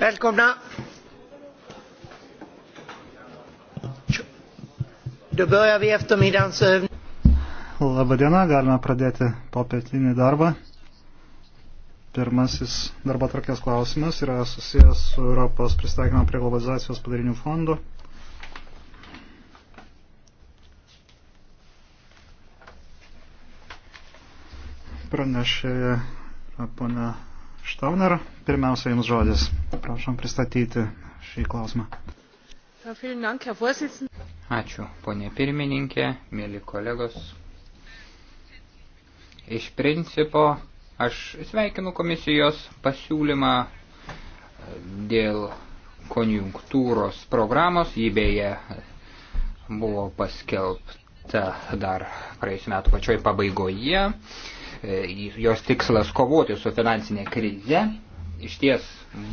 Välkomna! Då börjar vi eftermiddagens övning. Øh, Labą dieną, galime pradėti popietinį darbą. Pirmasis darbo tvarkės klausimas yra susijęs su Europos pristaikymo prie globalizacijos padarinių fondu. Pranešė ponia Štauner, pirmiausia Jums žodis. Prašom pristatyti šį klausimą. Ačiū, ponė pirmininkė, mėly kolegos. Iš principo, aš sveikinu komisijos pasiūlymą e, dėl konjunktūros programos, jį beje e, buvo paskelbta E, dar praėjusiu metu pačioj pabaigoje. E, jos tikslas kovoti su finansinė krize iš ties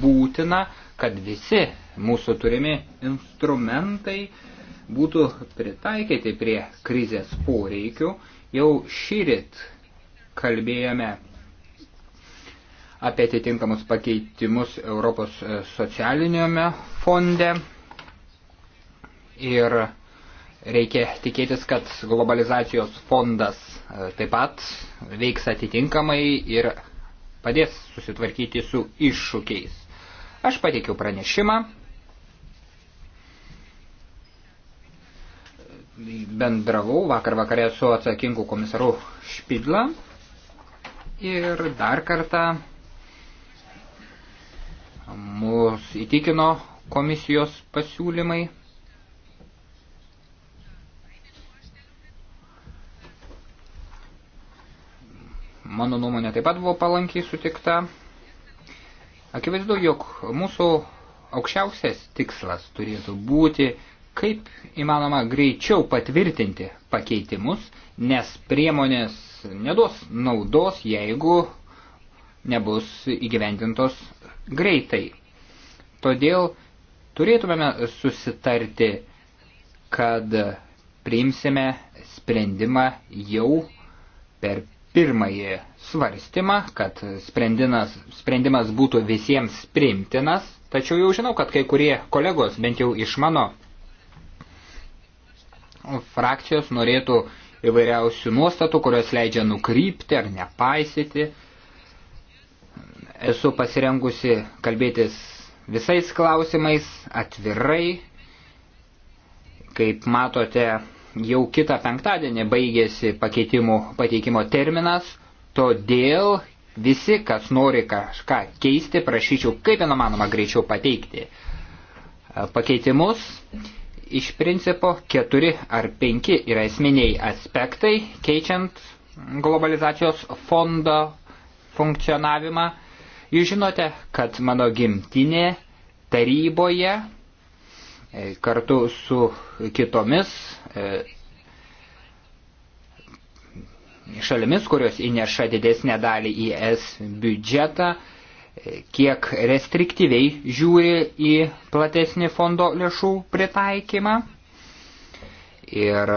būtina, kad visi mūsų turimi instrumentai būtų pritaikyti prie krizės poreikių. Jau šyrit kalbėjome apie atitinkamus pakeitimus Europos socialiniame fonde ir reikia tikėtis, kad globalizacijos fondas e, taip pat veiks atitinkamai ir padės susitvarkyti su iššūkiais. Aš pateikiau pranešimą. Bendravau vakar vakarė su atsakingu komisaru Špidla ir dar kartą mus įtikino komisijos pasiūlymai mano nuomonė taip pat buvo palankiai sutikta. Akivaizdu, jog mūsų aukščiausias tikslas turėtų būti, kaip įmanoma greičiau patvirtinti pakeitimus, nes priemonės neduos naudos, jeigu nebus įgyvendintos greitai. Todėl turėtumėme susitarti, kad priimsime sprendimą jau per pirmąjį svarstymą, kad sprendimas būtų visiems priimtinas, tačiau jau žinau, kad kai kurie kolegos, bent jau iš mano frakcijos, norėtų įvairiausių nuostatų, kurios leidžia nukrypti ar nepaisyti. Esu pasirengusi kalbėtis visais klausimais atvirai. Kaip matote, jau kitą penktadienį baigėsi pakeitimų pateikimo terminas, todėl visi, kas nori kažką keisti, prašyčiau kaip įmanoma greičiau pateikti pakeitimus. Iš principo keturi ar penki yra esminiai aspektai keičiant globalizacijos fondo funkcionavimą. Jūs žinote, kad mano gimtinė taryboje E, kartu su kitomis e, šalimis, kurios įneša didesnę dalį į es biudžetą, e, kiek restriktyviai žiūri į platesnį fondo lėšų pritaikymą. Ir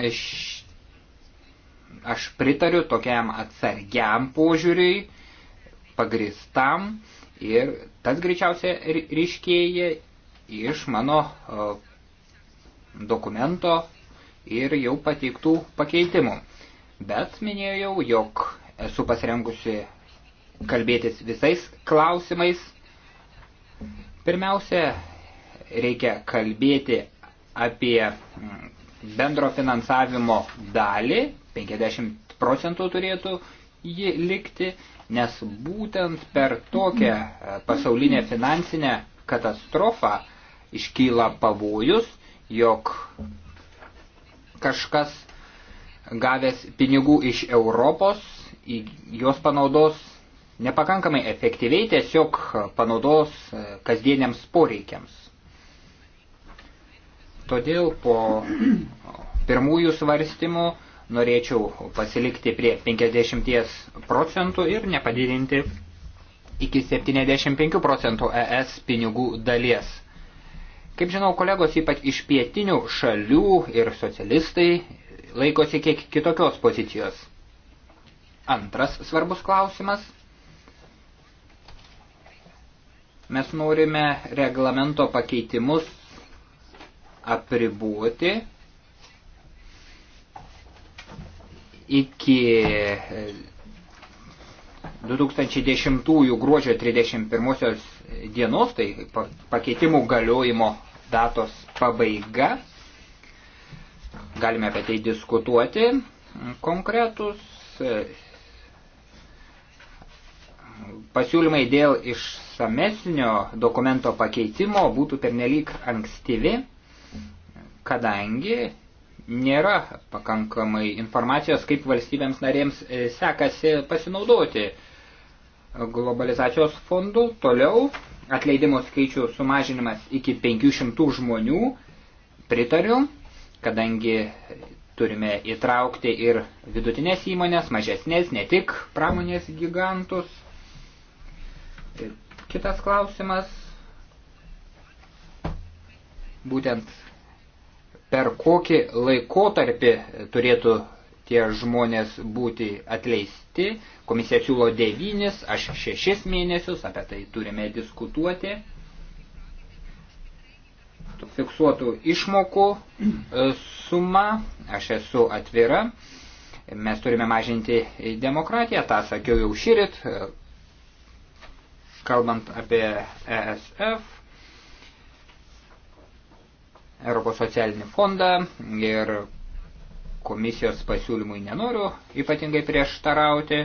aš, aš pritariu tokiam atsargiam požiūriui, pagristam ir Tas greičiausia ryškėja iš mano dokumento ir jau pateiktų pakeitimų. Bet minėjau, jog esu pasirengusi kalbėtis visais klausimais. Pirmiausia, reikia kalbėti apie mm, bendro finansavimo dalį, 50 procentų turėtų ji likti, nes būtent per tokią e, pasaulinę finansinę katastrofą iškyla pavojus, jog kažkas gavęs pinigų iš Europos, juos panaudos nepakankamai efektyviai, tiesiog panaudos e, kasdieniams poreikiams. Todėl po pirmųjų svarstymų norėčiau pasilikti prie 50 procentų ir nepadidinti iki 75 procentų ES pinigų dalies. Kaip žinau, kolegos ypač iš pietinių šalių ir socialistai laikosi kiek kitokios pozicijos. Antras svarbus klausimas. Mes norime reglamento pakeitimus apribuoti iki 2010 e, gruodžio 31 dienos, tai pakeitimų galiojimo datos pabaiga. Galime apie tai diskutuoti konkretus e, pasiūlymai dėl išsamesnio dokumento pakeitimo būtų pernelyg ankstyvi, kadangi nėra pakankamai informacijos, kaip valstybėms narėms e, sekasi pasinaudoti globalizacijos fondu. Toliau atleidimo skaičių sumažinimas iki 500 žmonių pritariu, kadangi turime įtraukti ir vidutinės įmonės, mažesnės, ne tik pramonės gigantus. Kitas klausimas, būtent per kokį laikotarpį turėtų tie žmonės būti atleisti. Komisija siūlo devynis, aš šešis mėnesius, apie tai turime diskutuoti. Fiksuotų išmokų e, suma, aš esu atvira, mes turime mažinti demokratiją, tą sakiau jau širit, e, kalbant apie ESF, Europos socialinį fondą ir komisijos pasiūlymui nenoriu ypatingai prieštarauti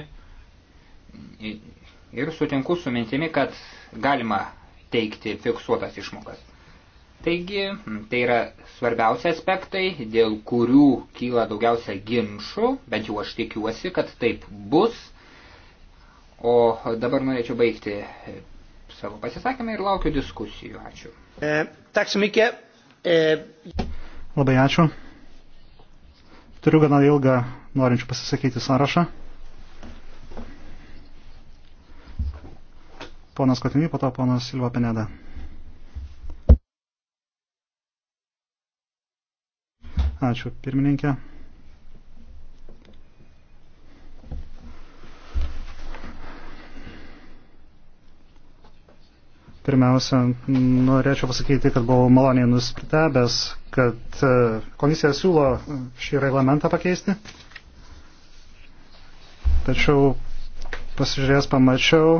ir sutinku su mintimi, kad galima teikti fiksuotas išmokas. Taigi, tai yra svarbiausi aspektai, dėl kurių kyla daugiausia ginčių, bent jau aš tikiuosi, kad taip bus. O dabar norėčiau baigti savo pasisakymą ir laukiu diskusijų. Ačiū. E, E, Labai ačiū. Turiu gana ilgą norinčių pasisakyti sąrašą. Ponas Kotinį, po to ponas Silva Peneda. Ačiū, pirmininkė. Pirmiausia, norėčiau pasakyti, kad buvau maloniai nustebęs, kad e, komisija siūlo šį reglamentą pakeisti. Tačiau pasižiūrėjęs pamačiau,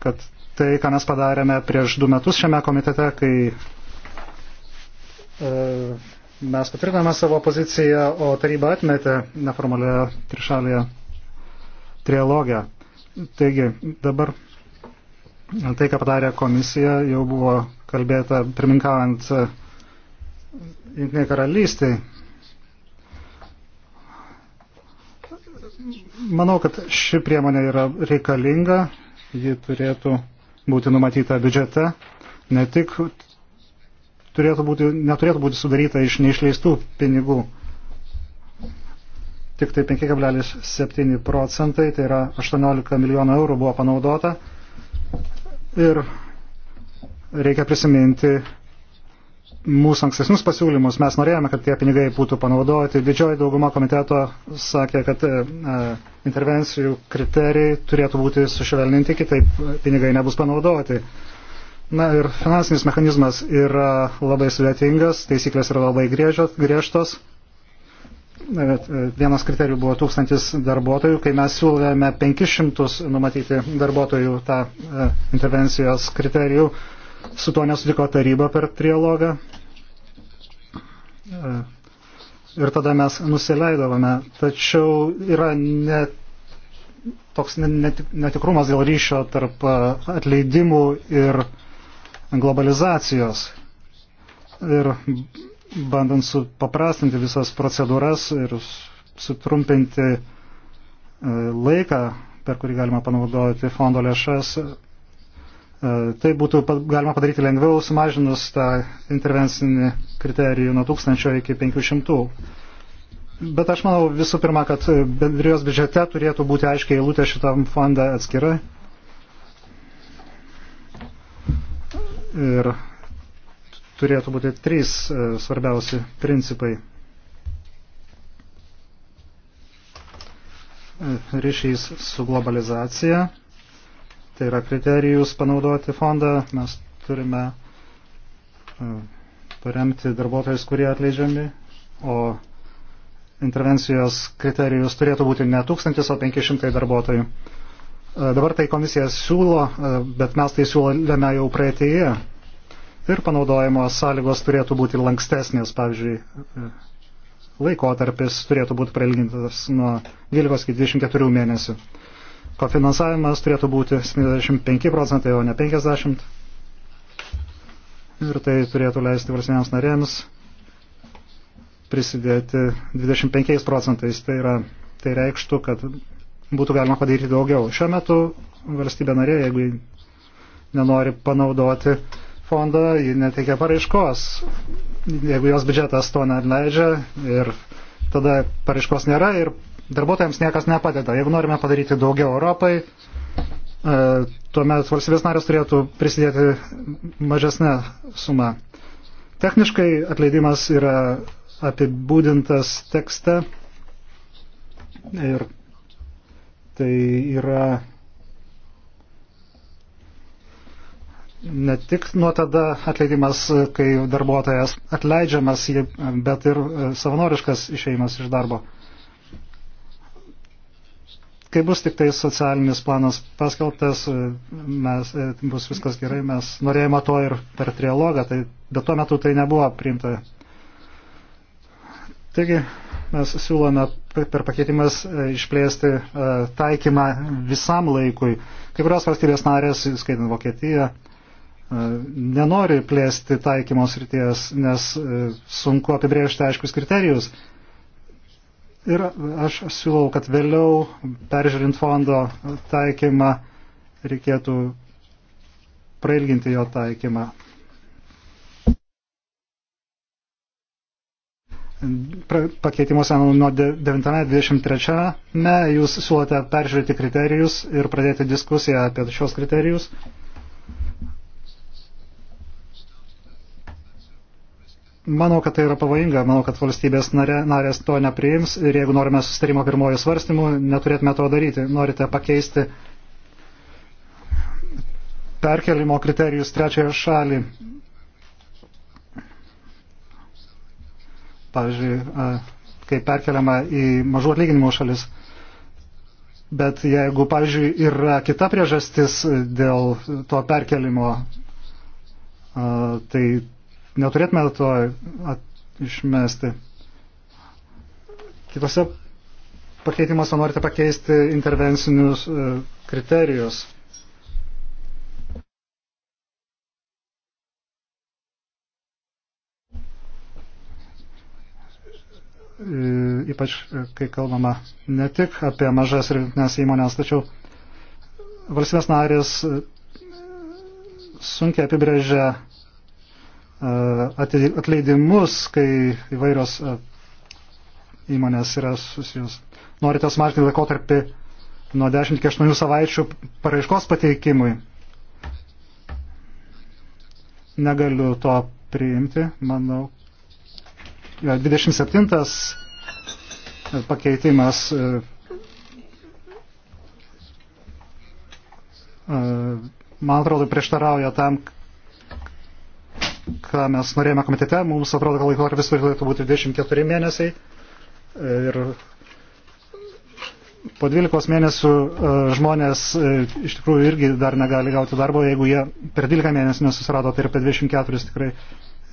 kad tai, ką mes padarėme prieš du metus šiame komitete, kai e, mes patvirtiname savo poziciją, o taryba atmetė neformalioje trišalėje trialogę. Taigi, dabar Tai, ką padarė komisija, jau buvo kalbėta pirminkaujant e, Junkiniai karalystiai. Manau, kad ši priemonė yra reikalinga, ji turėtų būti numatyta biudžete, ne tik turėtų būti, neturėtų būti sudaryta iš neišleistų pinigų. Tik tai 5,7 procentai, tai yra 18 milijonų eurų buvo panaudota Ir reikia prisiminti mūsų ankstesnius pasiūlymus. Mes norėjome, kad tie pinigai būtų panaudoti. Didžioji dauguma komiteto sakė, kad e, e, intervencijų kriterijai turėtų būti sušvelninti, kitaip pinigai nebus panaudoti. Na ir finansinis mechanizmas yra labai sudėtingas, taisyklės yra labai griežtos E, vienas kriterijų buvo tūkstantis darbuotojų, kai mes siūlėme 500 numatyti darbuotojų tą e, intervencijos kriterijų, su tuo nesutiko taryba per trialogą. E, ir tada mes nusileidavome. Tačiau yra net toks netikrumas dėl ryšio tarp atleidimų ir globalizacijos. Ir bandant supaprastinti visas procedūras ir sutrumpinti e, laiką, per kurį galima panaudoti fondo lėšas. E, tai būtų galima padaryti lengviau, sumažinus tą intervencinį kriterijų nuo 1000 iki 500. Bet aš manau visų pirma, kad bendrijos biudžete turėtų būti aiškiai eilutė šitam fondą atskirai. Ir turėtų būti trys e, svarbiausi principai. E, ryšys su globalizacija, tai yra kriterijus panaudoti fondą, mes turime e, paremti darbuotojus, kurie atleidžiami, o intervencijos kriterijus turėtų būti ne 1000, o 500 darbuotojų. Dabar tai komisija siūlo, bet mes tai siūlome jau praeitėje ir panaudojimo sąlygos turėtų būti lankstesnės, pavyzdžiui, laikotarpis turėtų būti prailgintas nuo 12 iki 24 mėnesių. Kofinansavimas turėtų būti 75 procentai, o ne 50. Ir tai turėtų leisti valstybėms narėms prisidėti 25 procentais. Tai, yra, tai reikštų, kad būtų galima padaryti daugiau. Šiuo metu valstybė narė, jeigu nenori panaudoti fondą, ji neteikia paraiškos, jeigu jos biudžetas to neleidžia ir tada paraiškos nėra ir darbuotojams niekas nepadeda. Jeigu norime padaryti daugiau Europai, e, tuomet valstybės narės turėtų prisidėti mažesnę sumą. Techniškai atleidimas yra apibūdintas tekste ir tai yra ne tik nuo tada atleidimas, kai darbuotojas atleidžiamas, bet ir e, savanoriškas išeimas iš darbo. Kai bus tik tai socialinis planas paskelbtas, e, mes, e, bus viskas gerai, mes norėjome to ir per trialogą, tai, bet tuo metu tai nebuvo priimta. Taigi mes siūlome per pakeitimas išplėsti taikymą visam laikui. Kai kurios valstybės narės, skaitant Vokietiją, E, nenori plėsti taikymos ryties, nes e, sunku apibrėžti aiškus kriterijus. Ir aš siūlau, kad vėliau, peržiūrint fondo taikymą, reikėtų prailginti jo taikymą. Pakeitimuose nuo 9.23 jūs siūlote peržiūrėti kriterijus ir pradėti diskusiją apie šios kriterijus. Manau, kad tai yra pavojinga, manau, kad valstybės narė, narės to nepriims ir jeigu norime sustarimo pirmojų svarstymų, neturėtume to daryti. Norite pakeisti perkelimo kriterijus trečiąją šalį. Pavyzdžiui, kai perkeliama į mažų atlyginimų šalis. Bet jeigu, pavyzdžiui, yra kita priežastis dėl to perkelimo, tai Neturėtume to išmesti. Kitose pakeitimuose norite pakeisti intervencinius e, kriterijus. E, ypač e, kai kalbama ne tik apie mažas ir vidutinės įmonės, tačiau valstybės narės sunkiai apibrėžia atleidimus, kai įvairios įmonės yra susijus. Norite sumažinti laikotarpį nuo 10 iki 8 savaičių paraiškos pateikimui. Negaliu to priimti, manau. 27 e, pakeitimas e, e, man atrodo prieštarauja tam, ką mes norėjome komitete, mums atrodo, kad laikotarpis turėtų būti 24 mėnesiai. Ir po 12 mėnesių e, žmonės e, iš tikrųjų irgi dar negali gauti darbo, jeigu jie per 12 mėnesių nesusirado, tai ir per 24 tikrai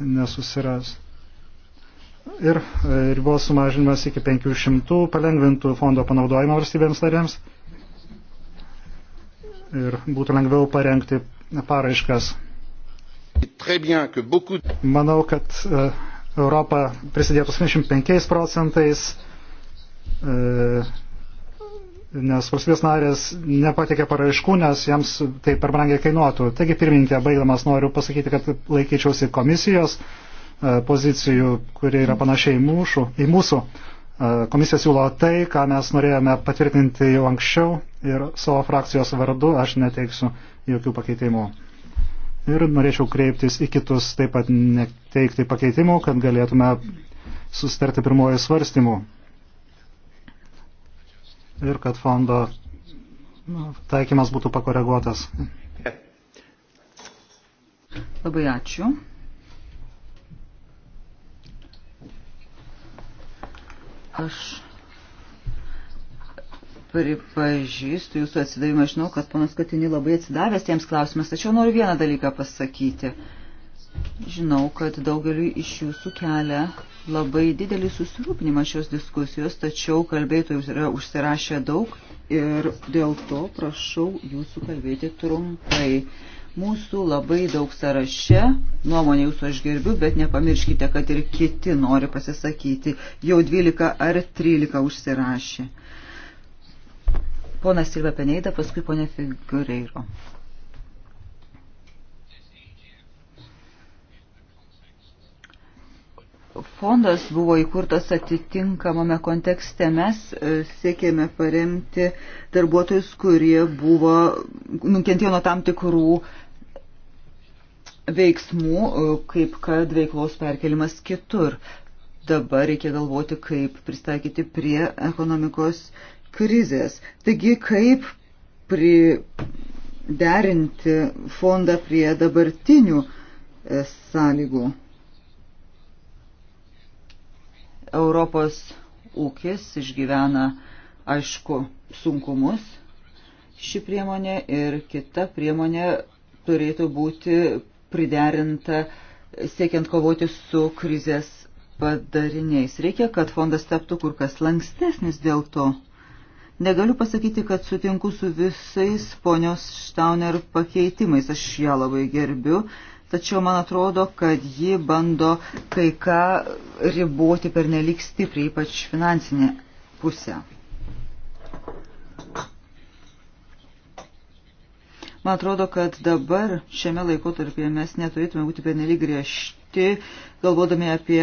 nesusiras. Ir e, ribos sumažinimas iki 500 palengvintų fondo panaudojimą valstybėms narėms ir būtų lengviau parengti paraiškas Manau, kad e, Europa prisidėtų 75 procentais, e, nes valstybės narės nepatikė paraiškų, nes jiems tai per brangiai kainuotų. Taigi, pirmininkė, baigdamas noriu pasakyti, kad laikyčiausi komisijos e, pozicijų, kurie yra panašiai mūsų, į mūsų. Komisija siūlo tai, ką mes norėjome patvirtinti jau anksčiau ir savo frakcijos vardu aš neteiksiu jokių pakeitimų. Ir norėčiau kreiptis į kitus taip pat neteikti pakeitimų, kad galėtume susitarti pirmojo svarstymų. Ir kad fondo nu, taikymas būtų pakoreguotas. Labai ačiū. Aš pripažįstu jūsų atsidavimą, žinau, kad panas Katini labai atsidavęs tiems klausimams, tačiau noriu vieną dalyką pasakyti. Žinau, kad daugeliu iš jūsų kelia labai didelį susirūpinimą šios diskusijos, tačiau kalbėtojus yra užsirašę daug ir dėl to prašau jūsų kalbėti trumpai. Mūsų labai daug sąraše, nuomonė jūsų aš gerbiu, bet nepamirškite, kad ir kiti nori pasisakyti. Jau 12 ar 13 užsirašė. Ponas Silva Peneida, paskui ponė Figureiro. Fondas buvo įkurtas atitinkamame kontekste. Mes e, siekėme paremti darbuotojus, kurie buvo nukentėjo nuo tam tikrų veiksmų, e, kaip kad veiklos perkelimas kitur. Dabar reikia galvoti, kaip pristaikyti prie ekonomikos krizės. Taigi, kaip priderinti fondą prie dabartinių e, sąlygų? Europos ūkis išgyvena, aišku, sunkumus ši priemonė ir kita priemonė turėtų būti priderinta siekiant kovoti su krizės padariniais. Reikia, kad fondas taptų kur kas lankstesnis dėl to. Negaliu pasakyti, kad sutinku su visais ponios Štauner pakeitimais, aš ją labai gerbiu, tačiau man atrodo, kad ji bando kai ką riboti per nelik stipriai, ypač finansinę pusę. Man atrodo, kad dabar šiame laikotarpyje mes neturėtume būti pernelyg griežti, galvodami apie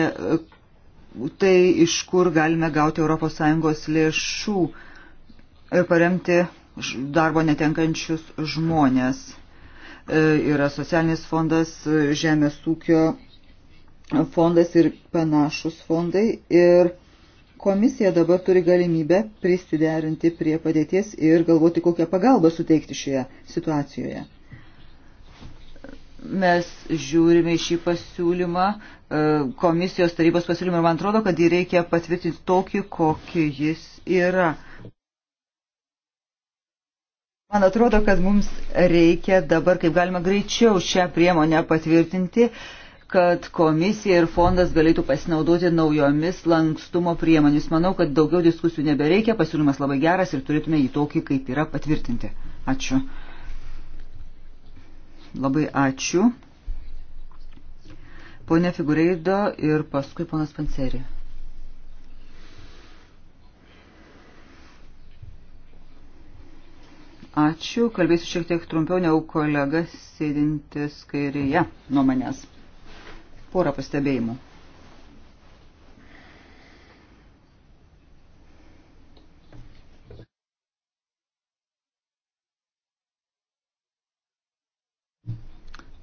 tai, iš kur galime gauti ES lėšų. E, paremti darbo netenkančius žmonės. E, yra socialinis fondas, e, žemės ūkio fondas ir panašus fondai. Ir komisija dabar turi galimybę prisiderinti prie padėties ir galvoti, kokią pagalbą suteikti šioje situacijoje. Mes žiūrime šį pasiūlymą, komisijos tarybos pasiūlymą ir man atrodo, kad jį reikia patvirtinti tokį, kokį jis yra. Man atrodo, kad mums reikia dabar kaip galima greičiau šią priemonę patvirtinti, kad komisija ir fondas galėtų pasinaudoti naujomis lankstumo priemonėmis. Manau, kad daugiau diskusijų nebereikia, pasiūlymas labai geras ir turėtume jį tokį, kaip yra, patvirtinti. Ačiū. Labai ačiū. Pone Figureido ir paskui ponas Panceri. Ačiū. Kalbėsiu šiek tiek trumpiau negu kolega sėdintis kairėje nuo manęs. Porą pastebėjimų.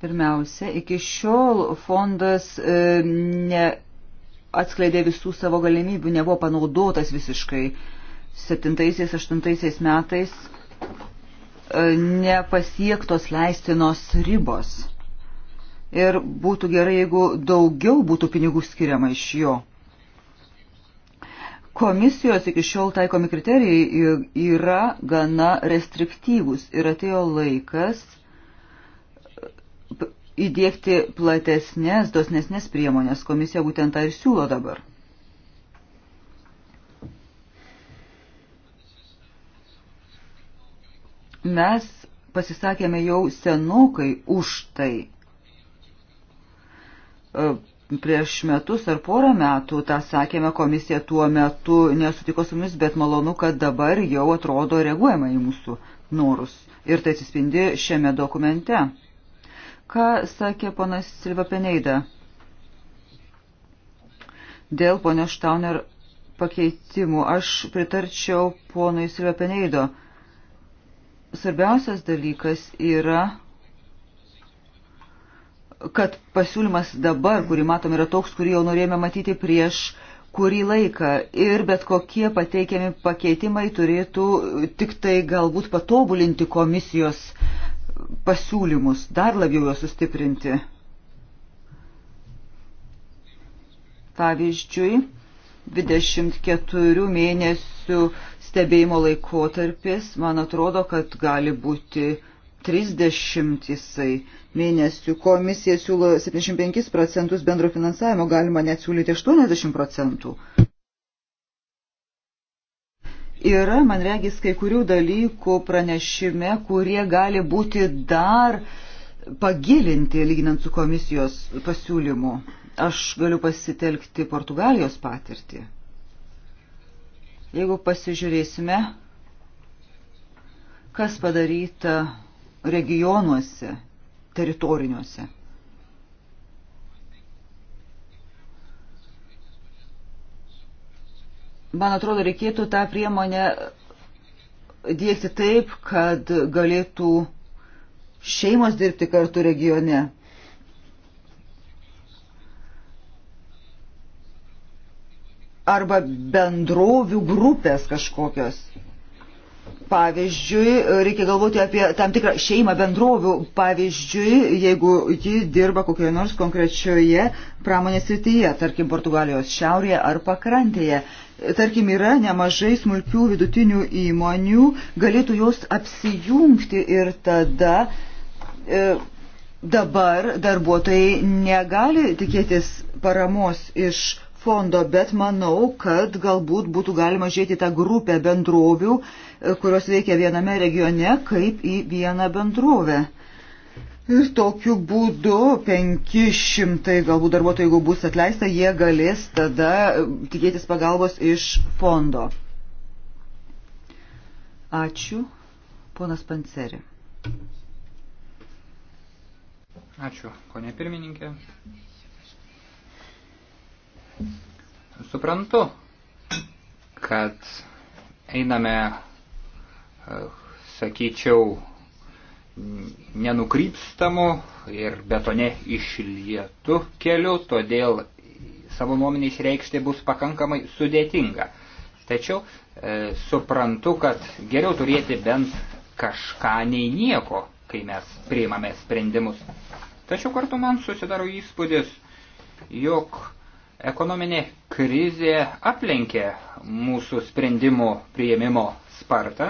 Pirmiausia, iki šiol fondas e, ne atskleidė visų savo galimybių, nebuvo panaudotas visiškai. 7-8 metais E, nepasiektos leistinos ribos. Ir būtų gerai, jeigu daugiau būtų pinigų skiriama iš jo. Komisijos iki šiol taikomi kriterijai yra gana restriktyvūs ir atėjo laikas e, įdėkti platesnės, dosnesnės priemonės. Komisija būtent tą ir siūlo dabar. Mes pasisakėme jau senokai už tai. E, prieš metus ar porą metų tą sakėme, komisija tuo metu nesutiko su mumis, bet malonu, kad dabar jau atrodo reaguojama į mūsų norus. Ir tai atsispindi šiame dokumente. Ką sakė ponas Silva Peneida? Dėl ponio Štauner pakeitimų aš pritarčiau ponui Silva Peneido svarbiausias dalykas yra, kad pasiūlymas dabar, kurį matom, yra toks, kurį jau norėjome matyti prieš kurį laiką ir bet kokie pateikiami pakeitimai turėtų tik tai galbūt patobulinti komisijos pasiūlymus, dar labiau juos sustiprinti. Pavyzdžiui, 24 mėnesių stebėjimo laikotarpis, man atrodo, kad gali būti 30 jisai mėnesių. Komisija siūlo 75 procentus bendro finansavimo, galima net siūlyti 80 procentų. Yra, man regis, kai kurių dalykų pranešime, kurie gali būti dar pagilinti, lyginant su komisijos pasiūlymu. Aš galiu pasitelkti Portugalijos patirtį. Jeigu pasižiūrėsime, kas padaryta regionuose, teritoriniuose. Man atrodo, reikėtų tą priemonę dėkti taip, kad galėtų šeimos dirbti kartu regione. arba bendrovių grupės kažkokios. Pavyzdžiui, reikia galvoti apie tam tikrą šeimą bendrovių. Pavyzdžiui, jeigu ji dirba kokioje nors konkrečioje pramonės rytyje, tarkim, Portugalijos šiaurėje ar pakrantėje. Tarkim, yra nemažai smulkių vidutinių įmonių, galėtų jos apsijungti ir tada e, dabar darbuotojai negali tikėtis paramos iš fondo, bet manau, kad galbūt būtų galima žiūrėti tą grupę bendrovių, e, kurios veikia viename regione, kaip į vieną bendrovę. Ir tokiu būdu 500 galbūt darbuotojų, jeigu bus atleista, jie galės tada e, tikėtis pagalbos iš fondo. Ačiū, ponas Panceri. Ačiū, ponė pirmininkė. Suprantu, kad einame, e, sakyčiau, nenukrypstamu ir betone išlietu keliu, todėl savo nuomonį išreikšti bus pakankamai sudėtinga. Tačiau e, suprantu, kad geriau turėti bent kažką nei nieko, kai mes priimame sprendimus. Tačiau kartu man susidaro įspūdis, jog Ekonominė krizė aplenkė mūsų sprendimų prieimimo spartą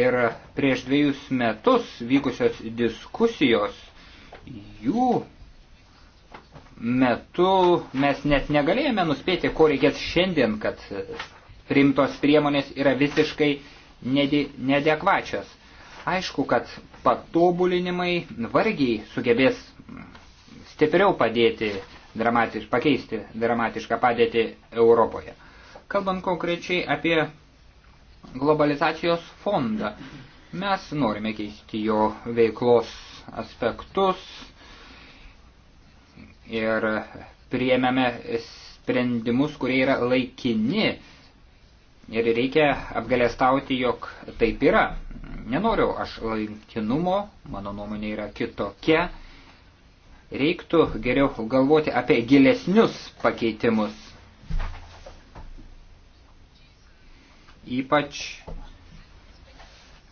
ir prieš dviejus metus vykusios diskusijos jų metu mes net negalėjome nuspėti, ko reikės šiandien, kad rimtos priemonės yra visiškai nedekvačios. Aišku, kad patobulinimai vargiai sugebės stipriau padėti dramatiš, pakeisti dramatišką padėtį Europoje. Kalbant konkrečiai apie globalizacijos fondą, mes norime keisti jo veiklos aspektus ir priėmėme sprendimus, kurie yra laikini ir reikia apgalėstauti, jog taip yra. Nenoriu aš laikinumo, mano nuomonė yra kitokia reiktų geriau galvoti apie gilesnius pakeitimus. Ypač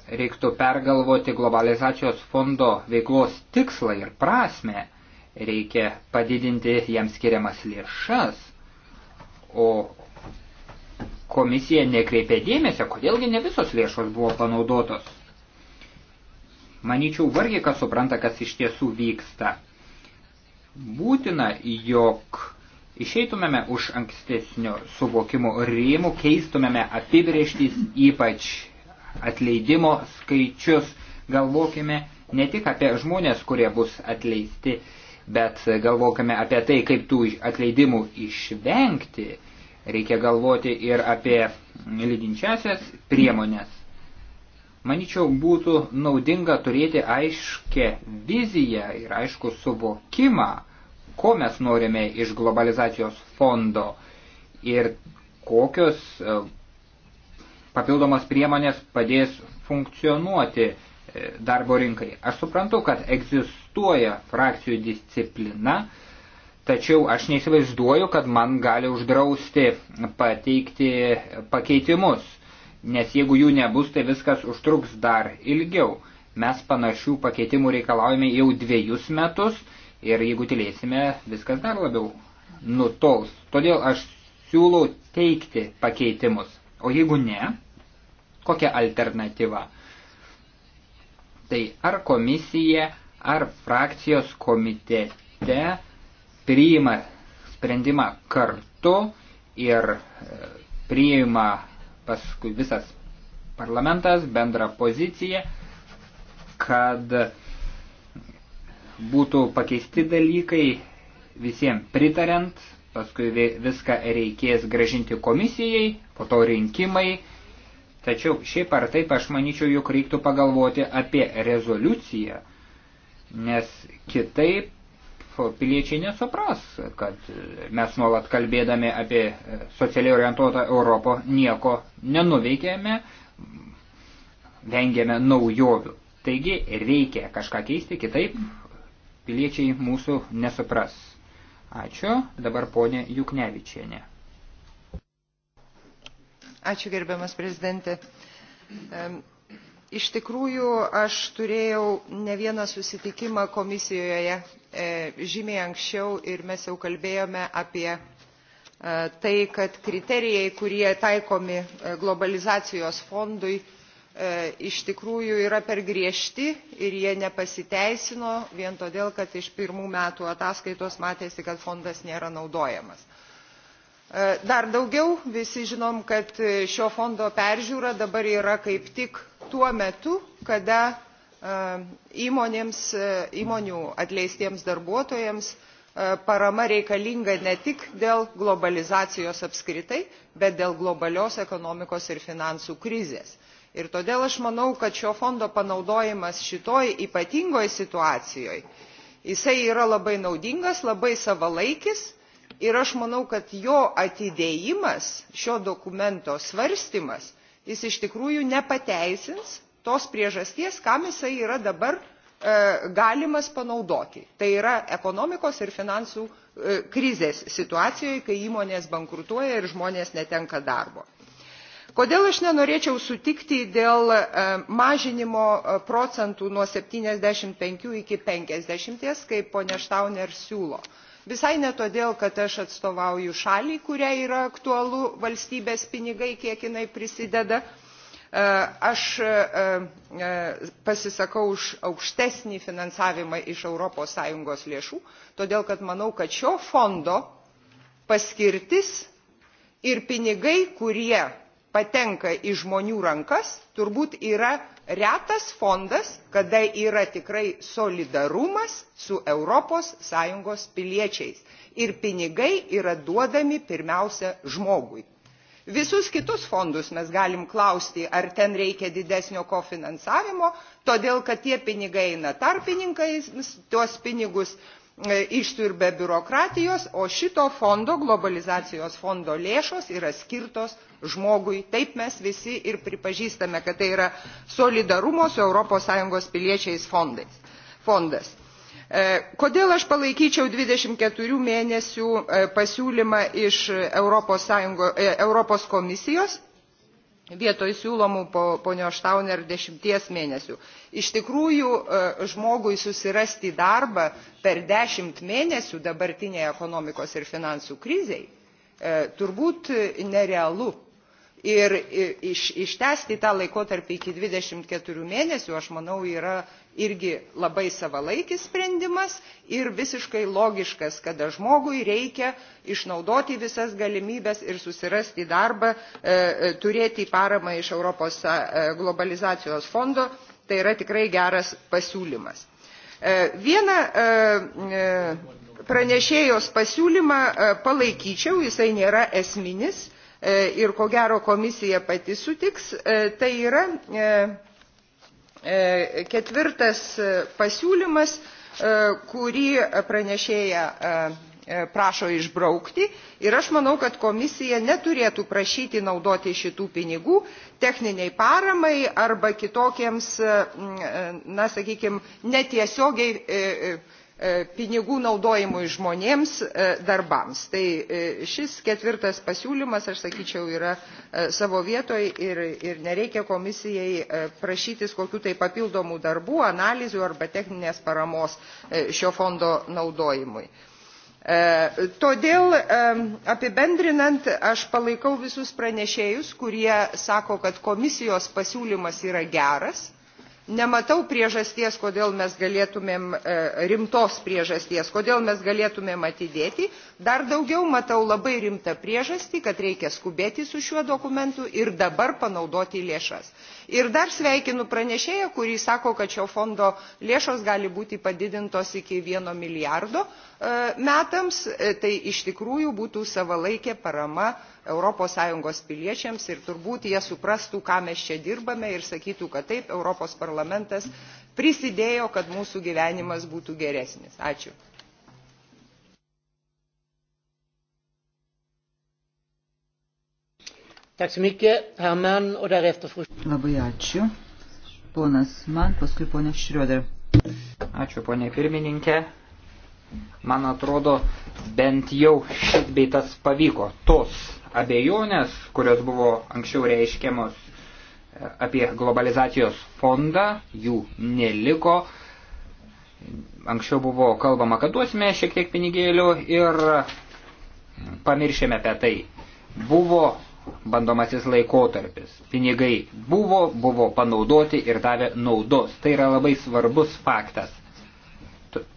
reiktų pergalvoti globalizacijos fondo veiklos tikslą ir prasme. Reikia padidinti jam skiriamas lėšas, o komisija nekreipė dėmesio, kodėlgi ne visos lėšos buvo panaudotos. Manyčiau, vargiai kas supranta, kas iš tiesų vyksta būtina, jog išeitumėme už ankstesnio suvokimo rėmų, keistumėme apibrieštys, ypač atleidimo skaičius, galvokime ne tik apie žmonės, kurie bus atleisti, bet galvokime apie tai, kaip tų atleidimų išvengti, reikia galvoti ir apie lydinčiasias priemonės. Maničiau, būtų naudinga turėti aiškę viziją ir aišku suvokimą, ko mes norime iš globalizacijos fondo ir kokios e, papildomos priemonės padės funkcionuoti e, darbo rinkai. Aš suprantu, kad egzistuoja frakcijų disciplina, tačiau aš neįsivaizduoju, kad man gali uždrausti pateikti pakeitimus, nes jeigu jų nebus, tai viskas užtruks dar ilgiau. Mes panašių pakeitimų reikalaujame jau dviejus metus Ir jeigu tylėsime, viskas dar labiau nutols. Todėl aš siūlau teikti pakeitimus. O jeigu ne, kokia alternatyva? Tai ar komisija, ar frakcijos komitete priima sprendimą kartu ir e, priima paskui visas parlamentas bendrą poziciją, kad būtų pakeisti dalykai visiems pritariant, paskui viską reikės gražinti komisijai, po to rinkimai. Tačiau šiaip ar taip aš manyčiau, jog reiktų pagalvoti apie rezoliuciją, nes kitaip piliečiai nesupras, kad mes nuolat kalbėdami apie socialiai orientuotą Europą nieko nenuveikėme, vengėme naujovių. Taigi reikia kažką keisti, kitaip piliečiai mūsų nesupras. Ačiū. Dabar ponė Juknevičienė. Ačiū gerbiamas prezidentė. Iš tikrųjų, aš turėjau ne vieną susitikimą komisijoje e, žymiai anksčiau ir mes jau kalbėjome apie e, tai, kad kriterijai, kurie taikomi e, globalizacijos fondui, E, iš tikrųjų yra per griežti ir jie nepasiteisino vien todėl, kad iš pirmų metų ataskaitos matėsi, kad fondas nėra naudojamas. E, dar daugiau, visi žinom, kad šio fondo peržiūra dabar yra kaip tik tuo metu, kada e, įmonėms, įmonių atleistiems darbuotojams parama reikalinga ne tik dėl globalizacijos apskritai, bet dėl globalios ekonomikos ir finansų krizės ir todėl aš manau kad šio fondo panaudojimas šitoj ypatingoj situacijoj jisai yra labai naudingas labai savalaikis ir aš manau kad jo atidėjimas šio dokumento svarstymas jis iš tikrųjų nepateisins tos priežasties kam jisai yra dabar e, galimas panaudoti. Tai yra ekonomikos ir finansų e, krizės situacijoje, kai įmonės bankrutuoja ir žmonės netenka darbo kodėl aš nenorėčiau sutikti dėl e, mažinimo e, procentų nuo septyniasdešimt penki iki penkiasdešimt kaip ponia štauner siūlo visai ne todėl kad aš atstovauju šaliai kuriai yra aktualu valstybės pinigai kiek jinai prisideda e, aš pasisakau už aukštesnį finansavimą iš europos sąjungos lėšų todėl kad manau kad šio fondo paskirtis ir pinigai kurie patenka į žmonių rankas, turbūt yra retas fondas, kada yra tikrai solidarumas su ES piliečiais. Ir pinigai yra duodami pirmiausia žmogui. Visus kitus fondus mes galim klausti, ar ten reikia didesnio kofinansavimo, todėl kad tie pinigai eina tarpininkais, tuos pinigus E, išsiurbia biurokratijos o šito fondo globalizacijos fondo lėšos yra skirtos žmogui taip mes visi ir pripažįstame kad tai yra solidarumo su europos sąjungos piliečiais fondais, fondas. E, kodėl aš palaikyčiau 24 mėnesių e, pasiūlymą iš Europos, Sąjungo, Europos komisijos vietoj siūlomų ponio Štauner dešimties mėnesių. Iš tikrųjų, e, žmogui susirasti darbą per dešimt mėnesių dabartinėje ekonomikos ir finansų kriziai e, turbūt nerealu ir iš, ištesti tą laikotarpį iki 24 mėnesių, aš manau, yra irgi labai savalaikis sprendimas ir visiškai logiškas, kada žmogui reikia išnaudoti visas galimybės ir susirasti darbą, e, e turėti paramą iš Europos e, globalizacijos fondo, tai yra tikrai geras pasiūlymas. E, vieną e, e pranešėjos pasiūlymą palaikyčiau, jisai nėra esminis E, ir ko gero komisija pati sutiks, e, tai yra e, ketvirtas pasiūlymas, kurį pranešėja prašo išbraukti ir aš manau, kad komisija neturėtų prašyti naudoti šitų pinigų techniniai paramai arba kitokiems, na, sakykime, netiesiogiai E, pinigų naudojimui žmonėms e, darbams. Tai e, šis ketvirtas pasiūlymas, aš sakyčiau, yra savo vietoj ir, ir nereikia komisijai prašytis kokių tai papildomų darbų, analizių arba techninės paramos šio fondo naudojimui. Todėl apibendrinant, aš palaikau visus pranešėjus, kurie sako, kad komisijos pasiūlymas yra geras nematau priežasties, kodėl mes galėtumėm, e, rimtos priežasties, kodėl mes galėtumėm atidėti. Dar daugiau matau labai rimtą priežastį, kad reikia skubėti su šiuo dokumentu ir dabar panaudoti lėšas. Ir dar sveikinu pranešėją, kurį sako, kad šio fondo lėšos gali būti padidintos iki vieno milijardo e, metams. E, tai iš tikrųjų būtų savalaikė parama ES piliečiams ir turbūt jie suprastų, ką mes čia dirbame ir sakytų, kad taip, Europos parlamentas prisidėjo, kad mūsų gyvenimas būtų geresnis. Ačiū. Labai ačiū. Ponas man, paskui ponas Šrioder. Ačiū, ponė pirmininkė. Man atrodo, bent jau šit bei tas pavyko. Tos abejonės, kurios buvo anksčiau reiškiamos e, apie globalizacijos fondą, jų neliko. Anksčiau buvo kalbama, kad duosime šiek tiek pinigėlių ir e, pamiršėme apie tai. Buvo bandomasis laikotarpis. Pinigai buvo, buvo panaudoti ir davė naudos. Tai yra labai svarbus faktas.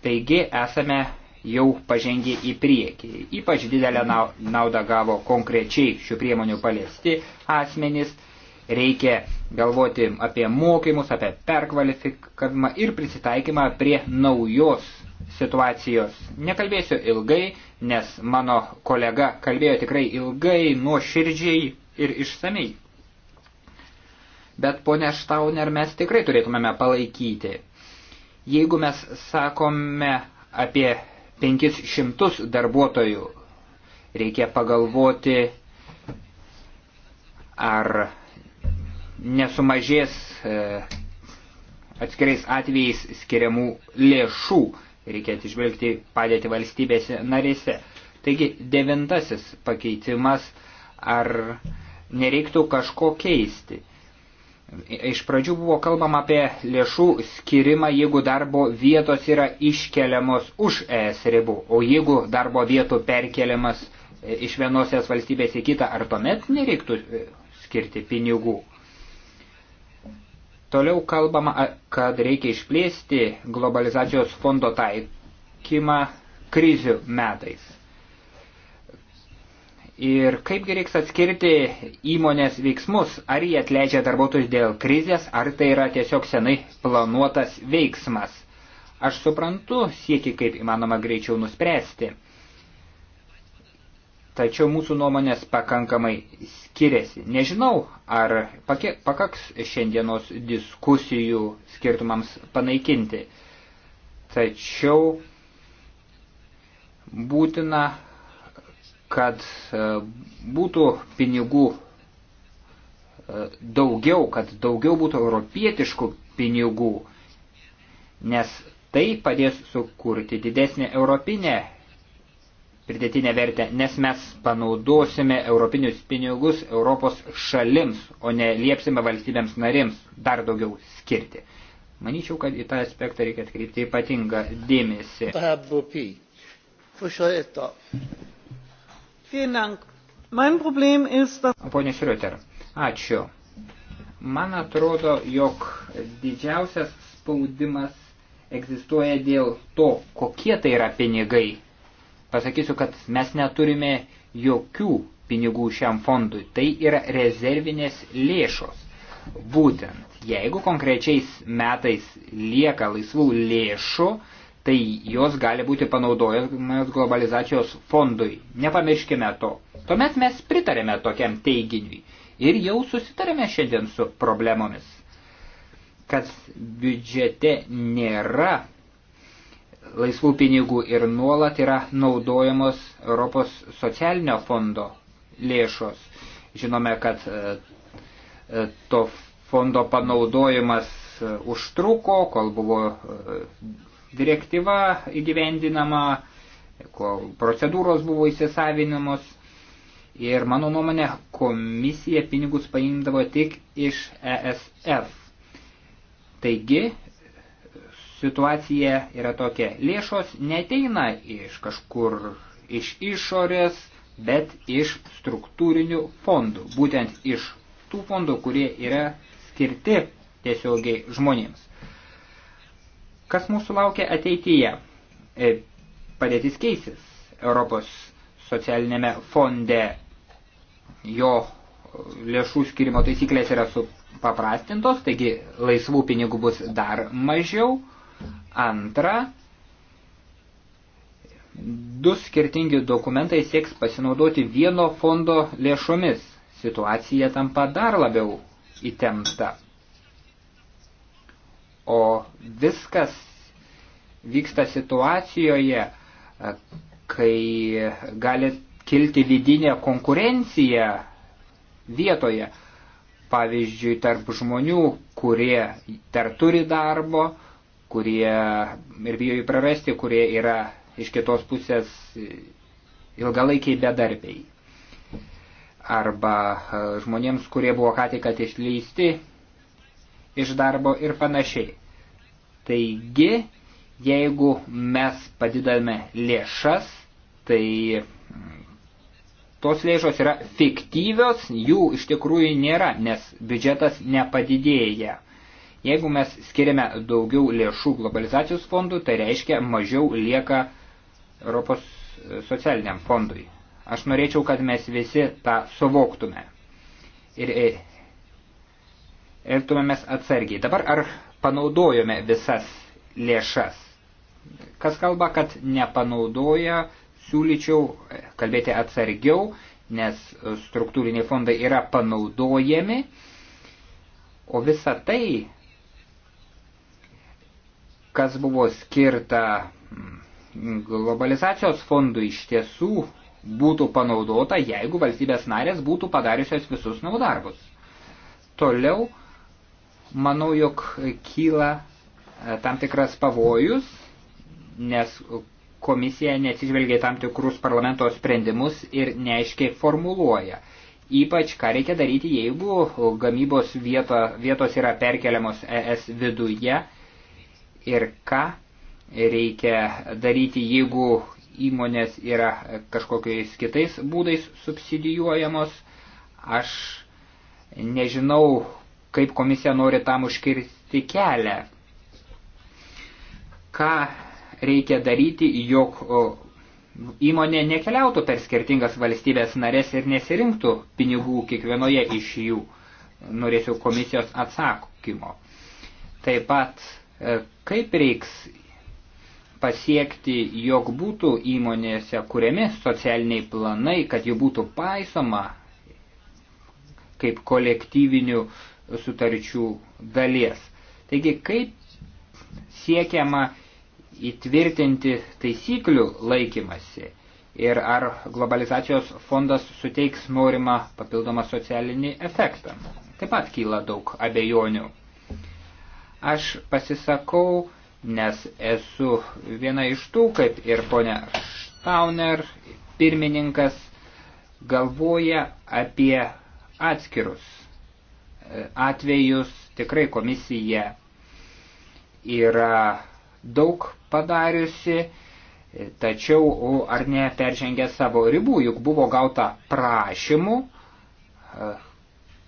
Taigi esame jau pažengė į priekį. Ypač didelę naudą gavo konkrečiai šių priemonių paliesti asmenys. Reikia galvoti apie mokymus, apie perkvalifikavimą ir prisitaikymą prie naujos situacijos. Nekalbėsiu ilgai, nes mano kolega kalbėjo tikrai ilgai, nuoširdžiai ir išsamei. Bet ponė Štauner mes tikrai turėtumėme palaikyti Jeigu mes sakome apie 500 darbuotojų, reikia pagalvoti, ar nesumažės e, atskirais atvejais skiriamų lėšų, reikia atsižvelgti padėti valstybėse narėse. Taigi devintasis pakeitimas, ar nereiktų kažko keisti. Iš pradžių buvo kalbama apie lėšų skirimą, jeigu darbo vietos yra iškeliamos už ES ribų, o jeigu darbo vietų perkeliamas e, iš vienos ES valstybės į kitą, ar tuomet nereiktų e, skirti pinigų. Toliau kalbama, kad reikia išplėsti globalizacijos fondo taikymą krizių metais. Ir kaipgi reiks atskirti įmonės veiksmus, ar jie atleidžia darbuotojus dėl krizės, ar tai yra tiesiog senai planuotas veiksmas. Aš suprantu sieki kaip įmanoma greičiau nuspręsti. Tačiau mūsų nuomonės pakankamai skiriasi. Nežinau, ar pakaks šiandienos diskusijų skirtumams panaikinti. Tačiau būtina kad e, būtų pinigų e, daugiau, kad daugiau būtų europietiškų pinigų, nes tai padės sukurti didesnį europinę pridėtinę vertę, nes mes panaudosime europinius pinigus Europos šalims, o ne liepsime valstybėms narims dar daugiau skirti. Manyčiau, kad į tą aspektą reikia atkreipti ypatingą dėmesį. Pone Šriuter, ačiū. Man atrodo, jog didžiausias spaudimas egzistuoja dėl to, kokie tai yra pinigai. Pasakysiu, kad mes neturime jokių pinigų šiam fondui. Tai yra rezervinės lėšos. Būtent, jeigu konkrečiais metais lieka laisvų lėšų, tai jos gali būti panaudojamas globalizacijos fondui. Nepamirškime to. Tuomet mes pritarėme tokiam teiginiui ir jau susitarėme šiandien su problemomis, kad biudžete nėra laisvų pinigų ir nuolat yra naudojamos Europos socialinio fondo lėšos. Žinome, kad e, e, to fondo panaudojimas e, užtruko, kol buvo direktyva įgyvendinama, procedūros buvo įsisavinamos ir mano nuomonė komisija pinigus paimdavo tik iš ESF. Taigi situacija yra tokia, lėšos neteina iš kažkur iš išorės, bet iš struktūrinių fondų, būtent iš tų fondų, kurie yra skirti tiesiogiai žmonėms. Kas mūsų laukia ateityje? E, padėtis keisis Europos socialinėme fonde. Jo lėšų skirimo taisyklės yra supaprastintos, taigi laisvų pinigų bus dar mažiau. Antra, du skirtingi dokumentai sieks pasinaudoti vieno fondo lėšomis. Situacija tampa dar labiau įtempta o viskas vyksta situacijoje, kai gali kilti vidinė konkurencija vietoje. Pavyzdžiui, tarp žmonių, kurie dar turi darbo, kurie ir bijo jį prarasti, kurie yra iš kitos pusės ilgalaikiai bedarbiai. Arba žmonėms, kurie buvo ką tik ateišleisti iš darbo ir panašiai. Taigi, jeigu mes padidame lėšas, tai mm, tos lėšos yra fiktyvios, jų iš tikrųjų nėra, nes biudžetas nepadidėja. Jeigu mes skiriame daugiau lėšų globalizacijos fondų, tai reiškia mažiau lieka Europos e, socialiniam fondui. Aš norėčiau, kad mes visi tą suvoktume. Ir e, elgtumėmės atsargiai. Dabar ar panaudojome visas lėšas? Kas kalba, kad nepanaudoja, siūlyčiau kalbėti atsargiau, nes struktūriniai fondai yra panaudojami, o visa tai, kas buvo skirta mm, globalizacijos fondui iš tiesų būtų panaudota, jeigu valstybės narės būtų padariusios visus namų darbus. Toliau manau, jog kyla e, tam tikras pavojus, nes komisija neatsižvelgia į tam tikrus parlamento sprendimus ir neaiškiai formuluoja. Ypač ką reikia daryti, jeigu gamybos vieto, vietos yra perkeliamos ES viduje ir ką reikia daryti, jeigu įmonės yra kažkokiais kitais būdais subsidijuojamos. Aš nežinau, kaip komisija nori tam užkirsti kelią. Ką reikia daryti, jog įmonė nekeliautų per skirtingas valstybės narės ir nesirinktų pinigų kiekvienoje iš jų. Norėsiu komisijos atsakymo. Taip pat, e, kaip reiks pasiekti, jog būtų įmonėse kuriami socialiniai planai, kad jų būtų paisoma kaip kolektyvinių sutarčių dalies. Taigi, kaip siekiama įtvirtinti taisyklių laikymasi ir ar globalizacijos fondas suteiks norimą papildomą socialinį efektą. Taip pat kyla daug abejonių. Aš pasisakau, nes esu viena iš tų, kaip ir ponia Štauner, pirmininkas, galvoja apie atskirus atvejus. Tikrai komisija yra daug padariusi, tačiau ar ne peržengė savo ribų, juk buvo gauta prašymų, e,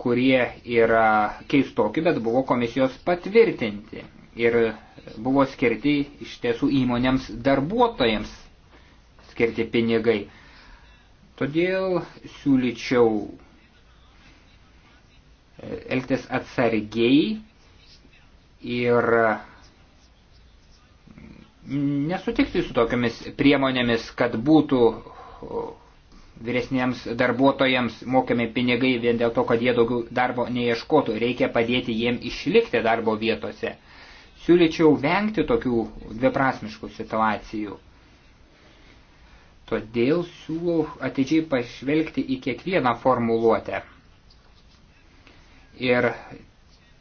kurie yra keistoki, bet buvo komisijos patvirtinti ir buvo skirti iš tiesų įmonėms darbuotojams skirti pinigai. Todėl siūlyčiau elgtis atsargiai ir nesutikti su tokiamis priemonėmis, kad būtų vyresniems darbuotojams mokiami pinigai vien dėl to, kad jie daugiau darbo neieškotų. Reikia padėti jiem išlikti darbo vietose. Siūlyčiau vengti tokių dviprasmiškų situacijų. Todėl siūlau atidžiai pažvelgti į kiekvieną formuluotę ir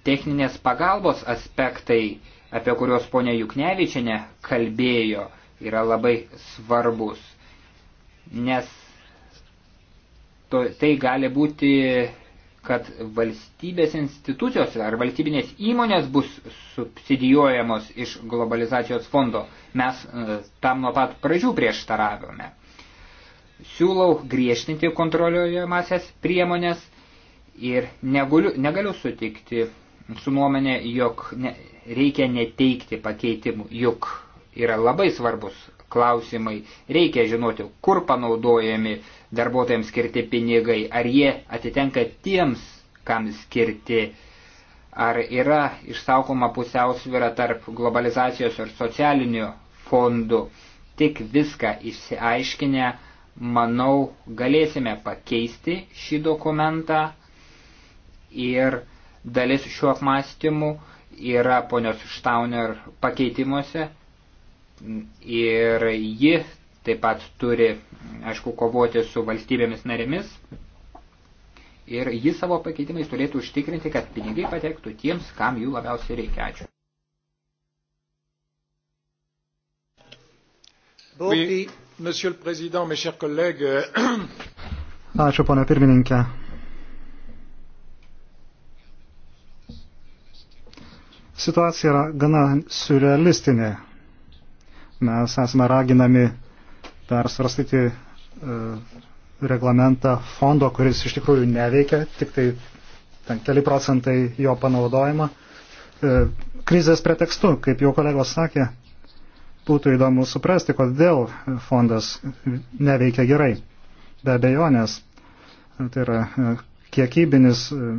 techninės pagalbos aspektai, apie kuriuos ponia Juknevičiane kalbėjo, yra labai svarbus, nes to, tai gali būti, kad valstybės institucijos ar valstybinės įmonės bus subsidijuojamos iš globalizacijos fondo. Mes e, tam nuo pat pradžių prieštaravome. Siūlau griežtinti kontroliuojamasias priemonės – Ir negaliu, negaliu sutikti su nuomenė, jog ne, reikia neteikti pakeitimų, juk yra labai svarbus klausimai. Reikia žinoti, kur panaudojami darbuotojams skirti pinigai, ar jie atitenka tiems, kam skirti, ar yra išsaukoma pusiausvyrą tarp globalizacijos ir socialinių fondų. Tik viską išsiaiškinę, manau, galėsime pakeisti šį dokumentą ir dalis šių apmąstymų yra ponios Štauner pakeitimuose ir ji taip pat turi, aišku, kovoti su valstybėmis narėmis ir ji savo pakeitimais turėtų užtikrinti, kad pinigai patektų tiems, kam jų labiausiai reikia. Ačiū. Oui, monsieur le Président, mes chers collègues. Ačiū, pana pirmininkė. Situacija yra gana surrealistinė. Mes esame raginami persvarstyti e, reglamentą fondo, kuris iš tikrųjų neveikia, tik tai ten keli procentai jo panaudojama. E, krizės pretekstu, kaip jau kolegos sakė, būtų įdomu suprasti, kodėl fondas neveikia gerai. Be abejonės, tai yra e, kiekybinis, e,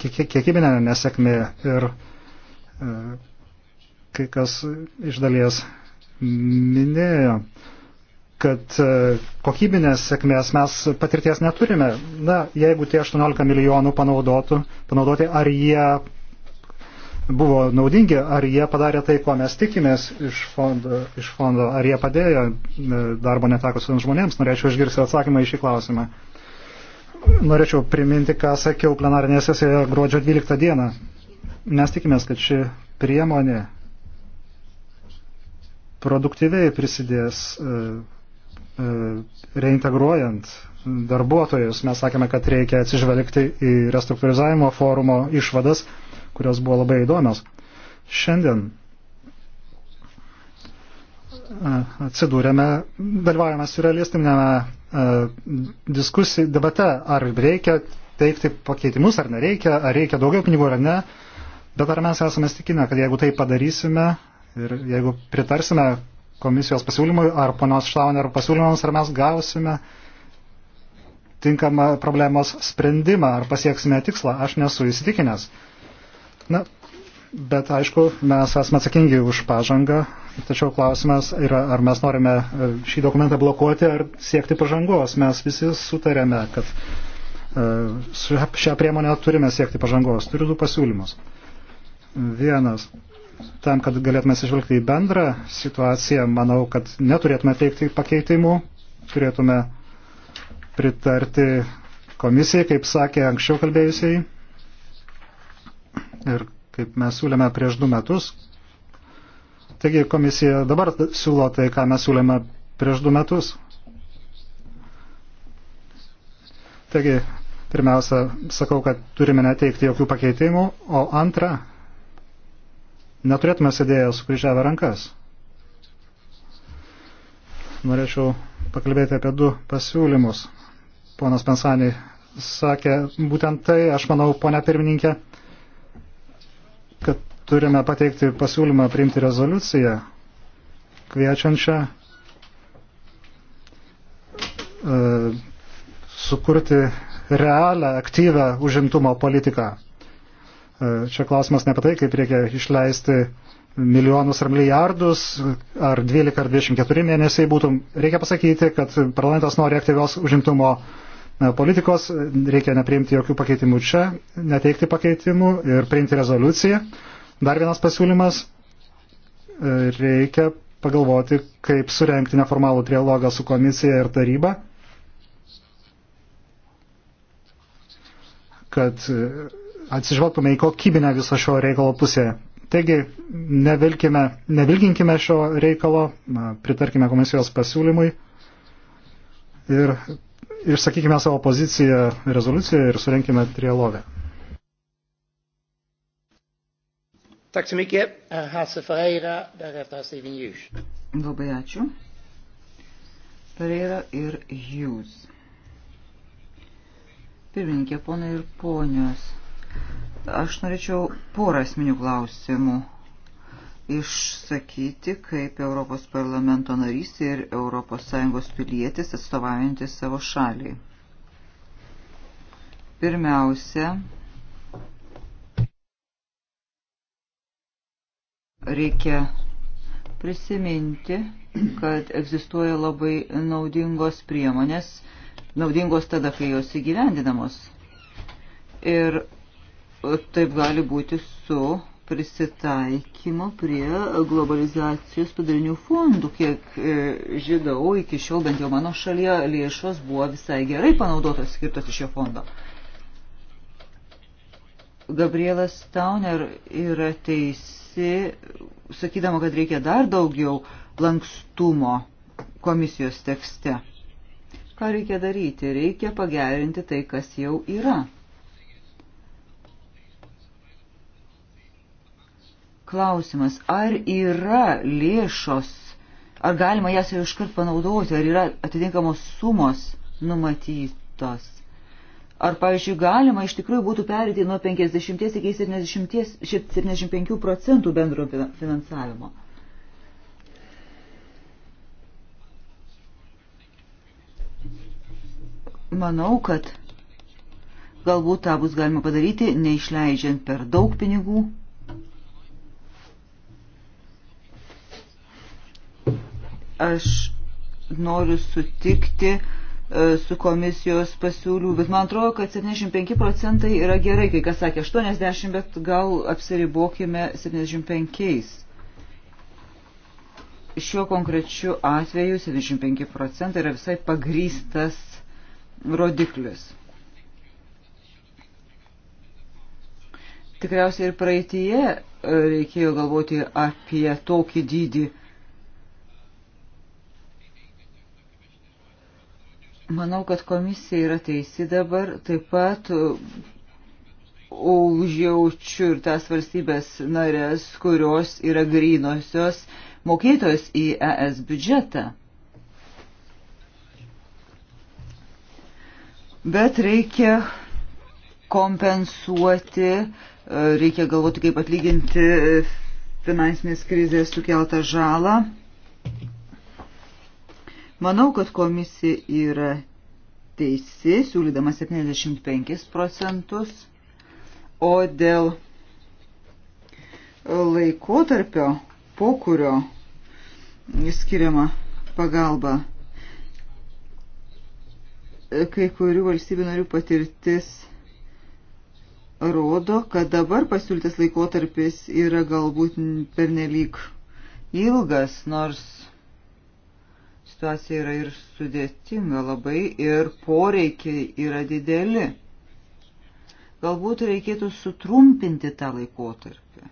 kiek, kiekybinė nesėkmė ir E, kai kas iš dalies minėjo, kad e, kokybinės sėkmės mes patirties neturime. Na, jeigu tie 18 milijonų panaudotų, panaudoti, ar jie buvo naudingi, ar jie padarė tai, ko mes tikimės iš fondo, iš fondo ar jie padėjo e, darbo netekusiems žmonėms, norėčiau išgirsti atsakymą į šį klausimą. Norėčiau priminti, ką sakiau plenarinėje sesijoje gruodžio 12 dieną. Mes tikimės, kad ši priemonė produktyviai prisidės e, e, reintegruojant darbuotojus. Mes sakėme, kad reikia atsižvelgti į restruktūrizavimo forumo išvadas, kurios buvo labai įdomios. Šiandien e, atsidūrėme, dalyvaujame surrealistinėme diskusijai, debate, ar reikia teikti pakeitimus, ar nereikia, ar reikia daugiau pinigų, ar ne. Bet ar mes esame stikinę, kad jeigu tai padarysime ir jeigu pritarsime komisijos pasiūlymui ar ponios Štauner pasiūlymams, ar mes gausime tinkamą problemos sprendimą, ar pasieksime tikslą, aš nesu įsitikinęs. Na, bet aišku, mes esame atsakingi už pažangą, tačiau klausimas yra, ar mes norime e, šį dokumentą blokuoti ar siekti pažangos. Mes visi sutarėme, kad e, šią priemonę turime siekti pažangos. Turiu du pasiūlymus vienas. Tam, kad galėtume sižvelgti į bendrą situaciją, manau, kad neturėtume teikti pakeitimų, turėtume pritarti komisijai, kaip sakė anksčiau kalbėjusiai. Ir kaip mes siūlėme prieš du metus. Taigi komisija dabar siūlo tai, ką mes siūlėme prieš du metus. Taigi, pirmiausia, sakau, kad turime neteikti jokių pakeitimų, o antra, neturėtume sėdėję sukryžiavę rankas. Norėčiau pakalbėti apie du pasiūlymus. Ponas Pensanį sakė būtent tai, aš manau, ponia pirmininkė, kad turime pateikti pasiūlymą priimti rezoliuciją, kviečiančią e, sukurti realią, aktyvę užimtumo politiką. E, čia klausimas ne apie tai, kaip reikia išleisti milijonus ar milijardus, ar 12 ar 24 mėnesiai būtų. Reikia pasakyti, kad parlamentas nori aktyvios užimtumo e, politikos, reikia nepriimti jokių pakeitimų čia, neteikti pakeitimų ir priimti rezoliuciją. Dar vienas pasiūlymas, e, reikia pagalvoti, kaip surenkti neformalų trialogą su komisija ir taryba, kad atsižvelgtume į kokybinę viso šio reikalo pusę. Taigi, nevilginkime šio reikalo, pritarkime komisijos pasiūlymui ir išsakykime savo poziciją rezoliuciją ir surenkime trialogą. Tack så mycket. Eh, Hasse Ferreira, därefter Steven Hughes. Labai ačiū. Ferreira ir Hughes. Pirmininkė, ponai ir ponios. Aš norėčiau porą asmenių klausimų išsakyti kaip Europos parlamento narys ir ES pilietis atstovaujantis savo šaliai. Pirmiausia, reikia prisiminti, kad egzistuoja labai naudingos priemonės, naudingos tada, kai jos įgyvendinamos. Ir taip gali būti su prisitaikymo prie globalizacijos padarinių fondų. Kiek e, žinau, iki šiol bent jau mano šalyje lėšos buvo visai gerai panaudotos skirtos iš šio fondo. Gabrielas Tauner yra teisi, sakydama, kad reikia dar daugiau lankstumo komisijos tekste. Ką reikia daryti? Reikia pagerinti tai, kas jau yra. klausimas, ar yra lėšos, ar galima jas jau iškart panaudoti, ar yra atitinkamos sumos numatytos. Ar, pavyzdžiui, galima iš tikrųjų būtų perėti nuo 50 iki 70, 75 procentų bendro finansavimo. Manau, kad galbūt tą bus galima padaryti, neišleidžiant per daug pinigų. Aš noriu sutikti e, su komisijos pasiūliu, bet man atrodo, kad 75 procentai yra gerai, kai kas sakė 80, bet gal apsiribokime 75. Šiuo konkrečiu atveju 75 procentai yra visai pagrystas rodiklis. Tikriausiai ir praeitie e, reikėjo galvoti apie tokį dydį Manau, kad komisija yra teisi dabar, taip pat uh, užjaučiu ir tas valstybės narės, kurios yra grynosios mokėtos į ES biudžetą. Bet reikia kompensuoti, uh, reikia galvoti, kaip atlyginti finansinės krizės sukeltą žalą. Manau, kad komisija yra teisi, siūlydama 75 procentus, o dėl laikotarpio, po kurio skiriama pagalba kai kurių valstybių narių patirtis rodo, kad dabar pasiūlytas laikotarpis yra galbūt pernelyg ilgas, nors situacija yra ir sudėtinga labai ir poreikiai yra dideli. Galbūt reikėtų sutrumpinti tą laikotarpį.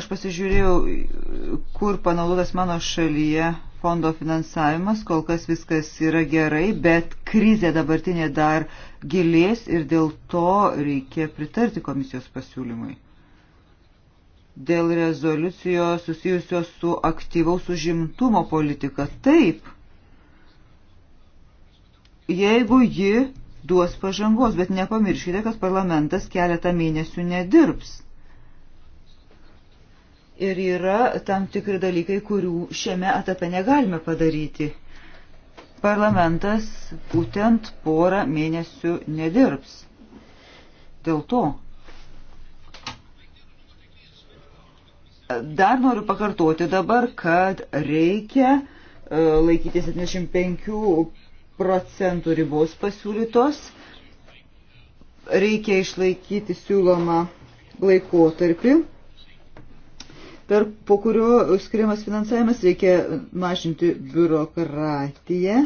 Aš pasižiūrėjau, kur panaudotas mano šalyje fondo finansavimas, kol kas viskas yra gerai, bet krizė dabartinė dar gilės ir dėl to reikia pritarti komisijos pasiūlymui dėl rezoliucijos susijusios su aktyvaus užimtumo politika. Taip, jeigu ji duos pažangos, bet nepamirškite, kad parlamentas keletą mėnesių nedirbs. Ir yra tam tikri dalykai, kurių šiame etape negalime padaryti. Parlamentas būtent porą mėnesių nedirbs. Dėl to Dar noriu pakartoti dabar, kad reikia e, laikyti 75 procentų ribos pasiūlytos. Reikia išlaikyti siūlomą laikotarpį, per, po kurio skiriamas finansavimas reikia mažinti biurokratiją.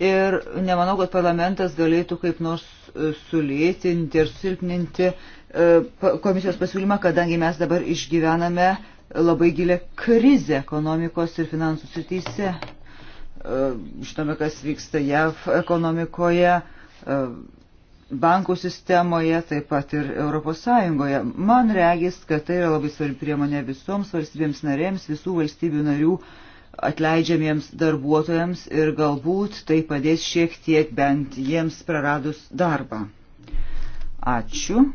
Ir nemanau, kad parlamentas galėtų kaip nors e, sulėtinti ir silpninti uh, E, komisijos pasiūlymą, kadangi mes dabar išgyvename labai gilę krizę ekonomikos ir finansų srityse. E, žinome, kas vyksta JAV ekonomikoje, e, bankų sistemoje, taip pat ir Europos Sąjungoje. Man regis, kad tai yra labai svarbi priemonė visoms valstybėms narėms, visų valstybių narių atleidžiamiems darbuotojams ir galbūt tai padės šiek tiek bent jiems praradus darbą. Ačiū.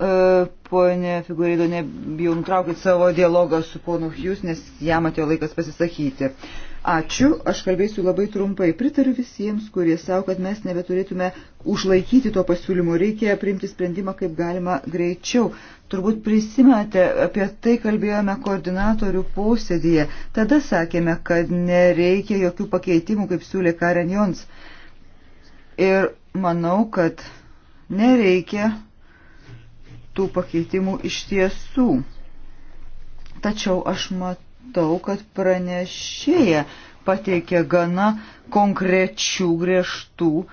E, Pone Figureido, nebijau nutraukit savo dialogą su ponu Hughes, nes jam atėjo laikas pasisakyti. Ačiū, aš kalbėsiu labai trumpai. Pritariu visiems, kurie savo, kad mes nebeturėtume užlaikyti to pasiūlymo. Reikia priimti sprendimą kaip galima greičiau. Turbūt prisimate, apie tai kalbėjome koordinatorių posėdėje. Tada sakėme, kad nereikia jokių pakeitimų, kaip siūlė Karen Jons. Ir manau, kad nereikia tų pakeitimų iš tiesų. Tačiau aš matau, kad pranešėja pateikė gana konkrečių griežtų e,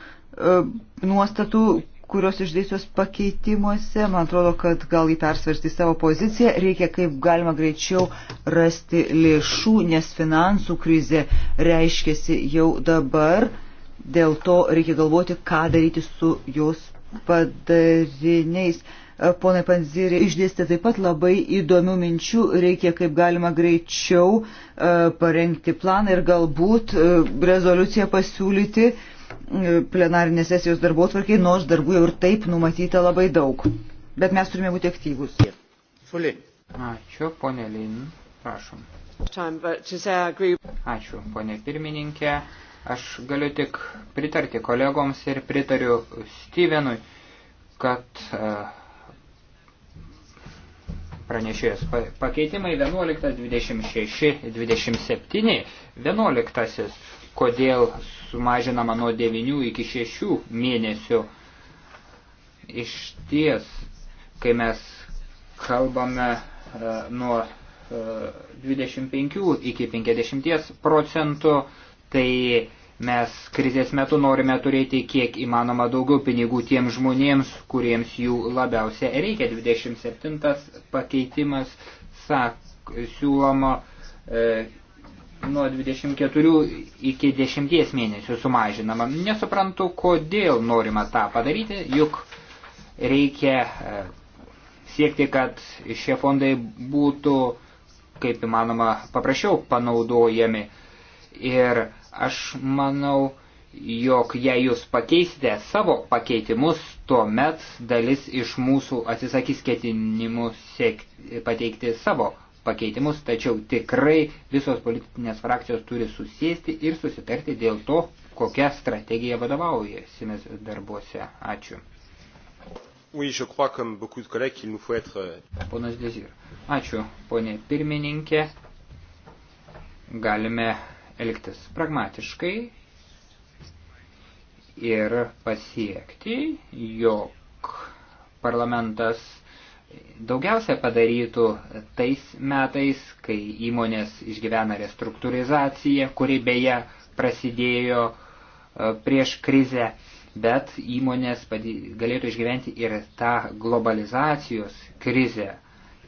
nuostatų, kurios išdėsios pakeitimuose. Man atrodo, kad gal jį persvarsti savo poziciją. Reikia kaip galima greičiau rasti lėšų, nes finansų krizė reiškėsi jau dabar. Dėl to reikia galvoti, ką daryti su jos padariniais. E, E, ponai Panzirė išdėstė taip pat labai įdomių minčių, reikia kaip galima greičiau e, parengti planą ir galbūt e, rezoliuciją pasiūlyti plenarinės sesijos darbo tvarkiai, nors darbų jau ir taip numatyta labai daug. Bet mes turime būti aktyvus. Ačiū, ponė Lin, prašom. Ačiū, ponė pirmininkė. Aš galiu tik pritarti kolegoms ir pritariu Stevenui, kad uh, pranešėjas pakeitimai 11, 26, 27, 11, kodėl sumažinama nuo 9 iki 6 mėnesių. Iš ties, kai mes kalbame e, nuo 25 e, iki 50 procentų, tai Mes krizės metu norime turėti kiek įmanoma daugiau pinigų tiems žmonėms, kuriems jų labiausia reikia. 27 pakeitimas sak, siūloma e, nuo 24 iki 10 mėnesių sumažinama. Nesuprantu, kodėl norima tą padaryti, juk reikia e, siekti, kad šie fondai būtų kaip įmanoma paprasčiau panaudojami. Ir Aš manau, jog jei jūs pakeisite savo pakeitimus, tuomet dalis iš mūsų atsisakys ketinimų siekti, pateikti savo pakeitimus, tačiau tikrai visos politinės frakcijos turi susėsti ir susitarti dėl to, kokią strategiją vadovaujasimės darbuose. Ačiū. Oui, je crois, comme beaucoup de collègues, qu'il nous faut être... Euh, Ponas Dezir. Ačiū, ponė pirmininkė. Galime elgtis pragmatiškai ir pasiekti, jog parlamentas daugiausia padarytų tais metais, kai įmonės išgyvena restruktūrizaciją, kuri beje prasidėjo e, prieš krizę, bet įmonės galėtų išgyventi ir tą globalizacijos krizę,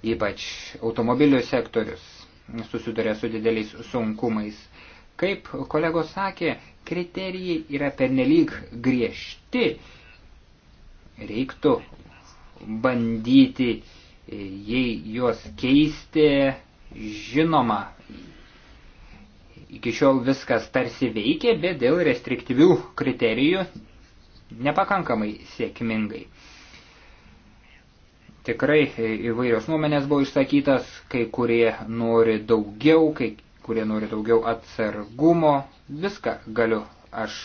ypač automobilių sektorius susiduria su dideliais sunkumais. Kaip kolegos sakė, kriterijai yra pernelyg griežti. Reiktų bandyti e, jei juos keisti, žinoma, iki šiol viskas tarsi veikė, bet dėl restriktyvių kriterijų nepakankamai sėkmingai. Tikrai e, įvairios nuomenės buvo išsakytas, kai kurie nori daugiau, kai kurie nori daugiau atsargumo, viską galiu aš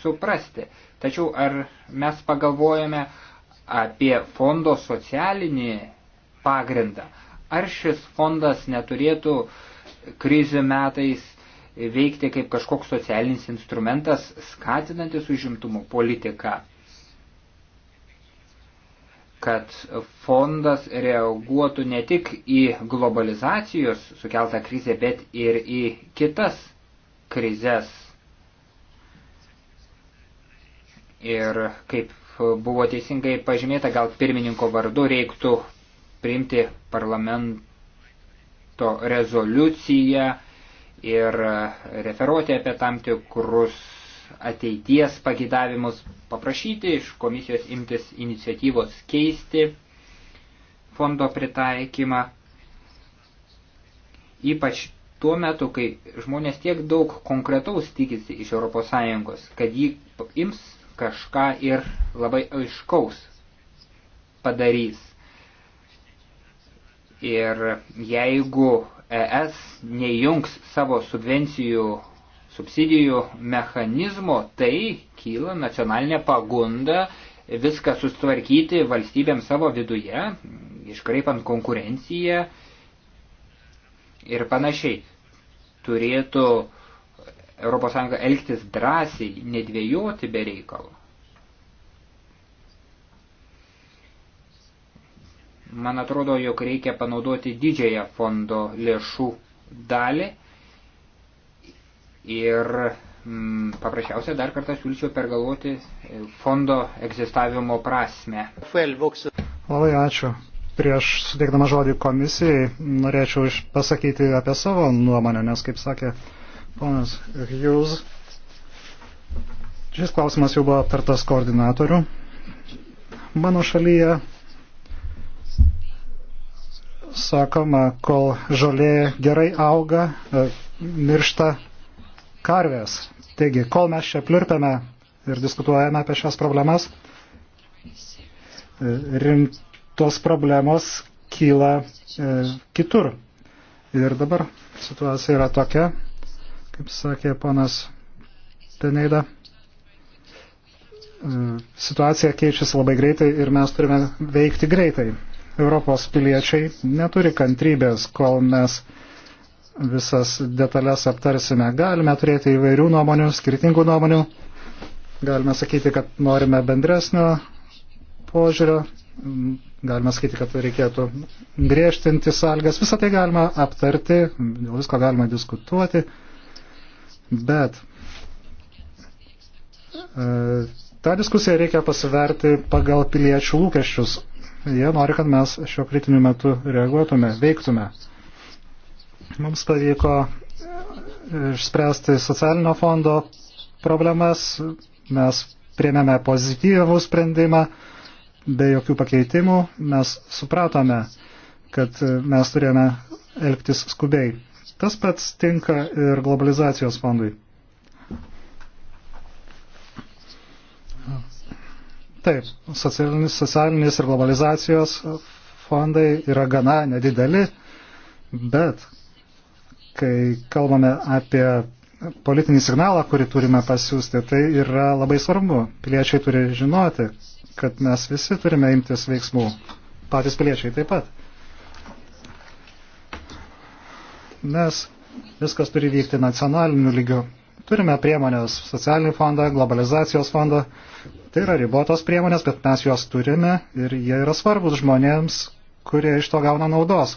suprasti. Tačiau ar mes pagalvojame apie fondo socialinį pagrindą? Ar šis fondas neturėtų krizių metais veikti kaip kažkoks socialinis instrumentas skatinantis užimtumo politiką? kad fondas reaguotų ne tik į globalizacijos sukeltą krizę, bet ir į kitas krizės. Ir kaip buvo teisingai pažymėta, gal pirmininko vardu reiktų priimti parlamento rezoliuciją ir referuoti apie tam tikrus ateities pagidavimus, paprašyti iš komisijos imtis iniciatyvos keisti fondo pritaikymą, ypač tuo metu, kai žmonės tiek daug konkretaus tikisi iš ES, kad jį ims kažką ir labai aiškaus padarys. Ir jeigu ES neįjungs savo subvencijų subsidijų mechanizmo, tai kyla nacionalinė pagunda viską sustvarkyti valstybėms savo viduje, iškreipant konkurenciją ir panašiai. Turėtų ES elgtis drąsiai, nedvėjoti be reikalo. Man atrodo, jog reikia panaudoti didžiąją fondo lėšų dalį Ir mm, paprasčiausia dar kartą siūlyčiau pergalvoti e, fondo egzistavimo prasme. Labai ačiū. Prieš suteikdama žodį komisijai norėčiau pasakyti apie savo nuomonę, nes, kaip sakė ponas Hughes, šis klausimas jau buvo aptartas koordinatorių. Mano šalyje sakoma, kol žolė gerai auga, e, miršta karvės. Taigi, kol mes čia plirtame ir diskutuojame apie šias problemas, rimtos problemos kyla e, kitur. Ir dabar situacija yra tokia, kaip sakė ponas Peneida, e, situacija keičiasi labai greitai ir mes turime veikti greitai. Europos piliečiai neturi kantrybės, kol mes e, visas detalės aptarsime. Galime turėti įvairių nuomonių, skirtingų nuomonių. Galime sakyti, kad norime bendresnio požiūrio. Galime sakyti, kad reikėtų griežtinti salgas. Visą tai galima aptarti, dėl visko galima diskutuoti. Bet e, tą diskusiją reikia pasiverti pagal piliečių lūkesčius. Jie nori, kad mes šiuo kritiniu metu reaguotume, veiktume. Mums pavyko e, išspręsti socialinio fondo problemas, mes priemėme pozityvų sprendimą be jokių pakeitimų, mes supratome, kad e, mes turėjome elgtis skubiai. Tas pats tinka ir globalizacijos fondui. Taip, socialinis, socialinis ir globalizacijos fondai yra gana nedideli, bet kai kalbame apie politinį signalą, kurį turime pasiūsti, tai yra labai svarbu. Piliečiai turi žinoti, kad mes visi turime imtis veiksmų. Patys piliečiai taip pat. Nes viskas turi vykti nacionaliniu lygiu. Turime priemonės socialinį fondą, globalizacijos fondą. Tai yra ribotos priemonės, bet mes juos turime ir jie yra svarbus žmonėms, kurie iš to gauna naudos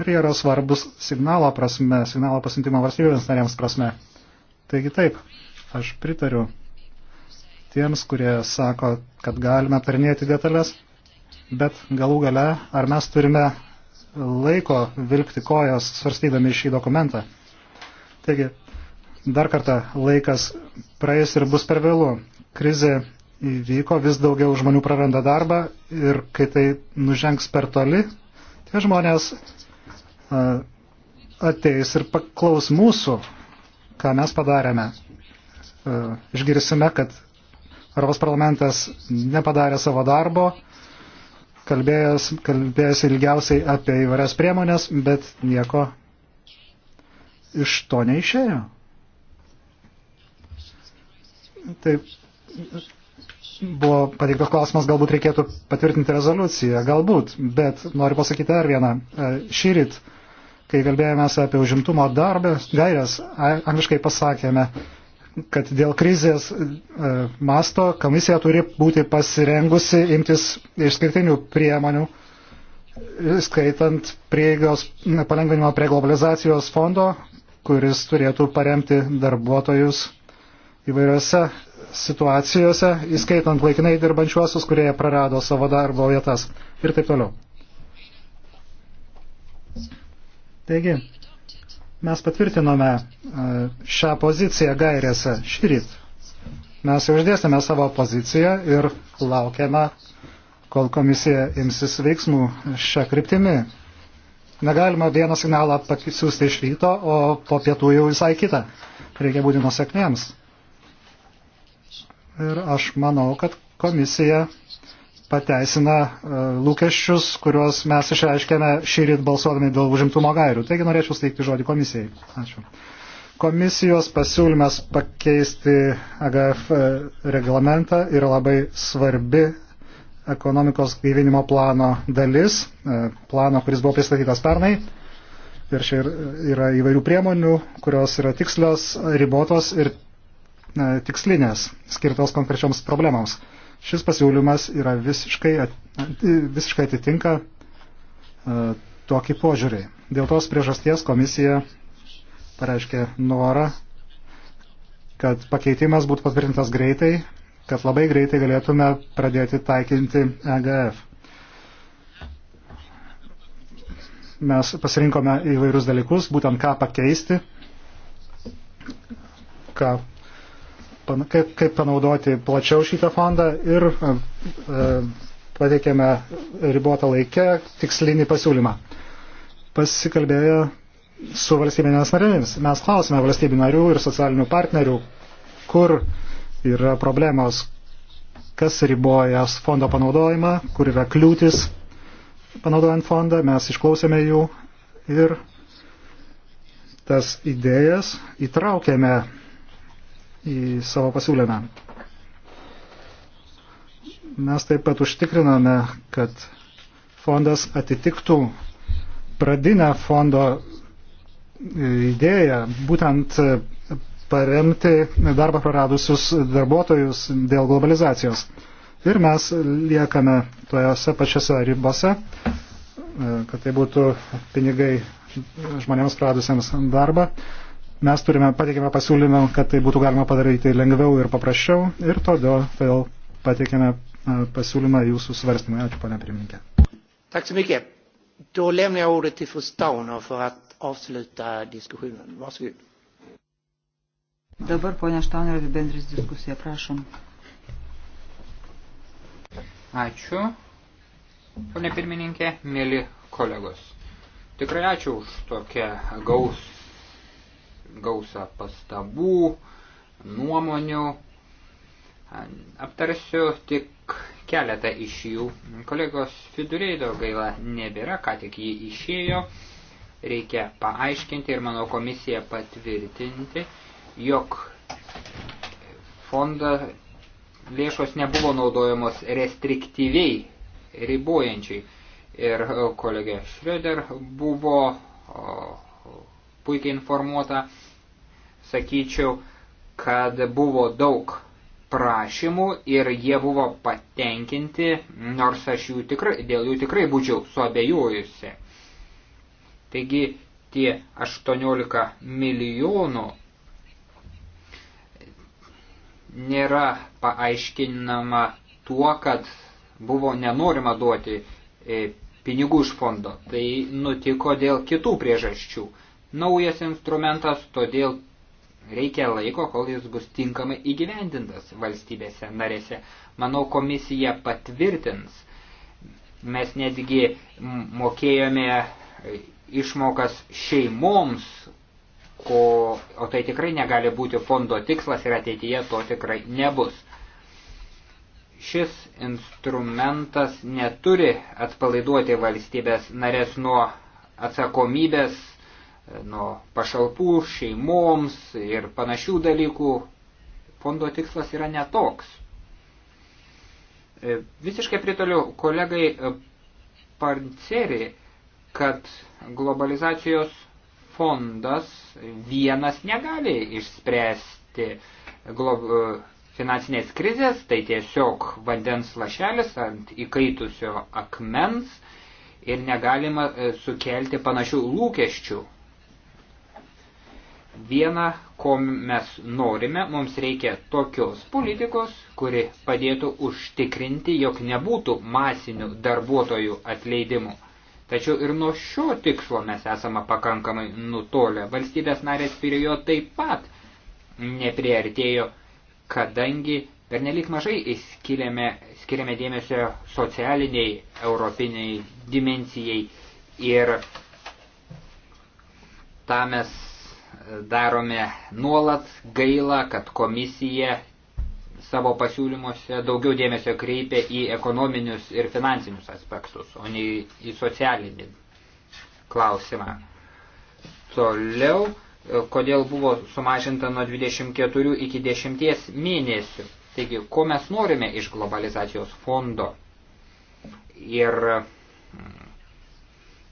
ir jie yra svarbus signalo prasme, signalo pasintimo valstybėms narėms prasme. Taigi taip, aš pritariu tiems, kurie sako, kad galime aptarinėti detalės, bet galų gale, ar mes turime laiko vilkti kojos svarstydami šį dokumentą. Taigi, dar kartą laikas praeis ir bus per vėlų. Krizė įvyko, vis daugiau žmonių praranda darbą ir kai tai nužengs per toli, tie žmonės ateis ir paklaus mūsų, ką mes padarėme. Išgirsime, kad Europos parlamentas nepadarė savo darbo, kalbėjęs, kalbėjęs ilgiausiai apie įvairias priemonės, bet nieko iš to neišėjo. Taip, buvo pateiktas klausimas, galbūt reikėtų patvirtinti rezoliuciją, galbūt, bet noriu pasakyti dar vieną. Šyrit rytą kai kalbėjomės apie užimtumo darbę, gairias, angliškai pasakėme, kad dėl krizės e, masto komisija turi būti pasirengusi imtis išskirtinių priemonių, skaitant prieigos palengvinimo prie globalizacijos fondo, kuris turėtų paremti darbuotojus įvairiose situacijose, įskaitant laikinai dirbančiuosius, kurie prarado savo darbo vietas ir taip toliau. Taigi, mes patvirtinome e, šią poziciją gairėse šį rytą. Mes jau išdėstėme savo poziciją ir laukiame, kol komisija imsis veiksmų šią kryptimį. Negalima vieną signalą siūsti iš ryto, o po pietų jau visai kitą. Reikia būti nusekmėms. Ir aš manau, kad komisija pateisina e, lūkesčius, kuriuos mes išreiškėme šį ryt balsuodami dėl užimtumo gairių. Taigi norėčiau steigti žodį komisijai. Ačiū. Komisijos pasiūlymas pakeisti AGF e, reglamentą yra labai svarbi ekonomikos gaivinimo plano dalis, e, plano, kuris buvo pristatytas pernai. Ir čia yra įvairių priemonių, kurios yra tikslios, ribotos ir tikslinės, skirtos konkrečioms problemams. Šis pasiūlymas yra visiškai, visiškai atitinka e, tokį požiūrį. Dėl tos priežasties komisija pareiškė norą, kad pakeitimas būtų patvirtintas greitai, kad labai greitai galėtume pradėti taikinti EGF. Mes pasirinkome įvairius dalykus, būtent ką pakeisti, ką kaip, kaip panaudoti plačiau šitą fondą ir e, e, pateikėme ribotą laikę tikslinį pasiūlymą. Pasikalbėjo su valstybinės narėmis. Mes klausime valstybių narių ir socialinių partnerių, kur yra problemos, kas riboja fondo panaudojimą, kur yra kliūtis panaudojant fondą. Mes išklausėme jų ir tas idėjas įtraukėme į savo pasiūlymą. Mes taip pat užtikriname, kad fondas atitiktų pradinę fondo e, idėją, būtent e, paremti darbą praradusius darbuotojus dėl globalizacijos. Ir mes liekame tojose pačiose ribose, e, kad tai būtų pinigai žmonėms praradusiems darbą, Mes turime pateikėme pasiūlymą, kad tai būtų galima padaryti lengviau ir paprasčiau ir todėl vėl pateikėme pasiūlymą jūsų svarstymui. Ačiū, ponia pirmininkė. Tack så mycket. Då lämnar jag ordet till fru Stauner för att avsluta diskussionen. Varsågod. Dabar ponia Stauner apibendris diskusiją, prašom. Ačiū, ponia pirmininkė, mėly kolegos. Tikrai ačiū už tokią gausą gausą pastabų, nuomonių. Aptarsiu tik keletą iš jų. Kolegos Fidureido gaila nebėra, ką tik jį išėjo. Reikia paaiškinti ir mano komisija patvirtinti, jog fonda lėšos nebuvo naudojamos restriktyviai, ribojančiai. Ir e, kolegė Šrioder buvo puikiai informuota. Sakyčiau, kad buvo daug prašymų ir jie buvo patenkinti, nors aš jų tikrai, dėl jų tikrai būčiau suabejojusi. Taigi tie 18 milijonų nėra paaiškinama tuo, kad buvo nenorima duoti e, pinigų iš fondo. Tai nutiko dėl kitų priežasčių naujas instrumentas, todėl reikia laiko, kol jis bus tinkamai įgyvendintas valstybėse narėse. Manau, komisija patvirtins. Mes netgi mokėjome išmokas šeimoms, ko, o tai tikrai negali būti fondo tikslas ir ateityje to tikrai nebus. Šis instrumentas neturi atpalaiduoti valstybės narės nuo atsakomybės nuo pašalpų šeimoms ir panašių dalykų. Fondo tikslas yra netoks. E, visiškai pritoliu kolegai e, Panceri, kad globalizacijos fondas vienas negali išspręsti glob... E, finansinės krizės, tai tiesiog vandens lašelis ant įkaitusio akmens ir negalima sukelti panašių lūkesčių viena, ko mes norime, mums reikia tokios politikos, kuri padėtų užtikrinti, jog nebūtų masinių darbuotojų atleidimų. Tačiau ir nuo šio tikslo mes esame pakankamai nutolę. Valstybės narės prie jo taip pat nepriartėjo, kadangi per nelik mažai skiriame, skiriame dėmesio socialiniai, europiniai dimencijai ir tą mes darome nuolat gailą, kad komisija savo pasiūlymuose daugiau dėmesio kreipia į ekonominius ir finansinius aspektus, o ne į socialinį klausimą. Toliau, kodėl buvo sumažinta nuo 24 iki 10 mėnesių. Taigi, ko mes norime iš globalizacijos fondo? Ir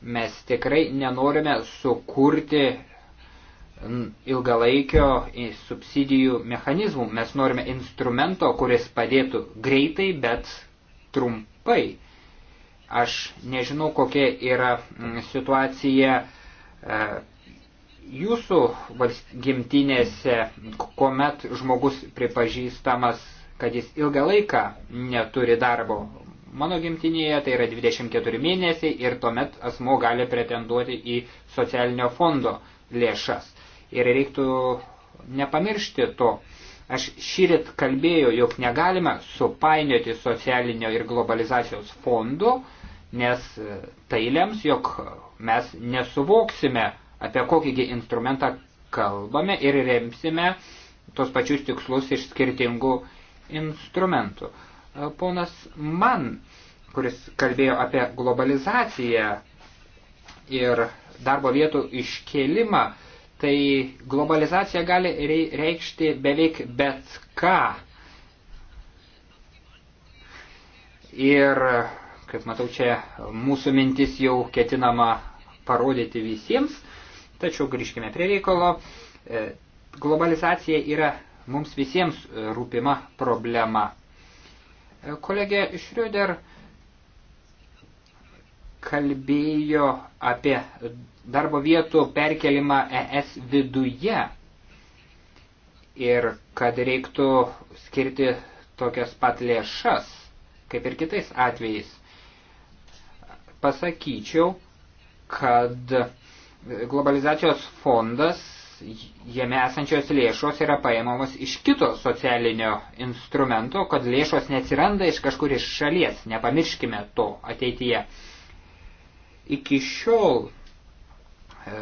mes tikrai nenorime sukurti ilgalaikio subsidijų mechanizmų. Mes norime instrumento, kuris padėtų greitai, bet trumpai. Aš nežinau, kokia yra mm, situacija e, jūsų gimtinėse, kuomet žmogus pripažįstamas, kad jis ilgą laiką neturi darbo. Mano gimtinėje tai yra 24 mėnesiai ir tuomet asmo gali pretenduoti į socialinio fondo lėšas ir reiktų nepamiršti to. Aš šyrit kalbėjau, jog negalime supainioti socialinio ir globalizacijos fondų, nes e, tai lems, jog mes nesuvoksime, apie kokįgi instrumentą kalbame ir remsime tos pačius tikslus iš skirtingų instrumentų. E, ponas Man, kuris kalbėjo apie globalizaciją ir darbo vietų iškėlimą, Tai globalizacija gali reikšti beveik bet ką. Ir, kaip matau, čia mūsų mintis jau ketinama parodyti visiems, tačiau grįžkime prie reikalo. E, globalizacija yra mums visiems rūpima problema. E, kolegė Šriuder kalbėjo apie darbo vietų perkelimą ES viduje ir kad reiktų skirti tokias pat lėšas, kaip ir kitais atvejais. Pasakyčiau, kad globalizacijos fondas, jame esančios lėšos yra paėmamos iš kito socialinio instrumento, kad lėšos neatsiranda iš kažkur iš šalies, nepamirškime to ateityje. Iki šiol e,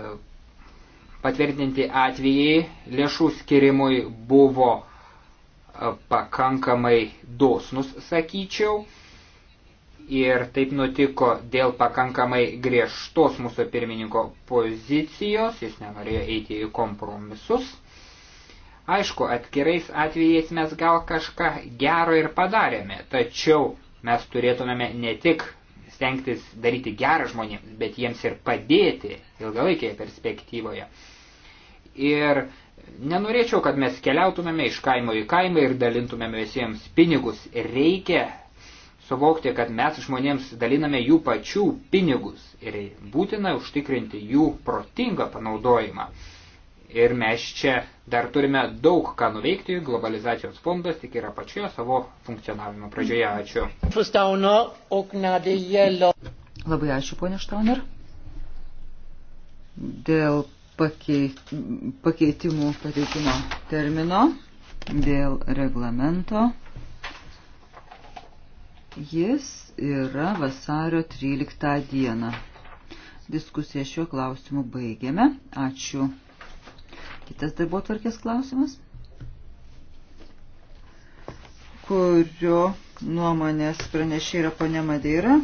patvirtinti atvejai lėšų skirimui buvo e, pakankamai dosnus, sakyčiau. Ir taip nutiko dėl pakankamai griežtos mūsų pirmininko pozicijos, jis nenorėjo eiti į kompromisus. Aišku, atskirais atvejais mes gal kažką gero ir padarėme, tačiau mes turėtumėme ne tik stengtis daryti gerą žmonėms, bet jiems ir padėti ilgalaikėje perspektyvoje. Ir nenorėčiau, kad mes keliautumėme iš kaimo į kaimą ir dalintumėme visiems pinigus. Reikia suvokti, kad mes žmonėms daliname jų pačių pinigus ir būtina užtikrinti jų protingą panaudojimą. Ir mes čia dar turime daug ką nuveikti, globalizacijos fondas tik yra pačioje savo funkcionavimo pradžioje. Ačiū. Labai ačiū, ponė Štauner. Dėl pakeitimų pateikimo termino, dėl reglamento. Jis yra vasario 13 dieną. Diskusiją šiuo klausimu baigiame. Ačiū. Kitas darbo tvarkės klausimas, kurio nuomonės pranešė yra ponė Madeira.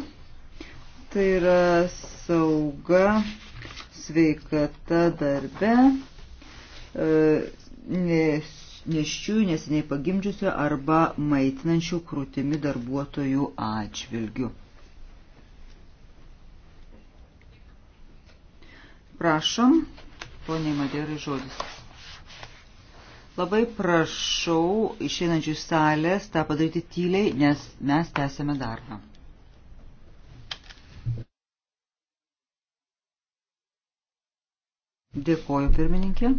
Tai yra sauga, sveikata darbe, e, neščių, neseniai pagimdžiusių arba maitinančių krūtimi darbuotojų atžvilgių. Prašom, poniai Madėrai žodis. Labai prašau išeinančių iš salės tą padaryti tyliai, nes mes tęsėme darbą. Dėkoju, pirmininkė.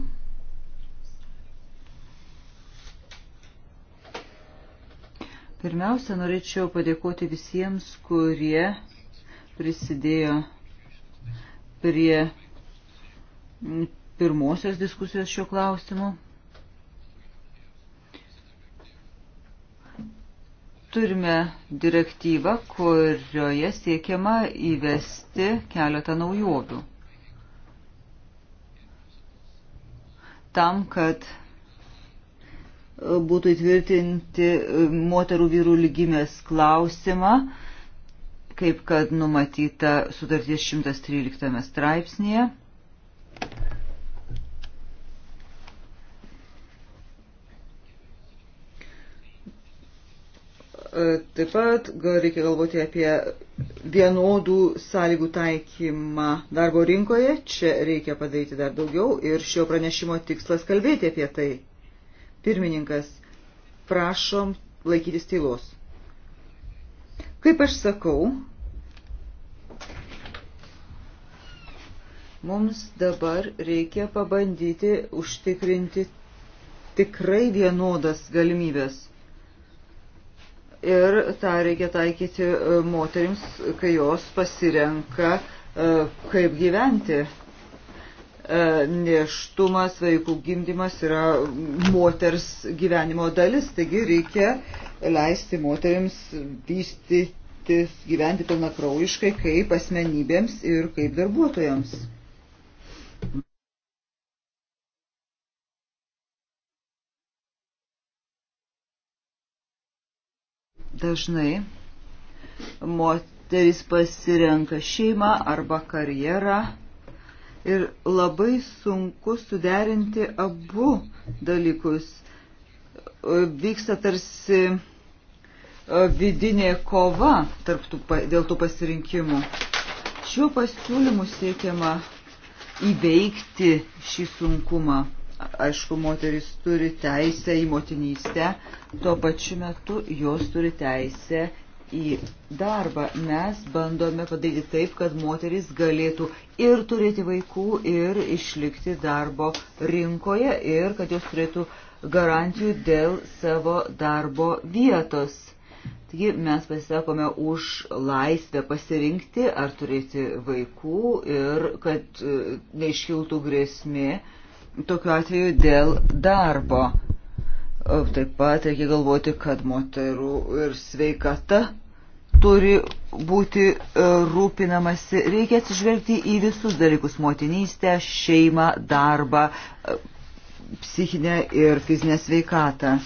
Pirmiausia, norėčiau padėkoti visiems, kurie prisidėjo prie pirmosios diskusijos šiuo klausimu. turime direktyvą, kurioje siekiama įvesti keletą naujovių. Tam, kad būtų įtvirtinti moterų vyrų lygimės klausimą, kaip kad numatyta sutarties 113 straipsnėje. E, taip pat gal reikia galvoti apie vienodų sąlygų taikymą darbo rinkoje. Čia reikia padaryti dar daugiau ir šio pranešimo tikslas kalbėti apie tai. Pirmininkas, prašom laikytis tylos. Kaip aš sakau, mums dabar reikia pabandyti užtikrinti tikrai vienodas galimybės ir tą reikia taikyti e, moterims, kai jos pasirenka, e, kaip gyventi. E, Neštumas, vaikų gimdymas yra moters gyvenimo dalis, taigi reikia leisti moteriams vystytis, gyventi pilnakraujiškai kaip asmenybėms ir kaip darbuotojams. Dažnai moteris pasirenka šeimą arba karjerą ir labai sunku suderinti abu dalykus. E, vyksta tarsi e, vidinė kova tų, dėl tų pasirinkimų. Šiuo pasiūlymu siekiama įveikti šį sunkumą aišku, moteris turi teisę į motinystę, tuo pačiu metu jos turi teisę į darbą. Mes bandome padaryti taip, kad moteris galėtų ir turėti vaikų, ir išlikti darbo rinkoje, ir kad jos turėtų garantijų dėl savo darbo vietos. Taigi mes pasisakome už laisvę pasirinkti ar turėti vaikų ir kad e, neiškiltų grėsmė uh, tokiu atveju dėl darbo. Taip pat reikia galvoti, kad moterų ir sveikata turi būti e, rūpinamasi. Reikia atsižvelgti į visus dalykus - motinystę, šeimą, darbą, e, psichinę ir fizinę sveikatą.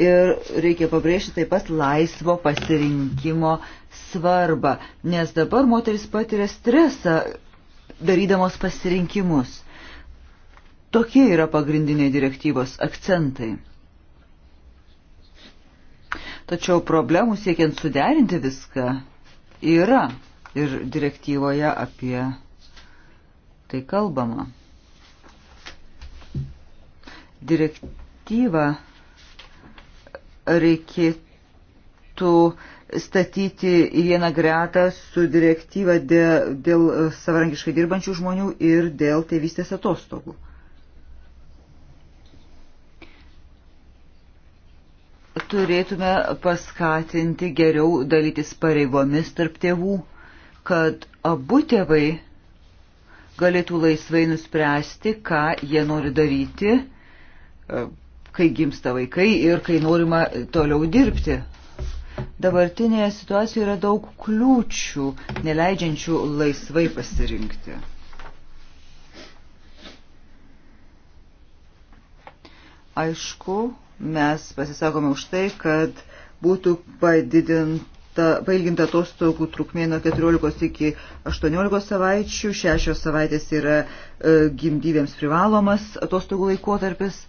Ir reikia pabrėžti taip pat laisvo pasirinkimo svarbą, nes dabar moteris patiria stresą darydamos pasirinkimus. Tokie yra pagrindiniai direktyvos akcentai. Tačiau problemų siekiant suderinti viską yra ir direktyvoje apie tai kalbama. Direktyvą reikėtų statyti į vieną gretą su direktyva dėl, dėl savarankiškai dirbančių žmonių ir dėl tėvystės atostogų. turėtume paskatinti geriau dalytis pareigomis tarp tėvų, kad abu tėvai galėtų laisvai nuspręsti, ką jie nori daryti, e, kai gimsta vaikai ir kai norima toliau dirbti. Dabartinėje situacijoje yra daug kliūčių, neleidžiančių laisvai pasirinkti. Aišku, Mes pasisakome už tai, kad būtų padidinta, pailginta atostogų trukmė nuo 14 iki 18 savaičių, šešios savaitės yra e, gimdyvėms privalomas atostogų laikotarpis.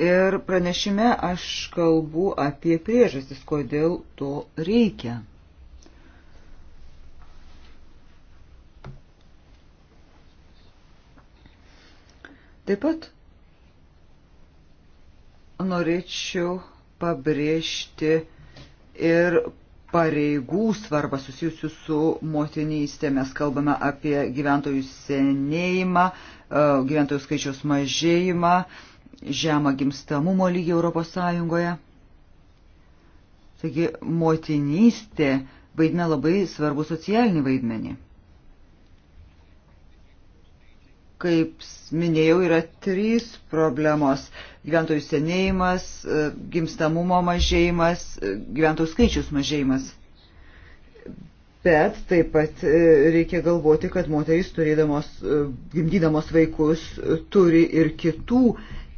Ir pranešime aš kalbu apie priežastis, kodėl to reikia. Taip pat norėčiau pabrėžti ir pareigų svarbą susijusių su motinystė. Mes kalbame apie gyventojų senėjimą, e, gyventojų skaičiaus mažėjimą, žemą gimstamumo lygį Europos Sąjungoje. Taigi motinystė vaidina labai svarbu socialinį vaidmenį. kaip minėjau, yra trys problemos - gyventojų senėjimas, e, gimstamumo mažėjimas, e, gyventojų skaičius mažėjimas. Bet taip pat e, reikia galvoti, kad moterys turėdamos, gimdydamos vaikus turi ir kitų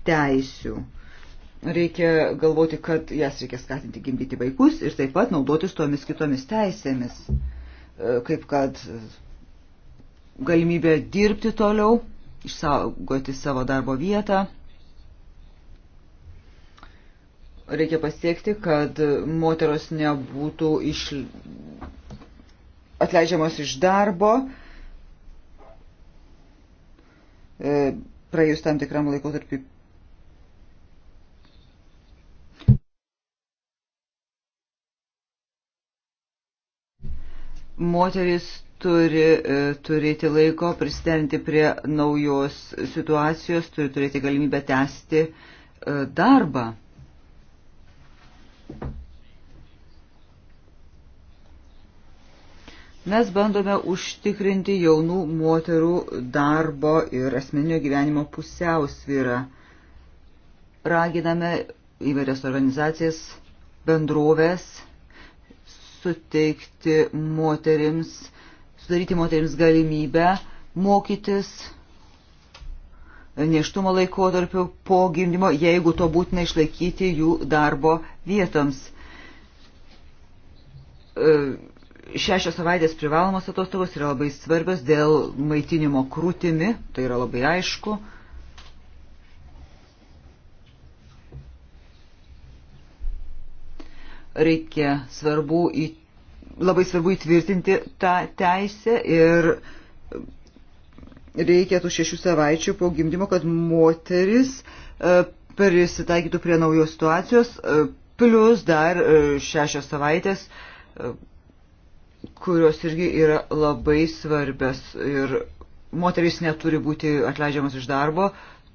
teisių. Reikia galvoti, kad jas reikia skatinti gimdyti vaikus ir taip pat naudotis tomis kitomis teisėmis, kaip kad galimybė dirbti toliau išsaugoti savo darbo vietą. Reikia pasiekti, kad moteros nebūtų iš... atleidžiamos iš darbo e, praėjus tam tikram laikotarpiu moteris turi e, turėti laiko prisidengti prie naujos situacijos, turi turėti galimybę tęsti e, darbą. Mes bandome užtikrinti jaunų moterų darbo ir asmeninio gyvenimo pusiausvyrą. Raginame įvairias organizacijas, bendrovės suteikti moterims sudaryti moteriams galimybę mokytis neštumo laikotarpiu po gimdymo, jeigu to būtina išlaikyti jų darbo vietoms. E, šešios savaitės privalomos atostogos yra labai svarbios dėl maitinimo krūtimi, tai yra labai aišku. Reikia svarbu į labai svarbu įtvirtinti tą teisę ir reikia tų šešių savaičių po gimdymo, kad moteris e, prisitaikytų prie naujos situacijos, e, plus dar e, šešios savaitės, kurios irgi yra labai svarbios ir moteris neturi būti atleidžiamas iš darbo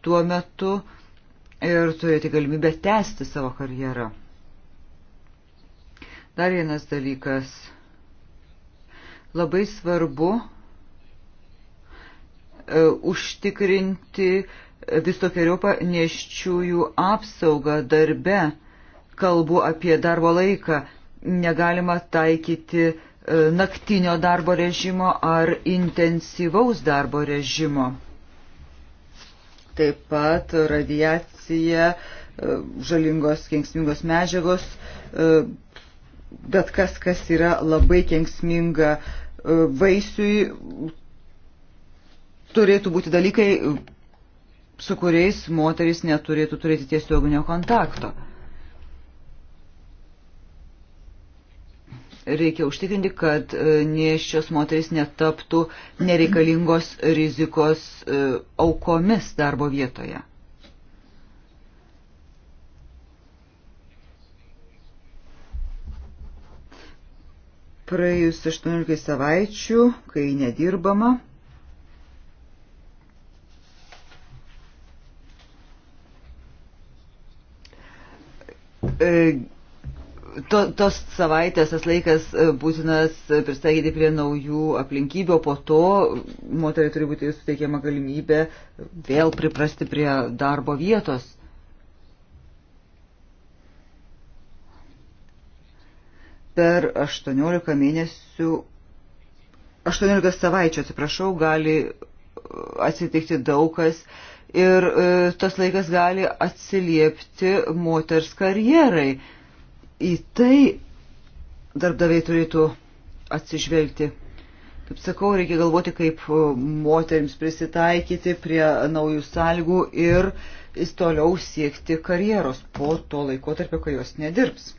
tuo metu ir turėti galimybę tęsti savo karjerą. Dar vienas dalykas – Labai svarbu e, užtikrinti visokiojopą neščiųjų apsaugą darbe. Kalbu apie darbo laiką. Negalima taikyti e, naktinio darbo režimo ar intensyvaus darbo režimo. Taip pat radiacija, e, žalingos kenksmingos medžiagos bet kas, kas yra labai kenksminga e, vaisiui, turėtų būti dalykai, e, su kuriais moteris neturėtų turėti tiesioginio kontakto. Reikia užtikrinti, kad e, nieščios moteris netaptų nereikalingos rizikos aukomis darbo vietoje. praėjus 18 savaičių, kai nedirbama. E, to, tos savaitės, tas laikas e, būtinas pristatyti prie naujų aplinkybių, po to moteriai turi būti suteikiama galimybė vėl priprasti prie darbo vietos. per 18 mėnesių, 18 savaičių, atsiprašau, gali uh, atsitikti daug kas ir uh, tas laikas gali atsiliepti moters karjerai. Į tai darbdaviai turėtų atsižvelgti. Kaip sakau, reikia galvoti, kaip uh, moteriams prisitaikyti prie naujų sąlygų ir toliau siekti karjeros po to laiko tarp, kai jos nedirbs.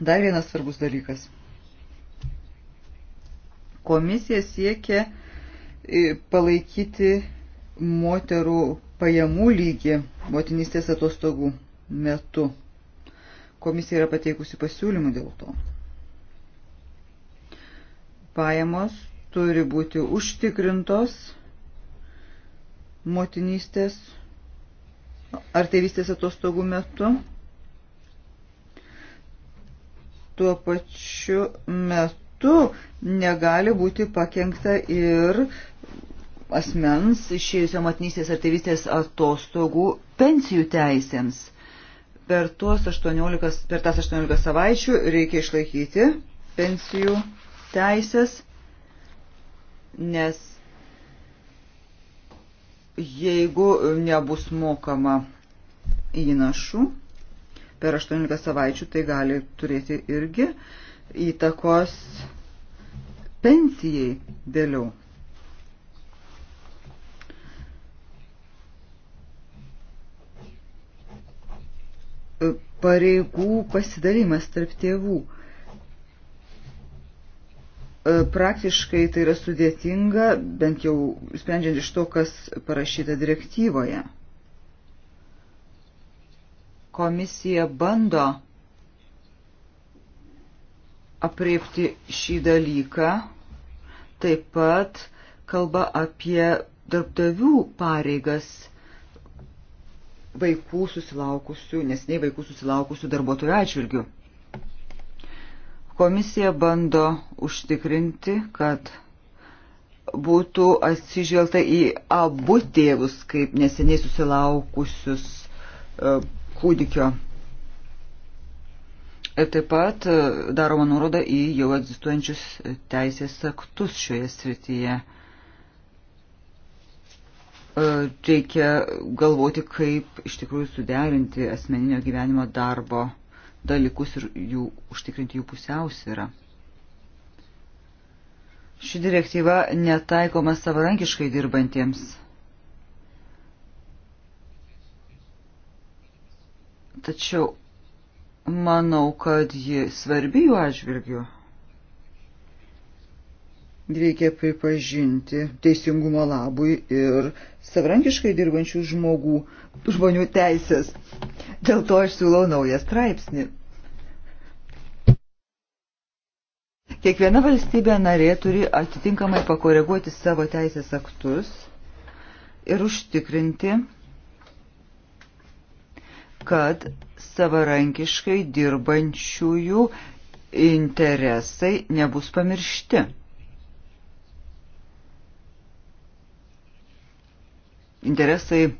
Dar vienas svarbus dalykas. Komisija siekia e, palaikyti moterų pajamų lygį motinystės atostogų metu. Komisija yra pateikusi pasiūlymų dėl to. Pajamos turi būti užtikrintos motinystės ar tėvystės atostogų metu tuo pačiu metu negali būti pakengta ir asmens išėjusio matnystės ar tėvystės atostogų pensijų teisėms. Per, 18, per tas 18 savaičių reikia išlaikyti pensijų teisės, nes jeigu nebus mokama įnašų, per 18 savaičių, tai gali turėti irgi įtakos pensijai vėliau. Pareigų pasidalimas tarp tėvų. Praktiškai tai yra sudėtinga, bent jau sprendžiant iš to, kas parašyta direktyvoje. Komisija bando apriepti šį dalyką, taip pat kalba apie darbdavių pareigas vaikų susilaukusių, nesnei vaikų susilaukusių darbuotojų atžvilgių. Komisija bando užtikrinti, kad būtų atsižvelgta į abu tėvus, kaip neseniai susilaukusius e, kūdikio. Ir e, taip pat e, daroma nuoroda į jau egzistuojančius e, teisės aktus šioje srityje. Reikia galvoti, kaip iš tikrųjų suderinti asmeninio gyvenimo darbo dalykus ir jų, užtikrinti jų pusiausvyrą. Ši direktyva netaikoma savarankiškai dirbantiems Tačiau manau, kad ji svarbi jų atžvilgiu. Reikia pripažinti teisingumo labui ir savrankiškai dirbančių žmogų, žmonių teisės. Dėl to aš siūlau naują straipsnį. Kiekviena valstybė narė turi atitinkamai pakoreguoti savo teisės aktus ir užtikrinti kad savarankiškai dirbančiųjų interesai nebus pamiršti. Interesai e,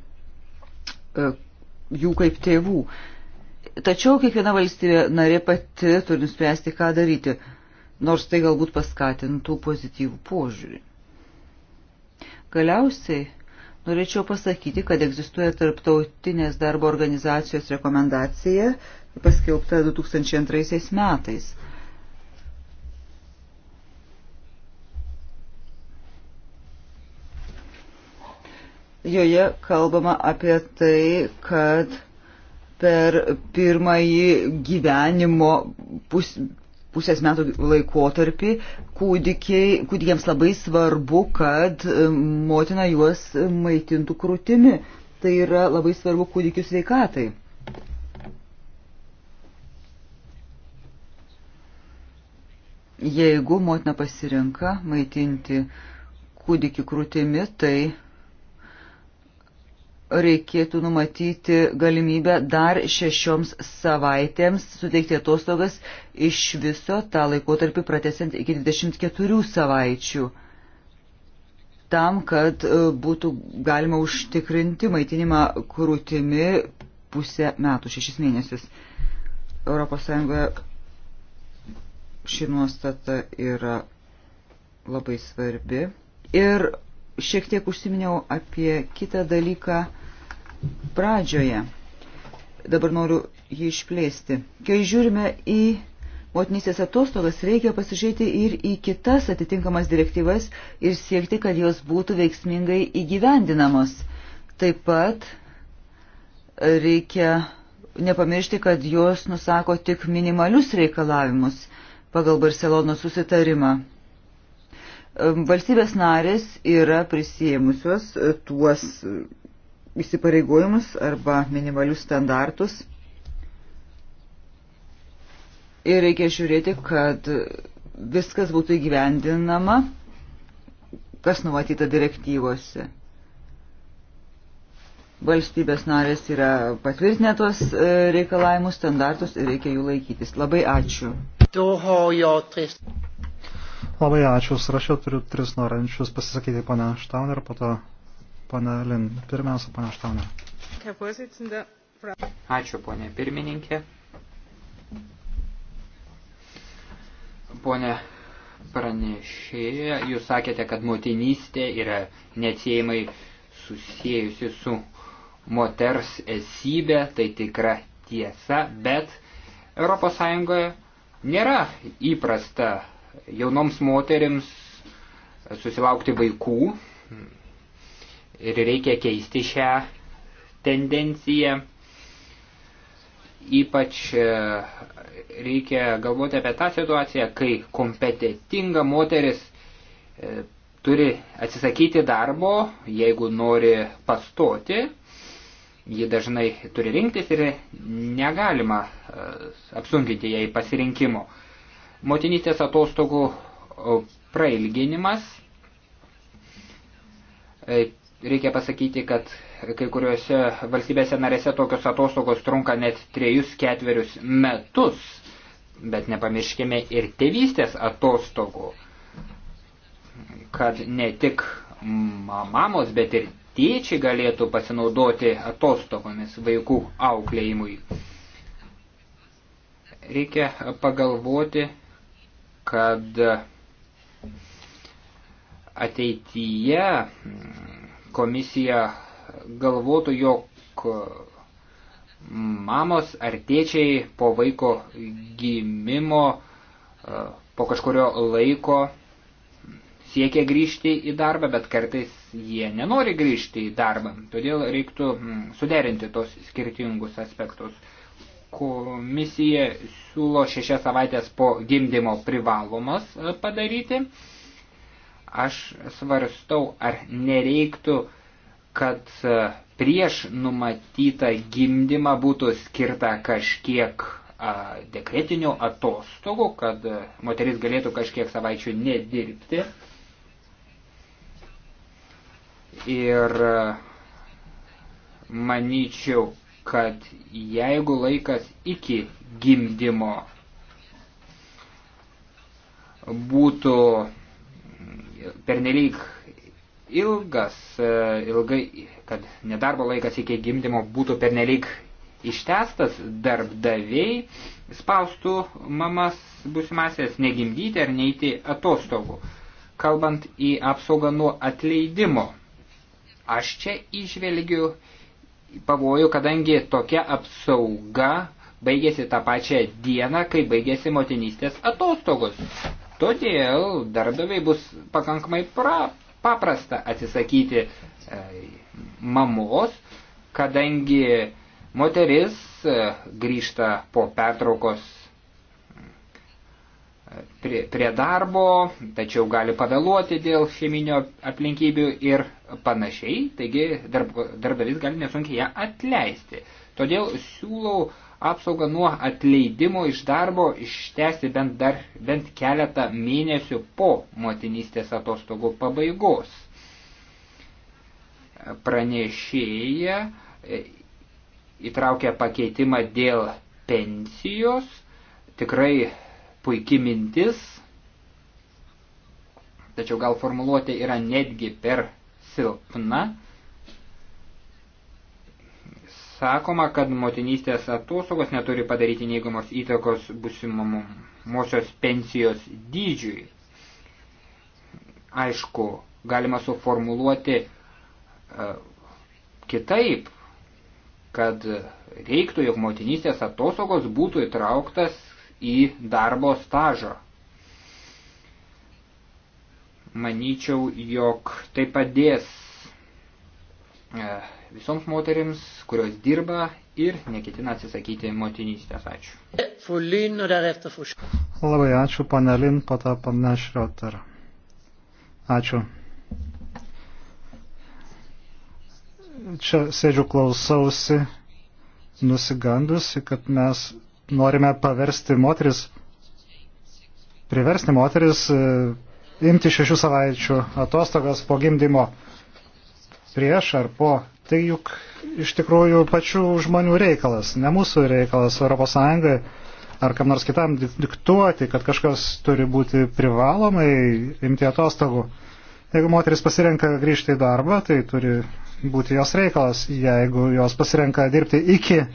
jų kaip tėvų. Tačiau kiekviena valstybė narė pati turi nuspręsti, ką daryti, nors tai galbūt paskatintų pozityvų požiūrį. Galiausiai Norėčiau pasakyti, kad egzistuoja tarptautinės darbo organizacijos rekomendacija paskelbta 2002 metais. Joje kalbama apie tai, kad per pirmąjį gyvenimo pus, pusės metų laikotarpį kūdikiai, kūdikiams labai svarbu, kad e, motina juos maitintų krūtimi. Tai yra labai svarbu kūdikių sveikatai. Jeigu motina pasirinka maitinti kūdikį krūtimi, tai reikėtų numatyti galimybę dar šešioms savaitėms suteikti atostogas iš viso tą laikotarpį pratesiant iki 24 savaičių tam, kad e, būtų galima užtikrinti maitinimą krūtimi pusę metų, šešis mėnesius. ES ši nuostata yra labai svarbi. Ir šiek tiek užsiminiau apie kitą dalyką pradžioje. Dabar noriu jį išplėsti. Kai žiūrime į motinysės atostogas, reikia pasižiūrėti ir į kitas atitinkamas direktyvas ir siekti, kad jos būtų veiksmingai įgyvendinamos. Taip pat reikia nepamiršti, kad jos nusako tik minimalius reikalavimus pagal Barcelonos susitarimą. Valstybės narės yra prisėmusios tuos įsipareigojimus arba minimalius standartus. Ir reikia žiūrėti, kad viskas būtų įgyvendinama, kas numatyta direktyvose. Valstybės narės yra patvirtinę tos e, reikalavimus, standartus ir reikia jų laikytis. Labai ačiū. Labai ačiū. Srašiau turiu tris norančius pasisakyti, pana Štauner, po to Pana Lin, pirmiausia, pana Štauna. Ačiū, ponė pirmininkė. Pone pranešėja, jūs sakėte, kad motinystė yra neatsiejamai susijusi su moters esybė, tai tikra tiesa, bet ES nėra įprasta jaunoms moterims susilaukti vaikų, ir reikia keisti šią tendenciją. Ypač e, reikia galvoti apie tą situaciją, kai kompetitinga moteris e, turi atsisakyti darbo, jeigu nori pastoti, ji dažnai turi rinktis ir negalima e, apsunkinti jai pasirinkimo. Motinystės atostogų prailginimas Reikia pasakyti, kad kai kuriuose valstybėse narėse tokios atostogos trunka net trejus ketverius metus, bet nepamirškime ir tėvystės atostogų, kad ne tik mamos, bet ir tėčiai galėtų pasinaudoti atostogomis vaikų auklėjimui. Reikia pagalvoti, kad ateityje komisija galvotų, jog mamos ar tėčiai po vaiko gimimo e, po kažkurio laiko siekia grįžti į darbą, bet kartais jie nenori grįžti į darbą. Todėl reiktų mm, suderinti tos skirtingus aspektus. Komisija siūlo šešias savaitės po gimdymo privalomas e, padaryti. Aš svarstau, ar nereiktų, kad e, prieš numatytą gimdymą būtų skirta kažkiek e, dekretinių atostogų, kad e, moteris galėtų kažkiek savaičių nedirbti. Ir manyčiau, kad jeigu laikas iki gimdymo būtų pernelyg ilgas, e, ilgai, kad nedarbo laikas iki gimdymo būtų pernelyg ištestas, darbdaviai spaustų mamas būsimasias negimdyti ar neiti atostogų, kalbant į apsaugą nuo atleidimo. Aš čia išvelgiu pavojų, kadangi tokia apsauga baigėsi tą pačią dieną, kai baigėsi motinystės atostogos. Todėl darbdaviai bus pakankamai pra, paprasta atsisakyti e, mamos, kadangi moteris e, grįžta po pertraukos e, prie, prie darbo, tačiau gali pavėluoti dėl šeiminio aplinkybių ir panašiai, taigi darb, darbdavys gali nesunkiai ją atleisti. Todėl siūlau apsaugą nuo atleidimo iš darbo ištęsti bent, dar, bent keletą mėnesių po motinystės atostogų pabaigos. Pranešėja e, įtraukia pakeitimą dėl pensijos, tikrai puikia mintis, tačiau gal formuluotė yra netgi per silpna sakoma, kad motinystės atostogos neturi padaryti neigiamos įtakos busimamosios pensijos dydžiui. Aišku, galima suformuluoti e, kitaip, kad reiktų, jog motinystės atostogos būtų įtrauktas į darbo stažą. Manyčiau, jog tai padės e, visoms moterims, kurios dirba ir neketina atsisakyti motinystės. Ačiū. Labai ačiū, panelin, po to panešriotar. Ačiū. Čia sėdžiu klausausi, nusigandusi, kad mes norime paversti moteris, priversti moteris e, imti šešių savaičių atostogas po gimdymo prieš ar po Tai juk iš tikrųjų pačių žmonių reikalas, ne mūsų reikalas ES ar kam nors kitam diktuoti, kad kažkas turi būti privalomai imti atostogų. Jeigu moteris pasirenka grįžti į darbą, tai turi būti jos reikalas. Jeigu jos pasirenka dirbti iki e,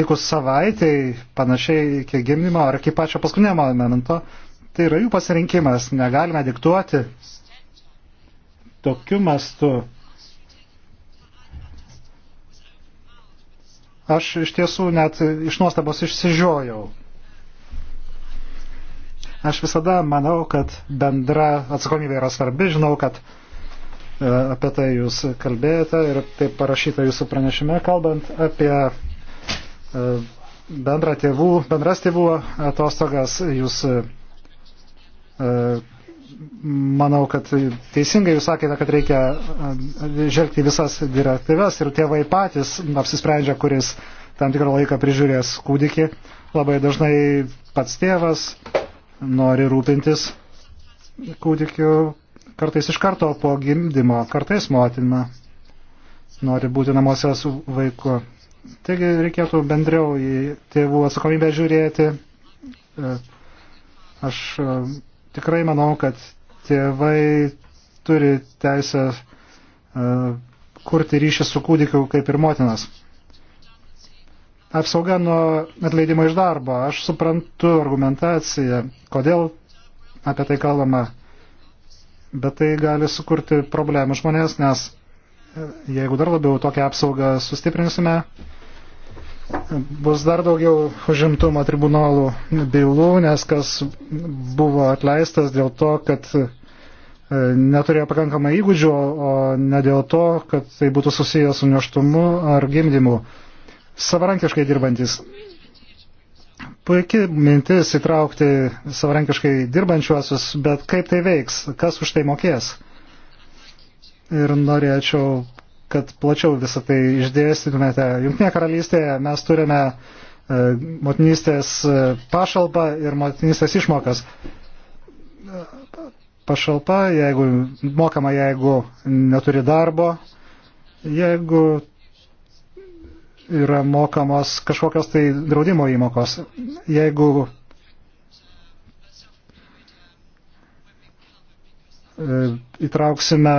likus savaitėj, panašiai iki gimdymo ar iki pačio paskutinio momento, tai yra jų pasirinkimas, negalime diktuoti tokiu mastu Aš iš tiesų net iš nuostabos išsižiojau. Aš visada manau, kad bendra atsakomybė yra svarbi. Žinau, kad e, apie tai jūs kalbėjote ir taip parašyta jūsų pranešime, kalbant apie e, bendrą tėvų, bendras tėvų atostogas. Jūs e, manau, kad teisingai jūs sakėte, kad reikia e, žvelgti visas direktyves ir tėvai patys apsisprendžia, kuris tam tikrą laiką prižiūrės kūdikį. Labai dažnai pats tėvas nori rūpintis kūdikiu kartais iš karto po gimdymo, kartais motina nori būti namuose su vaiku. Taigi reikėtų bendriau į tėvų atsakomybę žiūrėti. E, aš e, Tikrai manau, kad tėvai turi teisę e, kurti ryšį su kūdikiu kaip ir motinas. Apsauga nuo atleidimo iš darbo. Aš suprantu argumentaciją, kodėl apie tai kalbama, bet tai gali sukurti problemų žmonės, nes e, jeigu dar labiau tokią apsaugą sustiprinsime, bus dar daugiau užimtumo tribunolų bylų, nes kas buvo atleistas dėl to, kad e, neturėjo pakankamai įgūdžių, o ne dėl to, kad tai būtų susijęs su neštumu ar gimdymu. Savarankiškai dirbantis. Puikiai mintis įtraukti savarankiškai dirbančiuosius, bet kaip tai veiks, kas už tai mokės. Ir norėčiau kad plačiau visą tai išdėstytumėte. Junktinėje karalystėje mes turime e, motinystės e, pašalpą ir motinystės išmokas. Pašalpa, jeigu mokama, jeigu neturi darbo, jeigu yra mokamos kažkokios tai draudimo įmokos. Jeigu E, įtrauksime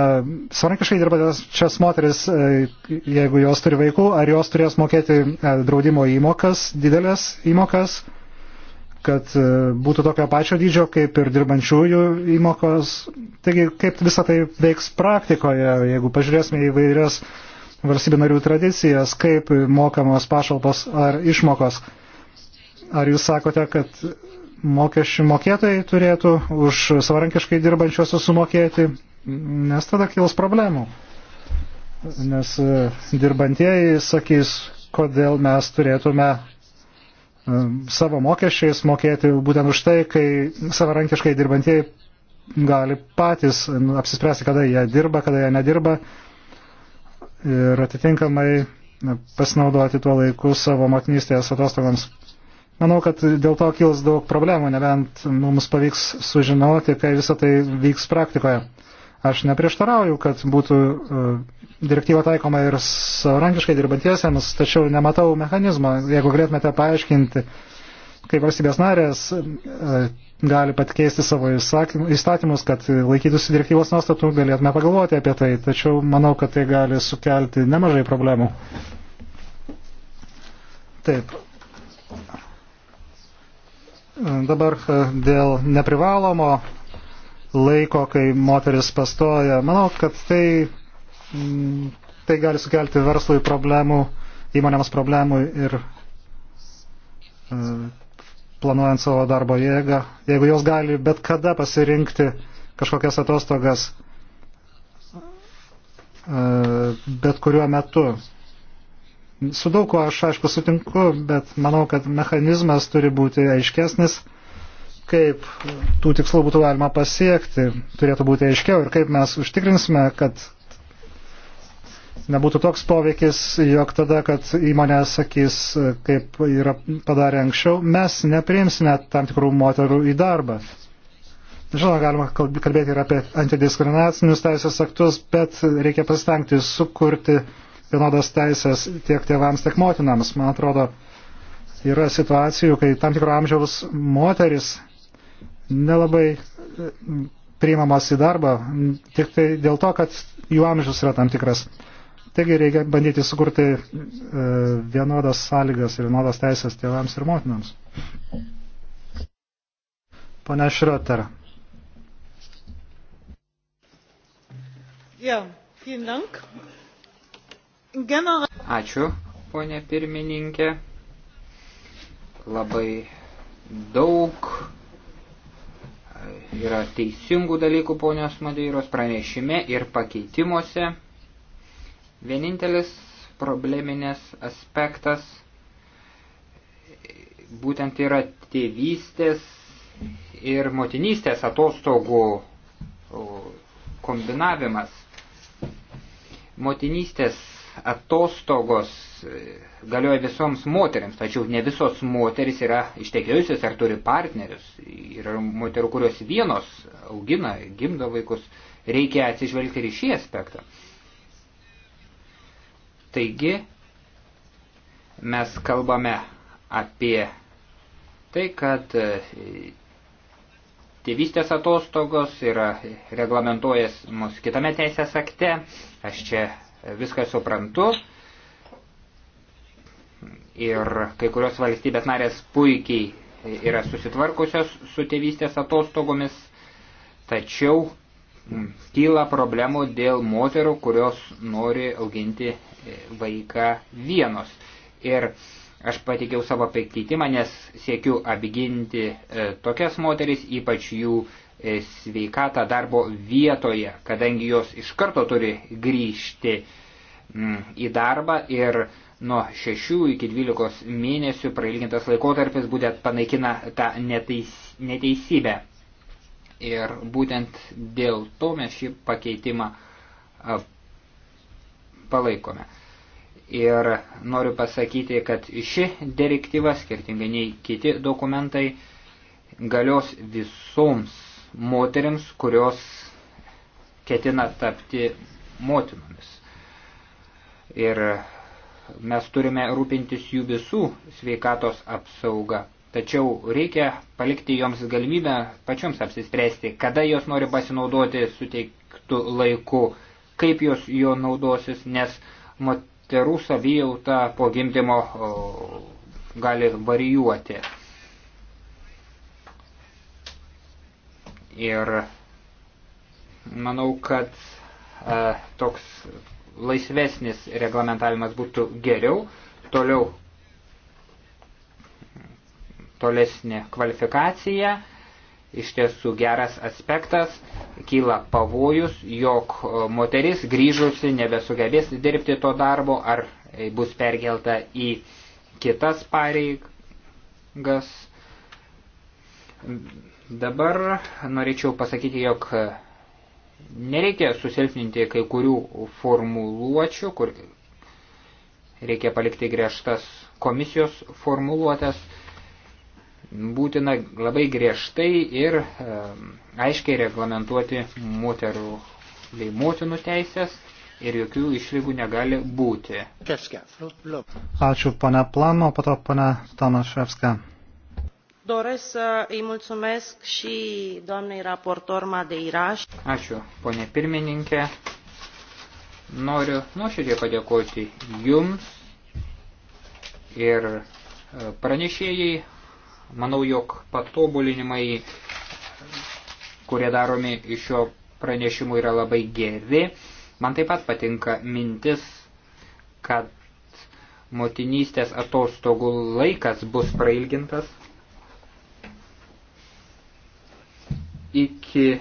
savarankiškai dirbančias moteris, e, jeigu jos turi vaikų, ar jos turės mokėti e, draudimo įmokas, didelės įmokas, kad būtų tokio pačio dydžio kaip ir dirbančiųjų įmokos. Taigi, kaip visą tai veiks praktikoje, jeigu pažiūrėsime į vairias valstybių narių tradicijas, kaip mokamos pašalpos ar išmokos. Ar jūs sakote, kad mokesčių mokėtojai turėtų už savarankiškai dirbančiuosius sumokėti, nes tada kils problemų. Nes e, dirbantieji sakys, kodėl mes turėtume e, savo mokesčiais mokėti būtent už tai, kai savarankiškai dirbantieji gali patys apsispręsti, kada jie dirba, kada jie nedirba ir atitinkamai pasinaudoti tuo laiku savo motinystės atostogams Manau, kad dėl to kils daug problemų, nebent mums pavyks sužinoti, kai visą tai vyks praktikoje. Aš neprieštarauju, kad būtų e, direktyva taikoma ir savarankiškai dirbantiesiems, tačiau nematau mechanizmo. Jeigu galėtumėte paaiškinti, kaip valstybės narės e, gali patkeisti savo įstatymus, kad laikytųsi direktyvos nuostatų, galėtume pagalvoti apie tai, tačiau manau, kad tai gali sukelti nemažai problemų. Taip, Dabar e, dėl neprivalomo laiko, kai moteris pastoja, manau, kad tai, mm, tai gali sukelti verslui problemų, įmonėms problemų ir e, planuojant savo darbo jėgą. Jeigu jos gali bet kada pasirinkti kažkokias atostogas e, bet kuriuo metu. Su daug ko aš aišku sutinku, bet manau, kad mechanizmas turi būti aiškesnis, kaip tų tikslų būtų galima pasiekti, turėtų būti aiškiau ir kaip mes užtikrinsime, kad nebūtų toks poveikis, jog tada, kad įmonė sakys, kaip yra padarę anksčiau, mes nepriimsime tam tikrų moterų į darbą. Žinoma, galima kalbėti ir apie antidiskriminacinius teisės aktus, bet reikia pasitengti sukurti vienodas teisės tiek tėvams, tiek motinams. Man atrodo, yra situacijų, kai tam tikro amžiaus moteris nelabai e, priimamas į darbą, tik tai dėl to, kad jų amžius yra tam tikras. Taigi reikia bandyti sukurti e, vienodas sąlygas ir vienodas teisės tėvams ir motinams. Pane Šrioter. Ja, vielen Dank. Ačiū, ponė pirmininkė. Labai daug yra teisingų dalykų ponios Madeiros pranešime ir pakeitimuose. Vienintelis probleminis aspektas būtent yra tėvystės ir motinystės atostogų kombinavimas. Motinystės atostogos e, galioja visoms moteriams, tačiau ne visos moteris yra ištekėjusios ar turi partnerius. Yra moterų, kurios vienos augina, gimdo vaikus. Reikia atsižvelgti ir į šį aspektą. Taigi, mes kalbame apie tai, kad e, tėvystės atostogos yra reglamentuojamos kitame teisės akte. Aš čia viską suprantu. Ir kai kurios valstybės narės puikiai yra susitvarkusios su tėvystės atostogomis, tačiau mm, kyla problemų dėl moterų, kurios nori auginti e, vaiką vienos. Ir aš patikiau savo pakeitimą, nes siekiu apginti e, tokias moteris, ypač jų E, sveikatą darbo vietoje, kadangi jos iš karto turi grįžti mm, į darbą ir nuo 6 iki 12 mėnesių prailgintas laikotarpis būtent panaikina tą neteis, neteisybę. Ir būtent dėl to mes šį pakeitimą palaikome. Ir noriu pasakyti, kad ši direktyva, skirtingai nei kiti dokumentai, galios visoms moteriams, kurios ketina tapti motinomis. Ir mes turime rūpintis jų visų sveikatos apsauga. Tačiau reikia palikti joms galimybę pačioms apsispręsti, kada jos nori pasinaudoti suteiktų laiku, kaip jos jo naudosis, nes moterų savijauta po gimdymo gali varijuoti. Ir manau, kad e, toks laisvesnis reglamentavimas būtų geriau, toliau tolesnė kvalifikacija, iš tiesų geras aspektas, kyla pavojus, jog e, moteris grįžusi nebesugebės dirbti to darbo ar bus perkelta į kitas pareigas. Dabar norėčiau pasakyti, jog nereikia susilpninti kai kurių formuluočių, kur reikia palikti griežtas komisijos formuluotės, būtina labai griežtai ir e, aiškiai reglamentuoti moterų bei motinų teisės ir jokių išlygų negali būti. Ačiū, pane Plano, po to pane Tomaševska doresc să îi mulțumesc și doamnei raportor Madeiraș. Ačiū, ponė pirmininkė. Noriu nuoširdžiai padėkoti jums ir e, pranešėjai. Manau, jog patobulinimai, kurie daromi iš šio pranešimų, yra labai geri. Man taip pat patinka mintis, kad motinystės atostogų laikas bus prailgintas iki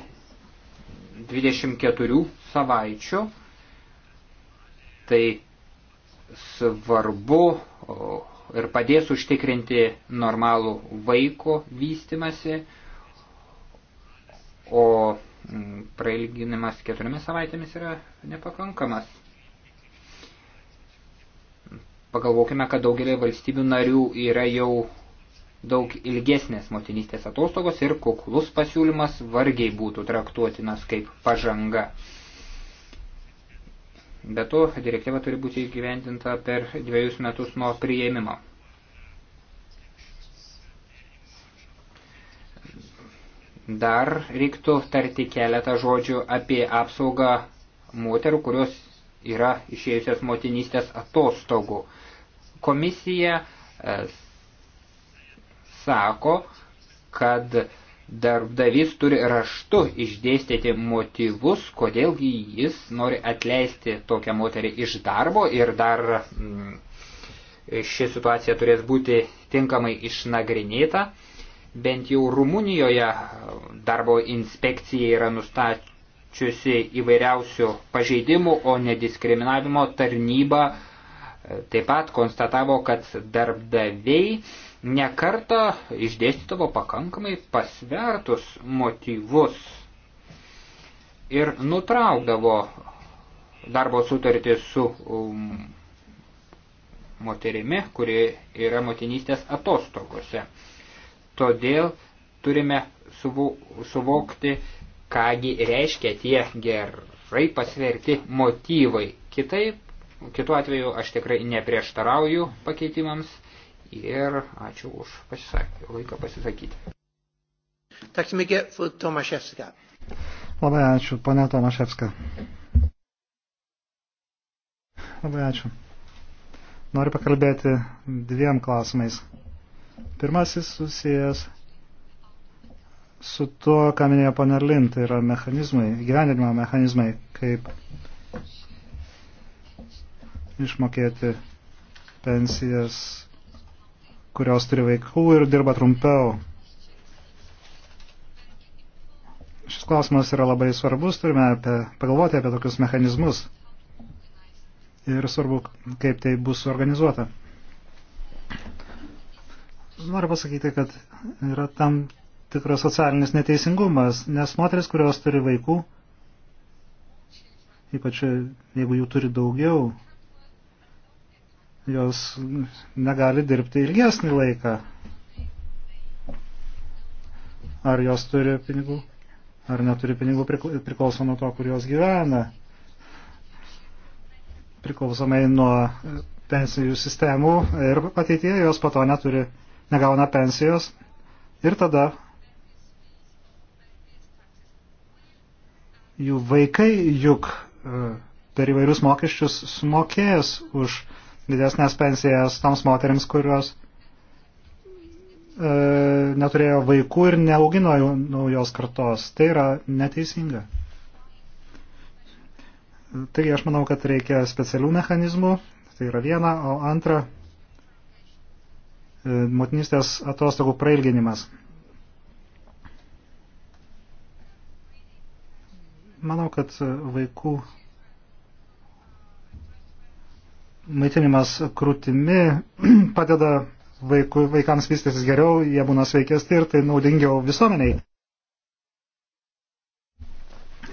24 savaičių. Tai svarbu ir padės užtikrinti normalų vaiko vystimasi, o prailginimas keturiomis savaitėmis yra nepakankamas. Pagalvokime, kad daugelį valstybių narių yra jau daug ilgesnės motinystės atostogos ir kuklus pasiūlymas vargiai būtų traktuotinas kaip pažanga. Be to, direktyva turi būti įgyvendinta per dviejus metus nuo prieimimo. Dar reiktų tarti keletą žodžių apie apsaugą moterų, kurios yra išėjusios motinystės atostogų. Komisija e, sako, kad darbdavys turi raštu išdėstyti motyvus, kodėlgi jis nori atleisti tokią moterį iš darbo ir dar mm, ši situacija turės būti tinkamai išnagrinėta. Bent jau Rumunijoje darbo inspekcija yra nustačiusi įvairiausių pažeidimų, o nediskriminavimo tarnyba e, taip pat konstatavo, kad darbdaviai nekarta išdėstydavo pakankamai pasvertus motyvus ir nutraukdavo darbo sutartį su um, moterimi, kuri yra motinystės atostogose. Todėl turime suvokti, kągi reiškia tie gerai pasverti motyvai. Kitaip, kitu atveju aš tikrai neprieštarauju pakeitimams ir ačiū už pasisakymą, laiką pasisakyti. Taksimikė, Tomaševska. Labai ačiū, pane Tomaševska. Labai ačiū. Noriu pakalbėti dviem klausimais. Pirmasis susijęs su tuo, ką minėjo ponė Lin, tai yra mechanizmai, gyvenimo mechanizmai, kaip išmokėti pensijas kurios turi vaikų ir dirba trumpiau. Šis klausimas yra labai svarbus, turime apie, pagalvoti apie tokius mechanizmus ir svarbu, kaip tai bus organizuota. Noriu pasakyti, kad yra tam tikras socialinis neteisingumas, nes moteris, kurios turi vaikų, ypač jeigu jų turi daugiau, jos negali dirbti ilgesnį laiką. Ar jos turi pinigų, ar neturi pinigų priklauso nuo to, kur jos gyvena. Priklausomai nuo e, pensijų sistemų ir ateityje jos po to neturi, negauna pensijos ir tada jų vaikai juk e, per įvairius mokesčius sumokės už uh, didesnės pensijas toms moteriams, kurios e, neturėjo vaikų ir neaugino naujos kartos. Tai yra neteisinga. Taigi aš manau, kad reikia specialių mechanizmų. Tai yra viena, o antra, e, motinystės atostogų prailginimas. Manau, kad vaikų maitinimas krūtimi padeda vaikų, vaikams vystytis geriau, jie būna sveikesni ir tai naudingiau visuomeniai.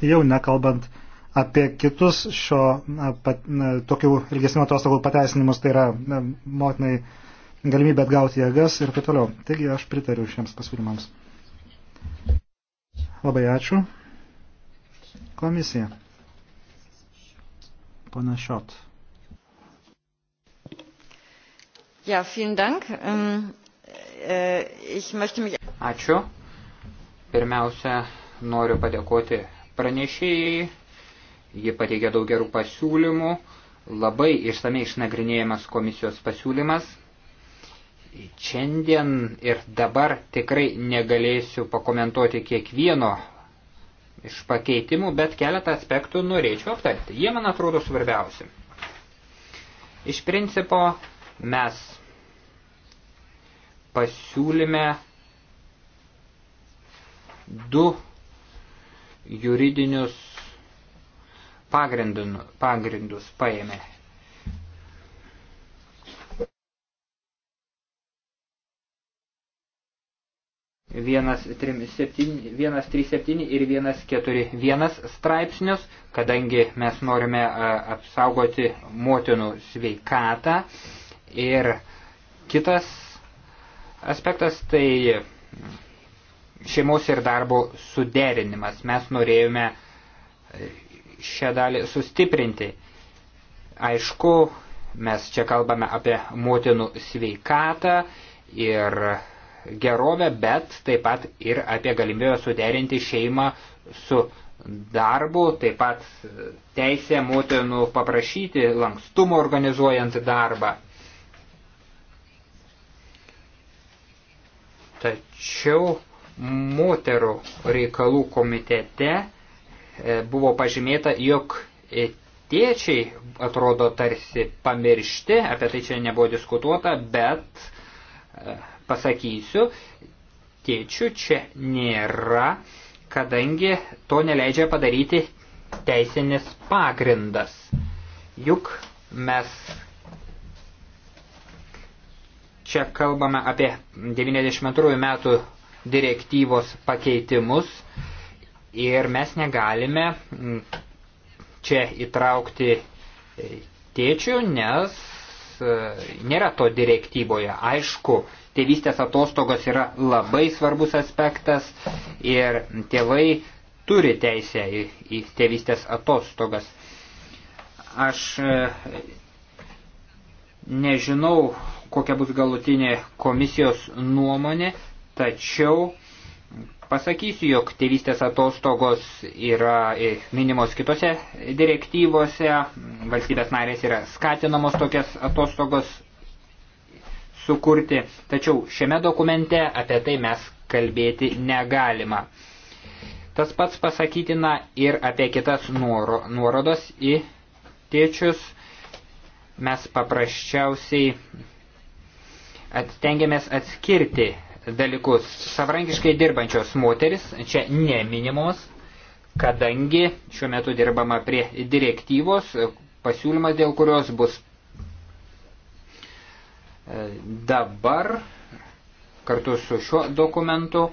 Jau nekalbant apie kitus šio pat, tokių ilgesnių atostogų pateisinimus, tai yra motinai galimybė atgauti jėgas ir taip toliau. Taigi aš pritariu šiems pasiūlymams. Labai ačiū. Komisija. Panašiot. Ja, vielen Dank. Ähm, äh, ich möchte mich. Ačiū. Pirmiausia, noriu padėkoti pranešėjai. Ji pateikė daug gerų pasiūlymų. Labai išsamei išnagrinėjamas komisijos pasiūlymas. Šiandien ir dabar tikrai negalėsiu pakomentuoti kiekvieno iš pakeitimų, bet keletą aspektų norėčiau aptarti. Jie, man atrodo, svarbiausi. Iš principo, Mes pasiūlyme du juridinius pagrindus paėmė. Vienas, trim, septyni, vienas, trys, septyni ir vienas, keturi, vienas straipsnius, kadangi mes norime apsaugoti motinų sveikatą, Ir kitas aspektas tai šeimos ir darbo suderinimas. Mes norėjome šią dalį sustiprinti. Aišku, mes čia kalbame apie motinų sveikatą ir gerovę, bet taip pat ir apie galimybę suderinti šeimą su darbu, taip pat teisė motinų paprašyti lankstumo organizuojant darbą. Tačiau moterų reikalų komitete e, buvo pažymėta, jog tėčiai atrodo tarsi pamiršti, apie tai čia nebuvo diskutuota, bet e, pasakysiu, tėčių čia nėra, kadangi to neleidžia padaryti teisinis pagrindas. Juk mes Čia kalbame apie 92 metų direktyvos pakeitimus ir mes negalime mm, čia įtraukti e, tėčių, nes e, nėra to direktyvoje. Aišku, tėvystės atostogos yra labai svarbus aspektas ir tėvai turi teisę į, į tėvystės atostogas. Aš e, nežinau, kokia bus galutinė komisijos nuomonė, tačiau pasakysiu, jog tėvystės atostogos yra minimos kitose direktyvose, valstybės narės yra skatinamos tokias atostogos sukurti, tačiau šiame dokumente apie tai mes kalbėti negalima. Tas pats pasakytina ir apie kitas nuoro, nuorodos į tėčius. Mes paprasčiausiai atstengiamės atskirti dalykus. Savrankiškai dirbančios moteris čia neminimos, kadangi šiuo metu dirbama prie direktyvos, pasiūlymas dėl kurios bus e, dabar kartu su šiuo dokumentu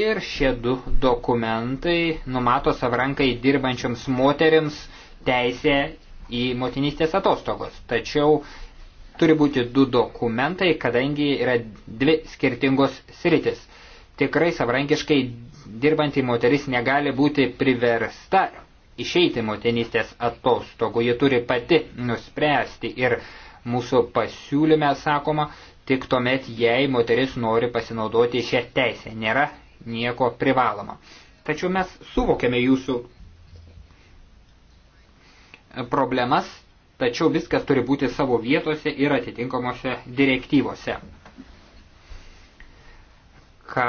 ir šie du dokumentai numato savrankai dirbančioms moteriams teisę į motinystės atostogos. Tačiau turi būti du dokumentai, kadangi yra dvi skirtingos sritis. Tikrai savarankiškai dirbantį moteris negali būti priversta išeiti motinystės atostogų, ji turi pati nuspręsti ir mūsų pasiūlyme sakoma, tik tuomet jei moteris nori pasinaudoti šią teisę, nėra nieko privaloma. Tačiau mes suvokiame jūsų problemas tačiau viskas turi būti savo vietose ir atitinkamose direktyvose. Ką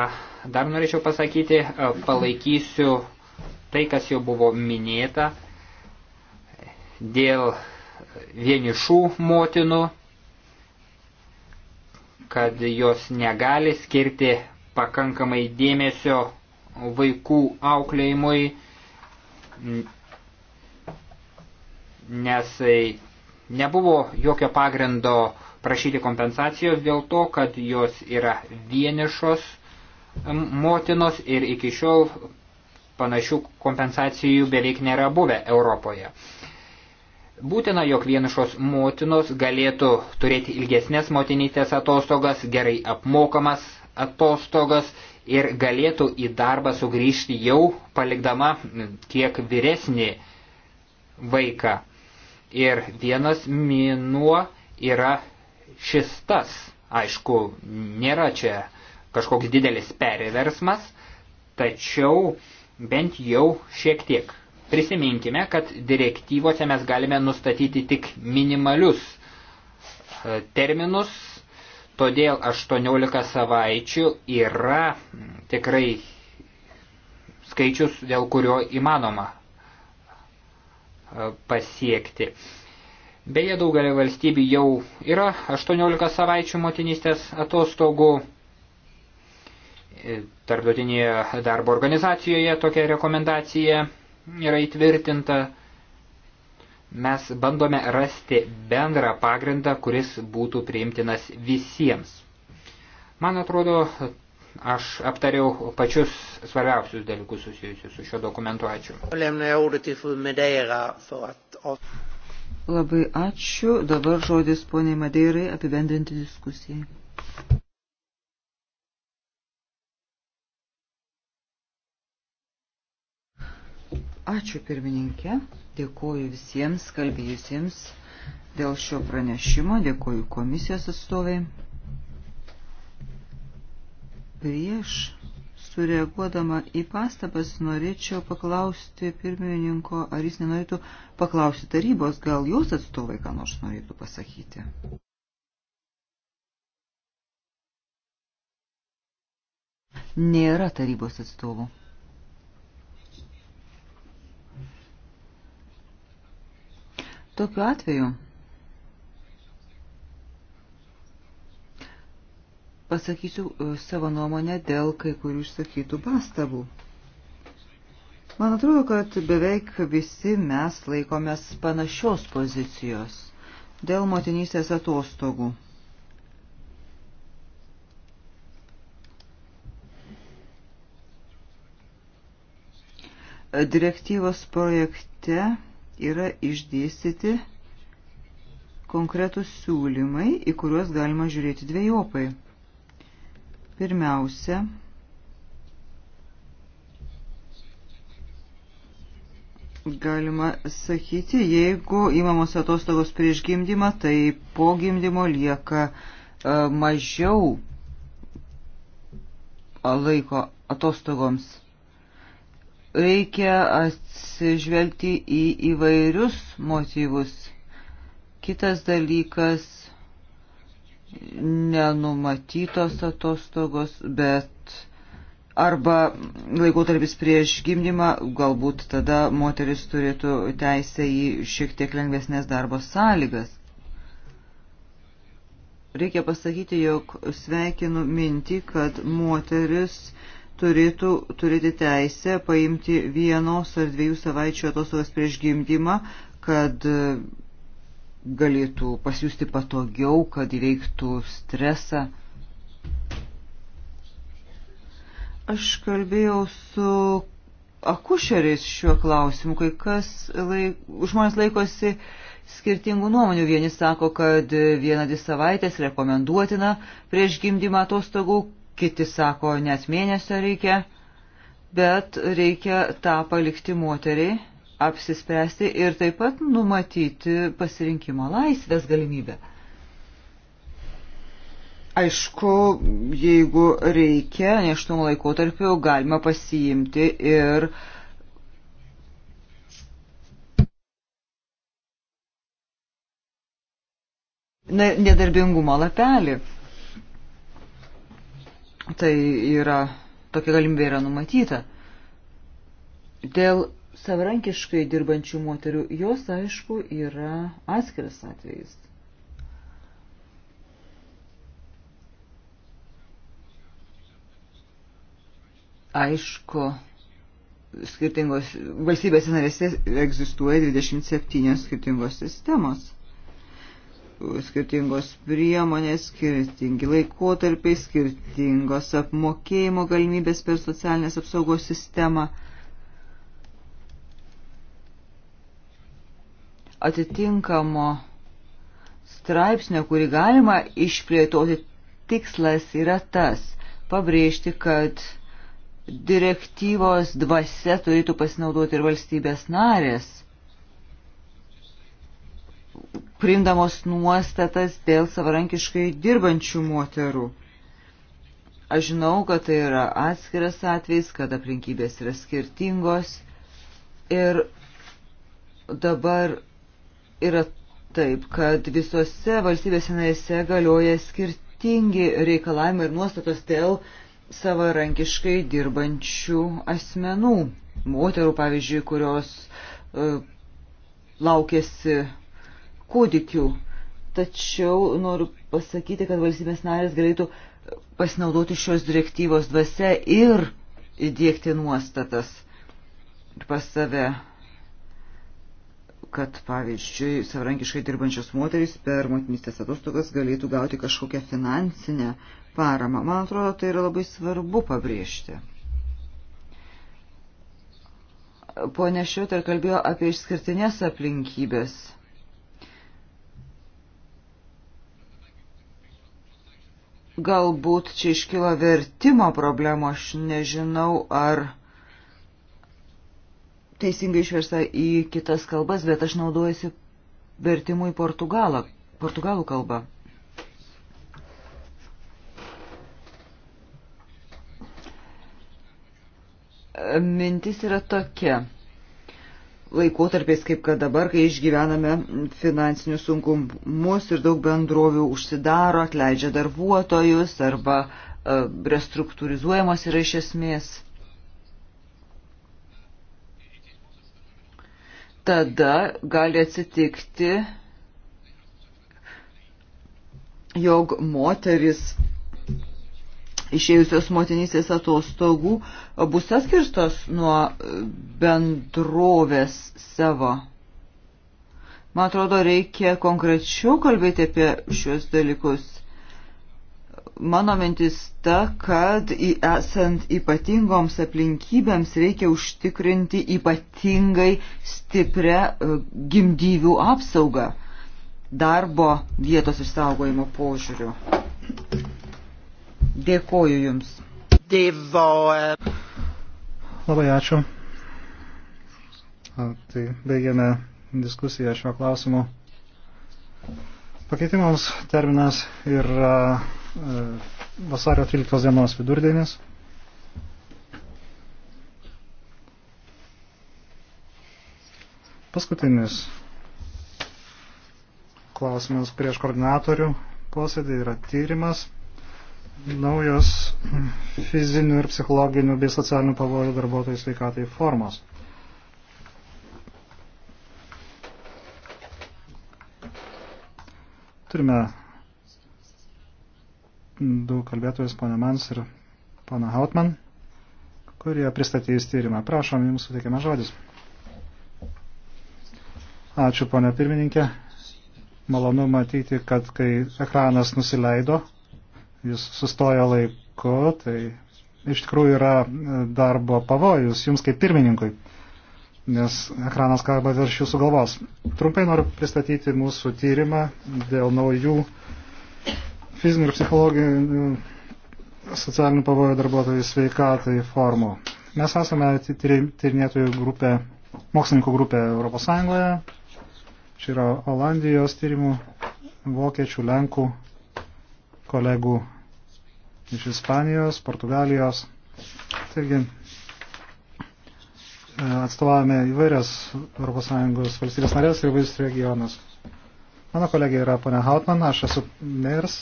dar norėčiau pasakyti, e, palaikysiu tai, kas jau buvo minėta dėl vienišų motinų, kad jos negali skirti pakankamai dėmesio vaikų auklėjimui, nes tai nebuvo jokio pagrindo prašyti kompensacijos dėl to, kad jos yra vienišos motinos ir iki šiol panašių kompensacijų beveik nėra buvę Europoje. Būtina, jog vienišos motinos galėtų turėti ilgesnės motinytės atostogas, gerai apmokamas atostogas ir galėtų į darbą sugrįžti jau palikdama kiek vyresnį vaiką ir vienas minuo yra šis tas. Aišku, nėra čia kažkoks didelis perversmas, tačiau bent jau šiek tiek. Prisiminkime, kad direktyvose mes galime nustatyti tik minimalius e, terminus, todėl 18 savaičių yra tikrai skaičius, dėl kurio įmanoma pasiekti. Beje, daugelį valstybių jau yra 18 savaičių motinystės atostogų. Tarptautinėje darbo organizacijoje tokia rekomendacija yra įtvirtinta. Mes bandome rasti bendrą pagrindą, kuris būtų priimtinas visiems. Man atrodo, Aš aptariau pačius svarbiausius dalykus susijusius su šiuo dokumentu. Ačiū. Labai ačiū. Dabar žodis poniai Madeirai apibendrinti diskusijai. Ačiū pirmininkė. Dėkuoju visiems kalbėjusiems dėl šio pranešimo. Dėkuoju komisijos atstovai. Prieš sureaguodama į pastabas norėčiau paklausti pirmininko, ar jis nenorėtų paklausti tarybos, gal jūs atstovai ką nors norėtų pasakyti. Nėra tarybos atstovų. Tokiu atveju pasakysiu e, savo nuomonę dėl kai kurių išsakytų pastabų. Man atrodo, kad beveik visi mes laikomės panašios pozicijos dėl motinystės atostogų. Direktyvos projekte yra išdėstyti konkretus siūlymai, į kuriuos galima žiūrėti dviejopai. Pirmiausia, galima sakyti, jeigu įmamos atostogos prieš gimdymą, tai po gimdymo lieka e, mažiau laiko atostogoms. Reikia atsižvelgti į įvairius motyvus. Kitas dalykas nenumatytos atostogos, bet arba laikotarpis prieš gimdymą, galbūt tada moteris turėtų teisę į šiek tiek lengvesnės darbo sąlygas. Reikia pasakyti, jog sveikinu mintį, kad moteris turėtų turėti teisę paimti vienos ar dviejų savaičių atostogas prieš gimdymą, kad galėtų pasiūsti patogiau, kad įveiktų stresą. Aš kalbėjau su akušeriais šiuo klausimu, kai kas laik, žmonės laikosi skirtingų nuomonių. Vieni sako, kad vieną dvi savaitės rekomenduotina prieš gimdymą atostogų, kiti sako, net mėnesio reikia, bet reikia tą palikti moteriai apsispręsti ir taip pat numatyti pasirinkimo laisvės galimybę. Aišku, jeigu reikia, neštumo laikotarpiu galima pasiimti ir nedarbingumo lapelį. Tai yra, tokia galimybė yra numatyta. Dėl savarankiškai dirbančių moterių, jos aišku yra atskiras atvejis. Aišku, skirtingos valstybės narėse egzistuoja 27 skirtingos sistemos, skirtingos priemonės, skirtingi laikotarpiai, skirtingos apmokėjimo galimybės per socialinės apsaugos sistemą. atitinkamo straipsnio, kurį galima išplėtoti, tikslas yra tas - pabrėžti, kad direktyvos dvasia turėtų pasinaudoti ir valstybės narės, priimdamos nuostatas dėl savarankiškai dirbančių moterų. Aš žinau, kad tai yra atskiras atvejs, kad aplinkybės yra skirtingos ir dabar yra taip, kad visose valstybėse narėse galioja skirtingi reikalavimai ir nuostatos dėl savarankiškai dirbančių asmenų. Moterų, pavyzdžiui, kurios e, laukėsi kūdikių. Tačiau noriu pasakyti, kad valstybės narės galėtų pasinaudoti šios direktyvos dvasia ir įdėkti nuostatas ir pas save kad, pavyzdžiui, savarankiškai dirbančios moterys per motinystės atostogas galėtų gauti kažkokią finansinę paramą. Man atrodo, tai yra labai svarbu pabrėžti. Pone Šiotar kalbėjo apie išskirtinės aplinkybės. Galbūt čia iškilo vertimo problema, aš nežinau, ar teisingai išversta į kitas kalbas, bet aš naudojusi vertimu į portugalą, portugalų kalbą. Mintis yra tokia laikotarpiais, kaip kad dabar, kai išgyvename finansinius sunkumus ir daug bendrovių užsidaro, atleidžia darbuotojus arba e, restruktūrizuojamos yra iš esmės. tada gali atsitikti, jog moteris išėjusios motinysės atostogų bus atskirtos nuo bendrovės savo. Man atrodo, reikia konkrečiau kalbėti apie šios dalykus mano mintis ta, kad esant ypatingoms aplinkybėms reikia užtikrinti ypatingai stiprią e, gimdyvių apsaugą darbo vietos išsaugojimo požiūriu. Dėkoju Jums. Dėvoja. Labai ačiū. A, tai baigiame diskusiją šiuo klausimu. Pakeitimams terminas yra E, vasario 13 dienos vidurdienis. Paskutinis klausimas prieš koordinatorių posėdį yra tyrimas naujos fizinių ir psichologinių bei socialinių pavojų darbuotojų sveikatai formos. Turime du kalbėtojus, pana Mans ir pana Hautman, kurie pristatys tyrimą. Prašom, jums suteikiamas žodis. Ačiū, ponia pirmininkė. Malonu matyti, kad kai ekranas nusileido, jis sustoja laiku, tai iš tikrųjų yra e, darbo pavojus jums kaip pirmininkui, nes ekranas kalba virš jūsų galvos. Trumpai noriu pristatyti mūsų tyrimą dėl naujų fizinių ir psichologinių socialinių pavojų darbuotojų sveikatai formų. Mes esame tyrinėtojų grupė, mokslininkų grupė Europos Sąjungoje. Čia yra Olandijos tyrimų, vokiečių, lenkų, kolegų iš Ispanijos, Portugalijos. Taigi e, atstovavome įvairias ES valstybės narės ir įvairius regionus. Mano kolegė yra ponia Hautman, aš esu Ners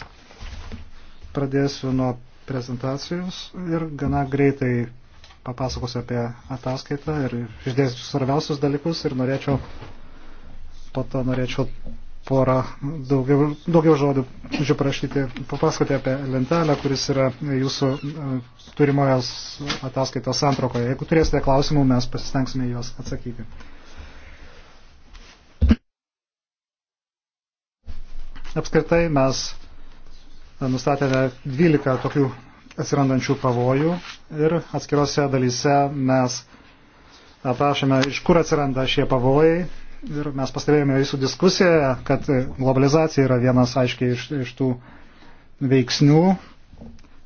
Pradėsiu nuo prezentacijos ir gana greitai papasakosiu apie ataskaitą ir išdėsiu svarbiausius dalykus ir norėčiau, po to norėčiau porą daugiau, daugiau žodžių, žodžių prašyti, papasakoti apie lentelę, kuris yra jūsų e, turimoje ataskaitos santrokoje. Jeigu turėsite klausimų, mes pasistengsime juos atsakyti. Apskritai mes nustatėme 12 tokių atsirandančių pavojų ir atskirose dalyse mes aprašėme, iš kur atsiranda šie pavojai ir mes pastebėjome jūsų diskusiją, kad globalizacija yra vienas aiškiai iš, iš tų veiksnių.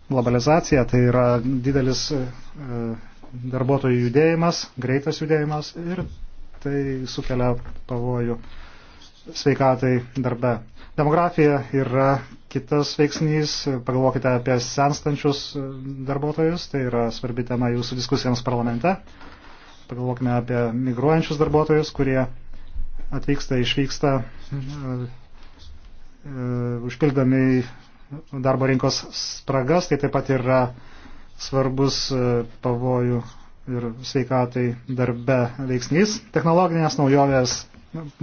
Globalizacija tai yra didelis e, darbuotojų judėjimas, greitas judėjimas ir tai sukelia pavojų sveikatai darbe. Demografija yra kitas veiksnys, pagalvokite apie senstančius e, darbuotojus, tai yra svarbi tema jūsų diskusijams parlamente. Pagalvokime apie migruojančius darbuotojus, kurie atvyksta, išvyksta, e, e, užpildami darbo rinkos spragas, tai taip pat yra svarbus pavojų ir sveikatai darbe veiksnys. Technologinės naujovės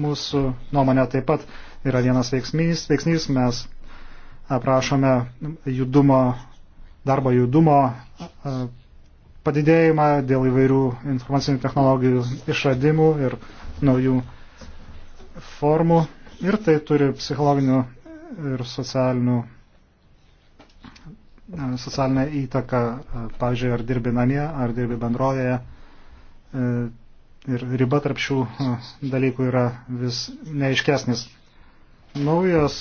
mūsų nuomonė taip pat yra vienas veiksmys. veiksnys. Mes aprašome judumo, darbo judumo padidėjimą dėl įvairių informacinių technologijų išradimų ir naujų formų. Ir tai turi psichologinių ir socialinių socialinę įtaką, pavyzdžiui, ar dirbi namie, ar dirbi bendrovėje, e, ir riba tarp šių e, dalykų yra vis neaiškesnis. Naujos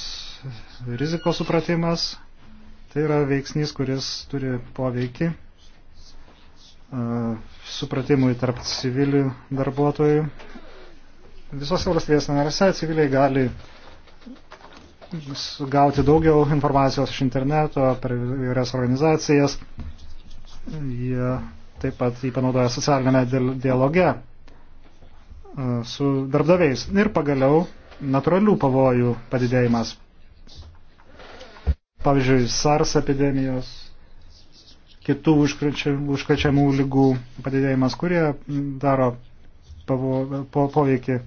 rizikos supratimas tai yra veiksnys, kuris turi poveikį e, supratimui tarp civilių darbuotojų. Visose valstybės narėse civiliai gali gauti daugiau informacijos iš interneto per įvairias organizacijas. Jie taip pat jį panaudoja socialinėme dialoge. E, su darbdaviais. Ir pagaliau natūralių pavojų padidėjimas. Pavyzdžiui, SARS epidemijos, kitų užkrečiamų lygų padidėjimas, kurie daro pavo, po, poveikį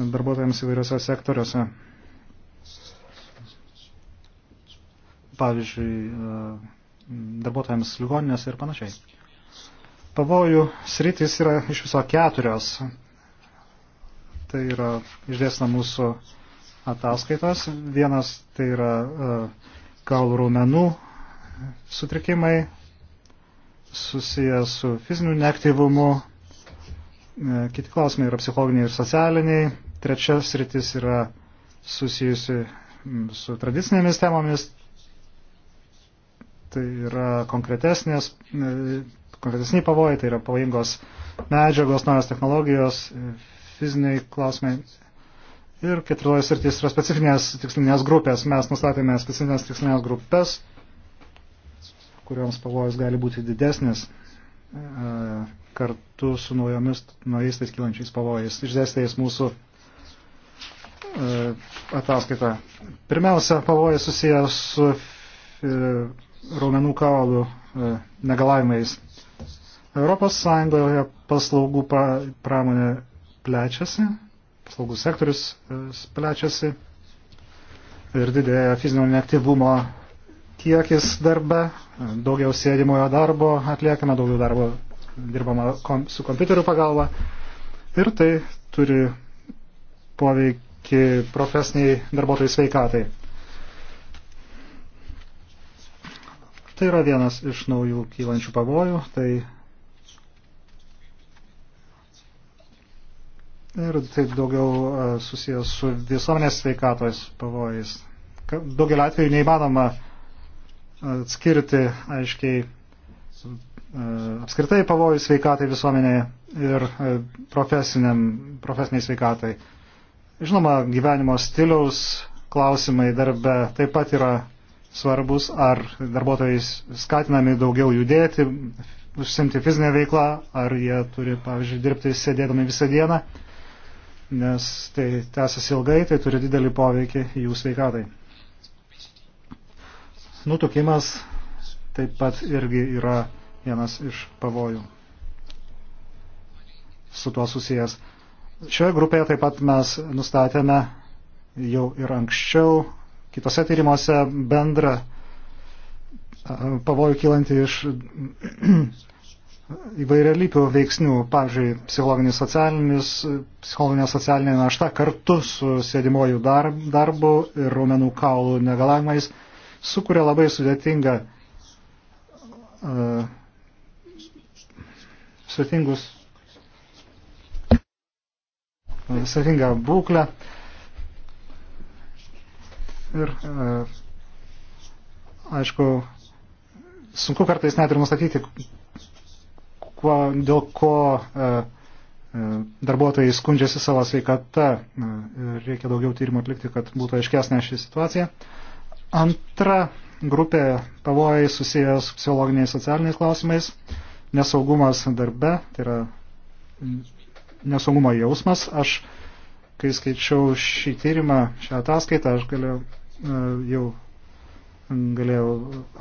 darbuotojams įvairiose sektoriuose. Pavyzdžiui, e, darbuotojams ligoninės ir panašiai. Pavojų sritis yra iš viso keturios tai yra išdėsna mūsų ataskaitos. Vienas tai yra e, kaulų raumenų sutrikimai susiję su fiziniu neaktyvumu. E, kiti klausimai yra psichologiniai ir socialiniai. Trečias rytis yra susijusi su tradicinėmis temomis. Tai yra konkretesnės, e, konkretesniai pavojai, tai yra pavojingos medžiagos, naujos technologijos, fiziniai klausimai. Ir ketvirtoji sritis yra specifinės tikslinės grupės. Mes nustatėme specifinės tikslinės grupės, kurioms pavojus gali būti didesnis e, kartu su naujomis, naujais tais kylančiais pavojais. Išdėstėjais mūsų e, ataskaita. Pirmiausia, pavojai susijęs su e, raumenų kaulų negalavimais. Europos Sąjungoje paslaugų pramonė plečiasi, paslaugų sektorius e, plečiasi ir didėja fizinio neaktyvumo kiekis darbe, e, daugiau sėdimojo darbo atliekame, daugiau darbo dirbama kom, su kompiuteriu pagalba ir tai turi poveikį profesiniai darbuotojai sveikatai. Tai yra vienas iš naujų kylančių pavojų, tai ir taip daugiau e, susijęs su visuomenės sveikatos pavojais. Daugelį atveju neįmanoma atskirti aiškiai e, apskritai pavojų sveikatai visuomenėje ir e, profesiniai sveikatai. Žinoma, gyvenimo stiliaus klausimai darbe taip pat yra svarbus, ar darbuotojai skatinami daugiau judėti, užsimti fizinę veiklą, ar jie turi, pavyzdžiui, dirbti sėdėdami visą dieną nes tai tęsiasi ilgai, tai turi didelį poveikį jų sveikatai. Nutukimas taip pat irgi yra vienas iš pavojų su tuo susijęs. Šioje grupėje taip pat mes nustatėme jau ir anksčiau kitose tyrimuose bendrą pavojų kylanti iš įvairialypių veiksnių, pavyzdžiui, psichologinė socialinė našta kartu su sėdimuoju darbu ir raumenų kaulų negalavimais sukuria labai sudėtingą uh, sudėtingus uh, sudėtingą būklę ir uh, aišku sunku kartais net ir nustatyti kuo, dėl ko e, e, darbuotojai skundžiasi savo sveikatą. E, reikia daugiau tyrimų atlikti, kad būtų aiškesnė ši situacija. Antra grupė pavojai susijęs su psichologiniais socialiniais klausimais. Nesaugumas darbe, tai yra nesaugumo jausmas. Aš, kai skaičiau šį tyrimą, šią ataskaitą, aš galėjau, jau galėjau,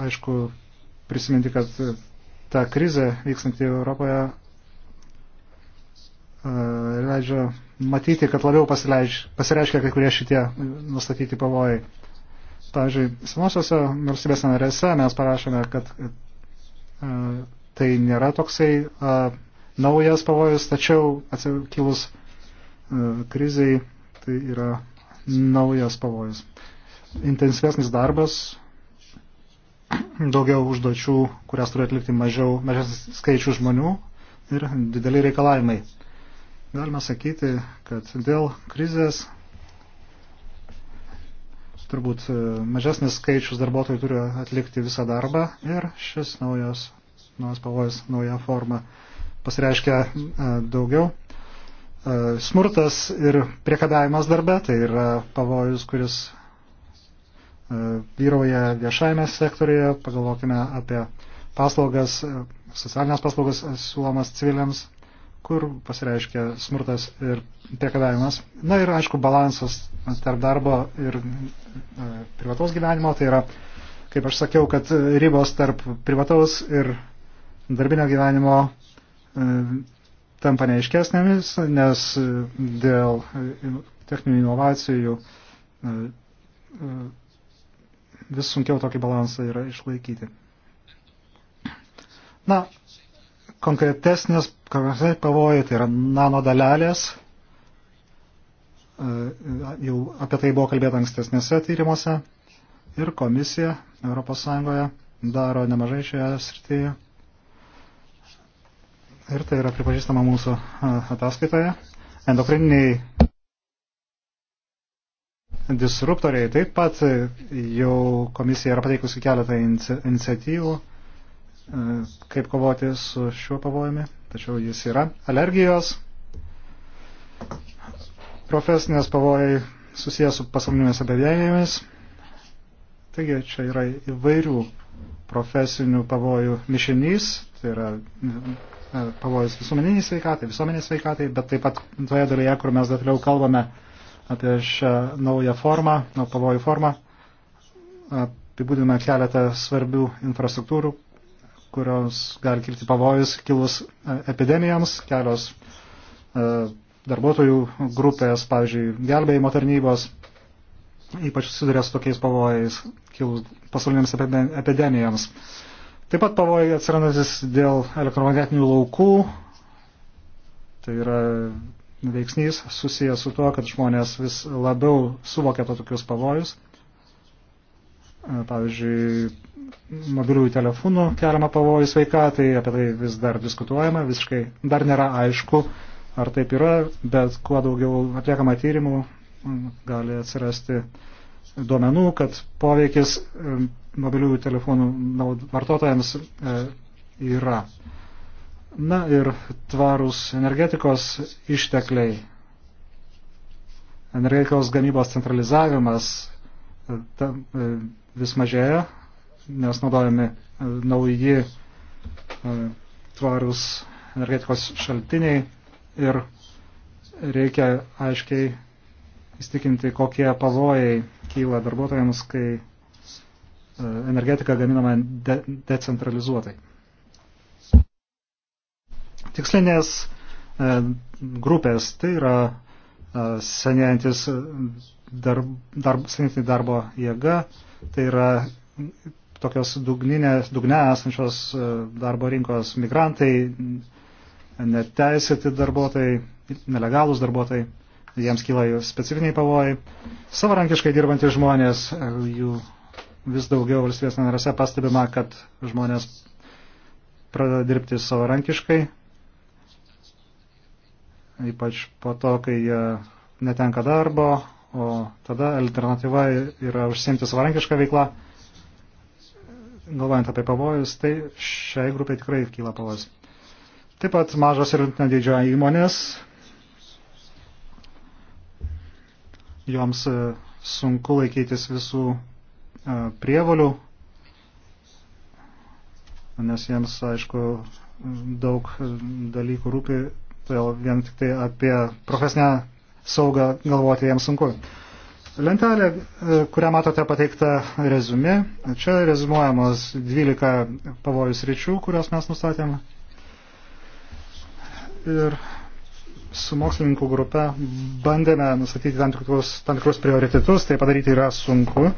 aišku, prisiminti, kad ta krizė vykstanti Europoje e, leidžia matyti, kad labiau pasireiškia kai kurie šitie nustatyti pavojai. Pavyzdžiui, senosiuose valstybės narėse mes parašėme, kad e, tai nėra toksai e, naujas pavojus, tačiau atsikilus kriziai tai yra naujas pavojus. Intensyvesnis darbas daugiau užduočių, kurias turi atlikti mažiau, mažesnis skaičių žmonių ir dideli reikalavimai. Galima sakyti, kad dėl krizės turbūt e, mažesnis skaičius darbuotojų turi atlikti visą darbą ir šis naujas, naujas pavojus, nauja forma pasireiškia e, daugiau. E, smurtas ir priekabėjimas darbe tai yra pavojus, kuris E, vyrauja viešajame sektorėje, pagalvokime apie paslaugas, e, socialinės paslaugas siūlomas civiliams, kur pasireiškia smurtas ir priekabiavimas. Na ir aišku, balansas tarp darbo ir e, privataus gyvenimo, tai yra, kaip aš sakiau, kad ribos tarp privataus ir darbinio gyvenimo tampa neiškesnėmis, nes dėl techninių inovacijų vis sunkiau tokį balansą yra išlaikyti. Na, konkretesnės pavojai tai yra nanodalelės. E, e, jau apie tai buvo kalbėta ankstesnėse tyrimuose. Ir komisija ES daro nemažai šioje srityje. Ir tai yra pripažįstama mūsų e, ataskaitoje. Endokrininiai disruptoriai. Taip pat jau komisija yra pateikusi keletą iniciatyvų, e, kaip kovoti su šiuo pavojumi, tačiau jis yra. Alergijos, profesinės pavojai susijęs su pasaulinėmis abevėjėmis. Taigi čia yra įvairių profesinių pavojų mišinys, tai yra e, pavojus visuomeniniai sveikatai, visuomenės sveikatai, bet taip pat toje dalyje, kur mes detaliau kalbame apie šią naują formą, nuo pavojų formą. Apibūdiname tai keletą svarbių infrastruktūrų, kurios gali kilti pavojus kilus epidemijams, kelios darbuotojų grupės, pavyzdžiui, gelbėjimo tarnybos, ypač susiduria su tokiais pavojais kilus pasaulinėms epidemijams. Taip pat pavojai atsirandantis dėl elektromagnetinių laukų, tai yra veiksnys susijęs su tuo, kad žmonės vis labiau suvokia to tokius pavojus. E, pavyzdžiui, mobiliųjų telefonų keliama pavojus sveikatai, apie tai vis dar diskutuojama, visiškai dar nėra aišku, ar taip yra, bet kuo daugiau atliekama tyrimų, gali atsirasti duomenų, kad poveikis mobiliųjų telefonų vartotojams e, yra. Na ir tvarūs energetikos ištekliai, energetikos gamybos centralizavimas e, ta, e, vis mažėja, nes naudojami e, nauji tvarūs energetikos šaltiniai ir reikia aiškiai įstikinti, kokie pavojai kyla darbuotojams, kai energetika gaminama de decentralizuotai tikslinės e, grupės, tai yra e, senėjantis darb, e, darb, darbo jėga, tai yra tokios dugninės, dugne esančios darbo rinkos migrantai, neteisėti darbuotojai, nelegalūs darbuotojai, jiems kyla jų specifiniai pavojai. Savarankiškai dirbantys žmonės, jų vis daugiau valstybės narėse pastebima, kad žmonės pradeda dirbti savarankiškai, ypač po to, kai jie netenka darbo, o tada alternatyva yra užsimti savarankišką veiklą. Galvojant apie pavojus, tai šiai grupiai tikrai kyla pavojus. Taip pat mažos ir vidutinio dydžio įmonės, joms e, sunku laikytis visų e, prievolių, nes jiems, aišku, daug e, dalykų rūpi todėl vien tik tai apie profesinę saugą galvoti jiems sunku. Lentelė, e, kurią matote pateikta rezumi, čia rezumuojamos 12 pavojus ryčių, kurios mes nustatėme. Ir su mokslininkų grupe bandėme nustatyti tam tikrus, tam tikrus prioritetus, tai padaryti yra sunku. E,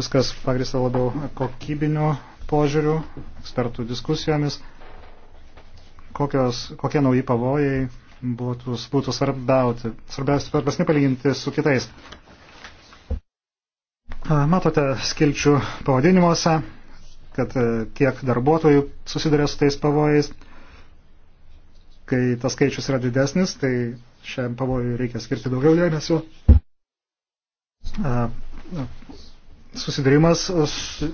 viskas pagrįsta labiau kokybiniu požiūriu, ekspertų diskusijomis kokios, kokie nauji pavojai būtų, būtų svarbiauti, svarbesni palyginti su kitais. Matote skilčių pavadinimuose, kad kiek e, darbuotojų susiduria su tais pavojais. Kai tas skaičius yra didesnis, tai šiam pavojui reikia skirti daugiau dėmesio. Susidarimas,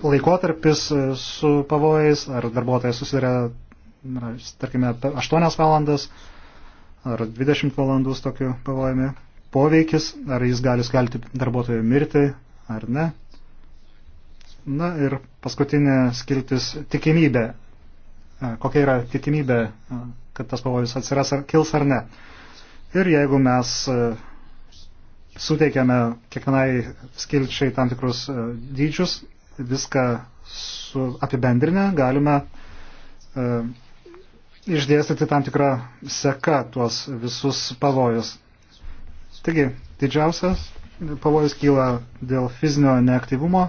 laikotarpis e, su pavojais, ar darbuotojas susiduria na, tarkime, 8 valandas ar 20 valandų tokiu pavojami poveikis, ar jis gali skelti darbuotojų mirtį ar ne. Na ir paskutinė skiltis tikimybė. E, kokia yra tikimybė, e, kad tas pavojus atsiras ar kils ar ne. Ir jeigu mes e, suteikiame kiekvienai skilčiai tam tikrus dydžius, viską su apibendrinę galime išdėstyti tam tikrą seką tuos visus pavojus. Taigi, didžiausias pavojus kyla dėl fizinio neaktyvumo,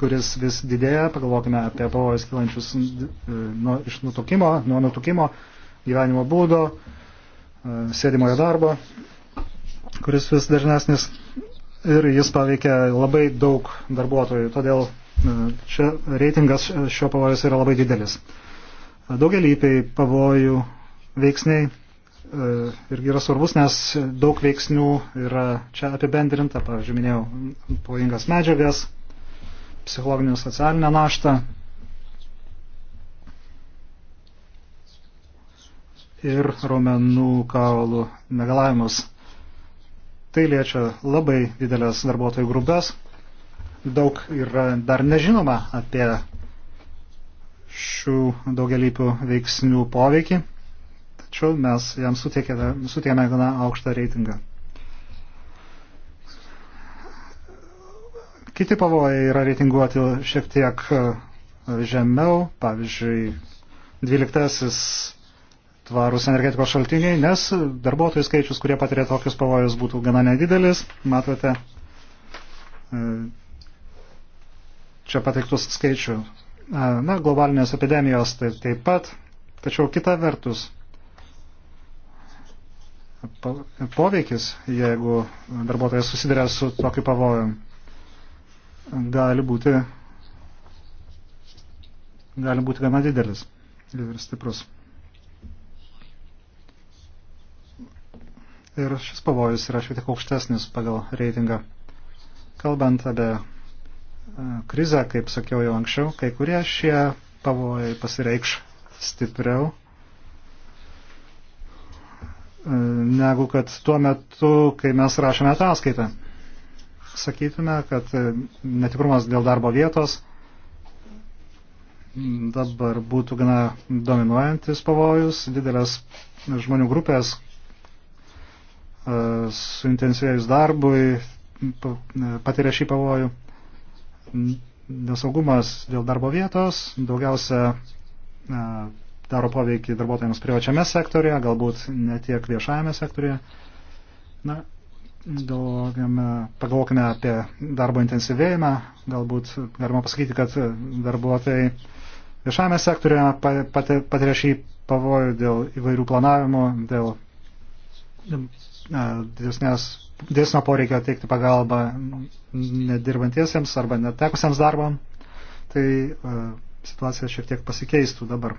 kuris vis didėja. Pagalvokime apie pavojus kylančius e, nuo, iš nutukimo, nuo nutukimo, gyvenimo būdo, e, sėdimojo darbo, kuris vis dažnesnis ir jis paveikia labai daug darbuotojų. Todėl e, čia reitingas šio pavojus yra labai didelis daugelypiai pavojų veiksniai e, irgi yra svarbus, nes daug veiksnių yra čia apibendrinta, pavyzdžiui, minėjau, pavojingas medžiagas, psichologinę socialinę naštą. Ir raumenų kaulų negalavimus. Tai liečia labai didelės darbuotojų grupės. Daug yra dar nežinoma apie šių daugelypių veiksnių poveikį, tačiau mes jam suteikėme gana aukštą reitingą. Kiti pavojai yra reitinguoti šiek tiek e, žemiau, pavyzdžiui, 12 tvarūs energetikos šaltiniai, nes darbuotojų skaičius, kurie patiria tokius pavojus, būtų gana nedidelis. Matote, e, čia pateiktus skaičių, na, globalinės epidemijos tai, taip pat, tačiau kita vertus poveikis, jeigu darbuotojas susiduria su tokiu pavojum, gali būti, gali būti gana didelis ir stiprus. Ir šis pavojus yra šiek tiek aukštesnis pagal reitingą. Kalbant apie krizę, kaip sakiau jau anksčiau, kai kurie šie pavojai pasireikš stipriau e, negu kad tuo metu, kai mes rašome ataskaitą. Sakytume, kad e, netikrumas dėl darbo vietos dabar būtų gana dominuojantis pavojus, didelės žmonių grupės e, suintensyvėjus darbui patiria šį pavojų nesaugumas dėl darbo vietos daugiausia e, daro poveikį darbuotojams privačiame sektorėje, galbūt ne tiek viešajame sektorėje. Na, galvokime, pagalvokime apie darbo intensyvėjimą, galbūt galima pasakyti, kad darbuotojai viešajame sektorėje patiria šį pavojų dėl įvairių planavimų, dėl didesnės, didesnio poreikio teikti pagalbą nedirbantiesiems arba netekusiems darbą, tai e, situacija šiek tiek pasikeistų dabar.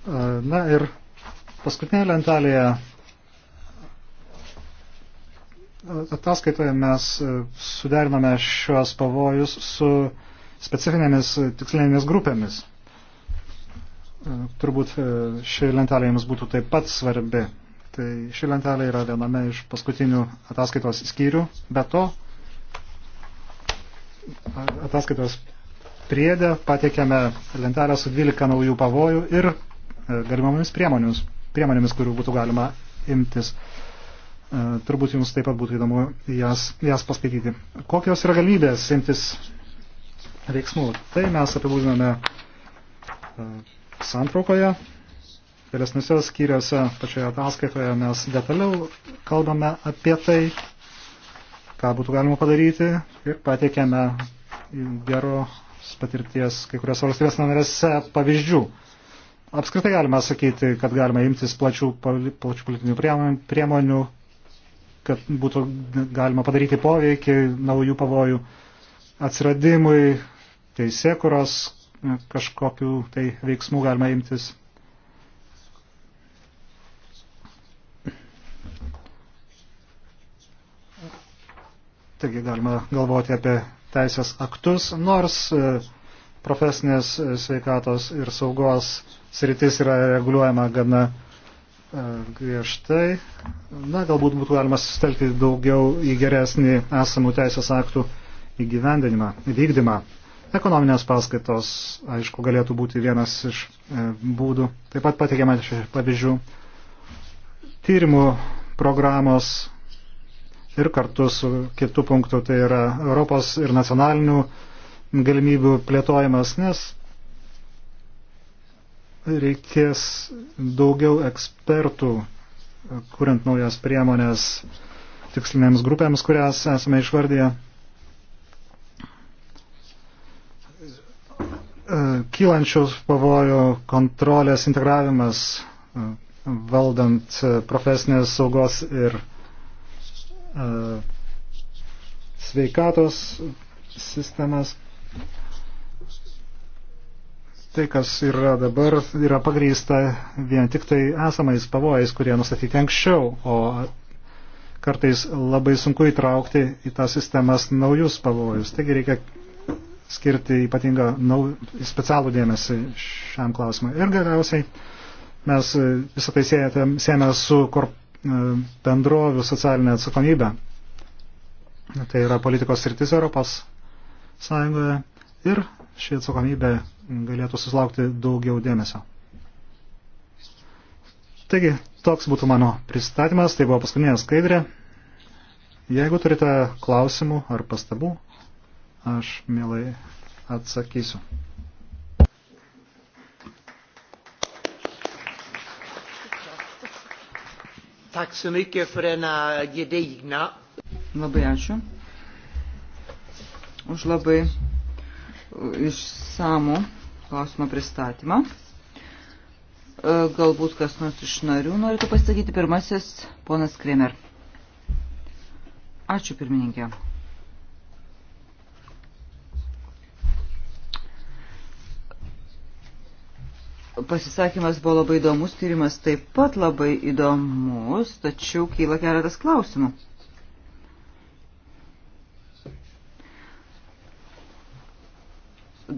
E, na ir paskutinėje lentelėje ataskaitoje mes e, suderinome šios pavojus su specifinėmis e, tikslinėmis grupėmis. E, turbūt e, ši lentelė jums būtų taip pat svarbi. Tai ši lentelė yra viename iš paskutinių ataskaitos skyrių. Be to, ataskaitos priedę patiekėme lentelę su 12 naujų pavojų ir galimomis priemonėmis, priemonėmis kurių būtų galima imtis. Turbūt jums taip pat būtų įdomu jas, jas paskaityti. Kokios yra galimybės imtis veiksmų. Tai mes apibūdiname e, santraukoje, vėlesniuose skyriuose pačioje ataskaitoje mes detaliau kalbame apie tai, ką būtų galima padaryti ir pateikėme geros patirties kai kurios valstybės narėse pavyzdžių. Apskritai galima sakyti, kad galima imtis plačių, plačių politinių priemonių, kad būtų galima padaryti poveikį naujų pavojų atsiradimui, teisėkuros e, kažkokių tai veiksmų galima imtis. Taigi galima galvoti apie teisės aktus, nors e, profesinės e, sveikatos ir saugos sritis yra reguliuojama gana griežtai. Na, galbūt būtų galima sustelkti daugiau į geresnį esamų teisės aktų įgyvendinimą, vykdymą. Ekonominės paskaitos, aišku, galėtų būti vienas iš e, būdų. Taip pat pateikiama pavyzdžių tyrimų programos ir kartu su kitų punktų, tai yra Europos ir nacionalinių galimybių plėtojimas, nes reikės daugiau ekspertų, kuriant naujas priemonės tikslinėms grupėms, kurias esame išvardyje. E, kylančius pavojų kontrolės integravimas e, valdant e, profesinės saugos ir sveikatos sistemas. Tai, kas yra dabar, yra pagrįsta vien tik tai esamais pavojais, kurie nustatyti anksčiau, o kartais labai sunku įtraukti į tą sistemas naujus pavojus. Taigi reikia skirti ypatingą nau, specialų dėmesį šiam klausimui. Ir galiausiai mes e, visą tai siejame su korp, e, bendrovių socialinė atsakomybė. Tai yra politikos sritis Europos Sąjungoje ir ši atsakomybė galėtų susilaukti daugiau dėmesio. Taigi, toks būtų mano pristatymas, tai buvo paskutinė skaidrė. Jeigu turite klausimų ar pastabų, Aš mielai atsakysiu. Tack så mycket för denna gedigna. Labai ačiū. Už labai uh, išsamų klausimo pristatymą. Uh, galbūt kas nors iš narių norėtų pasakyti. Pirmasis ponas Kremer. Ačiū pirmininkė. Pasisakymas buvo labai įdomus, tyrimas taip pat labai įdomus, tačiau kyla keletas klausimų.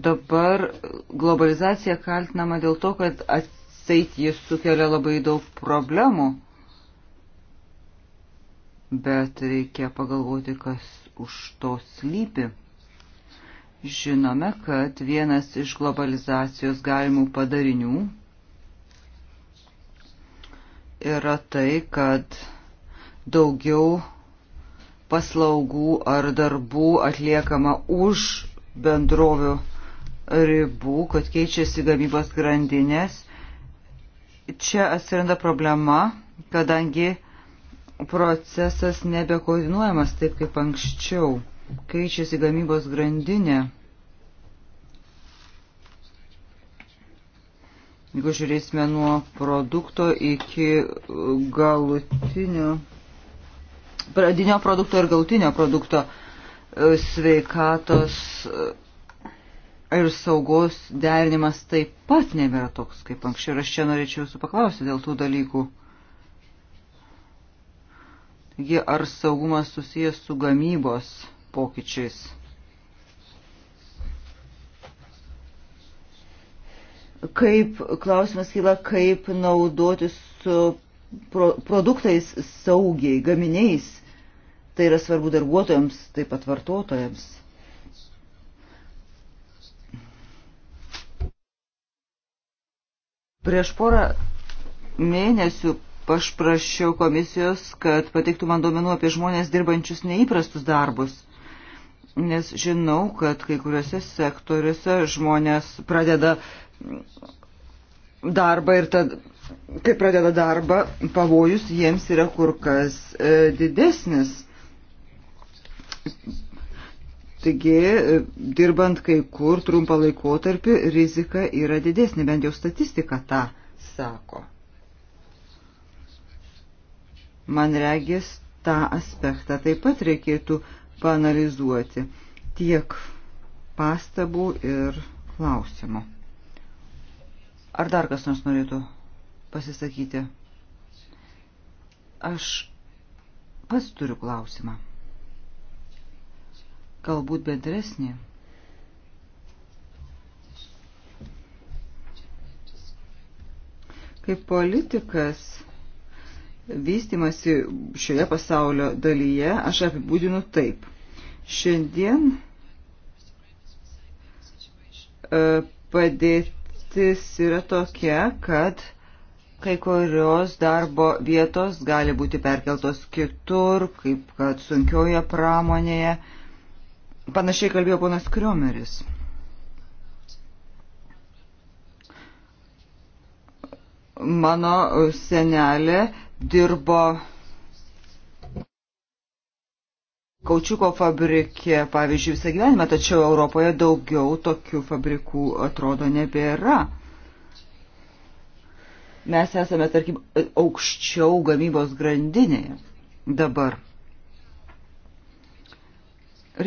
Dabar globalizacija kaltinama dėl to, kad atseit jis sukelia labai daug problemų, bet reikia pagalvoti, kas už to slypi. Žinome, kad vienas iš globalizacijos galimų padarinių yra tai, kad daugiau paslaugų ar darbų atliekama už bendrovių ribų, kad keičiasi gamybos grandinės. Čia atsiranda problema, kadangi procesas nebekoordinuojamas taip kaip anksčiau keičiasi gamybos grandinė. Jeigu žiūrėsime nuo produkto iki galutinio, pradinio produkto ir galutinio produkto e, sveikatos e, ir saugos derinimas taip pat nebėra toks kaip anksčiau. Ir aš čia norėčiau jūsų paklausti dėl tų dalykų. Taigi, ar saugumas susijęs su gamybos pokyčiais. Kaip, klausimas kyla, kaip naudotis su pro, produktais saugiai, gaminiais. Tai yra svarbu darbuotojams, taip pat vartotojams. Prieš porą mėnesių aš prašiau komisijos, kad pateiktų man duomenų apie žmonės dirbančius neįprastus darbus – nes žinau, kad kai kuriuose sektoriuose žmonės pradeda darbą ir tad, kai pradeda darbą, pavojus jiems yra kur kas e, didesnis. Taigi, e, dirbant kai kur trumpą laikotarpį, rizika yra didesnė, bent jau statistika tą sako. Man regis, tą aspektą taip pat reikėtų panalizuoti. Tiek pastabų ir klausimų. Ar dar kas nors norėtų pasisakyti? Aš pats turiu klausimą. Galbūt bendresnį. Kaip politikas vystimasi šioje pasaulio dalyje aš apibūdinu taip. Šiandien e, padėtis yra tokia, kad kai kurios darbo vietos gali būti perkeltos kitur, kaip kad sunkioje pramonėje. Panašiai kalbėjo ponas Kriomeris. Mano senelė dirbo kaučiuko fabrikė, pavyzdžiui, visą gyvenimą, tačiau Europoje daugiau tokių fabrikų atrodo nebėra. Mes esame, tarkim, aukščiau gamybos grandinėje dabar.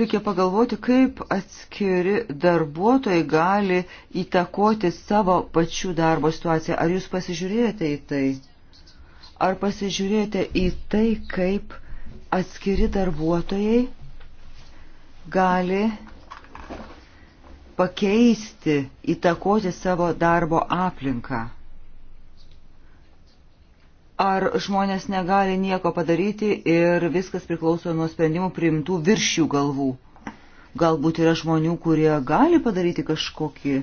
Reikia pagalvoti, kaip atskiri darbuotojai gali įtakoti savo pačių darbo situaciją. Ar jūs pasižiūrėjote į tai? Ar pasižiūrėjote į tai, kaip atskiri darbuotojai gali pakeisti, įtakoti savo darbo aplinką. Ar žmonės negali nieko padaryti ir viskas priklauso nuo sprendimų priimtų virš jų galvų. Galbūt yra žmonių, kurie gali padaryti kažkokį,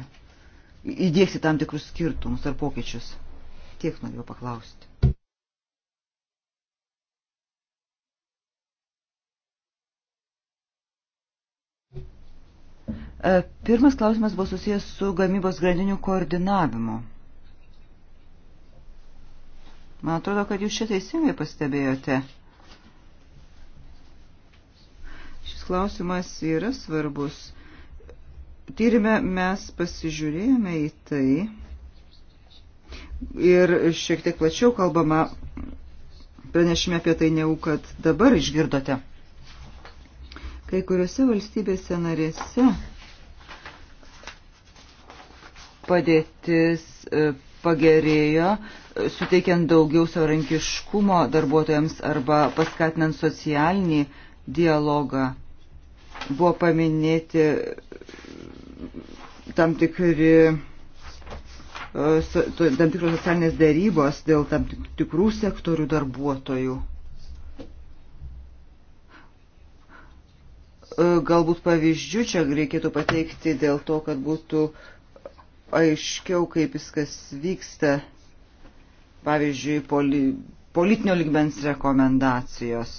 įdėkti tam tikrus skirtumus ar pokyčius. Tiek norėjau paklausti. E, pirmas klausimas buvo susijęs su gamybos grandinių koordinavimu. Man atrodo, kad jūs šitą teisingai pastebėjote. Šis klausimas yra svarbus. Tyrime mes pasižiūrėjome į tai ir šiek tiek plačiau kalbama pranešime apie tai neu, kad dabar išgirdote. Kai kuriuose valstybėse narėse padėtis e, pagerėjo, e, suteikiant daugiau savarankiškumo darbuotojams arba paskatinant socialinį dialogą. Buvo paminėti e, tam tikri tam tikros socialinės dėrybos dėl tam tikrų sektorių darbuotojų. Galbūt pavyzdžių čia reikėtų pateikti dėl to, kad būtų uh, aiškiau, kaip viskas vyksta, pavyzdžiui, poli, politinio ligmens rekomendacijos.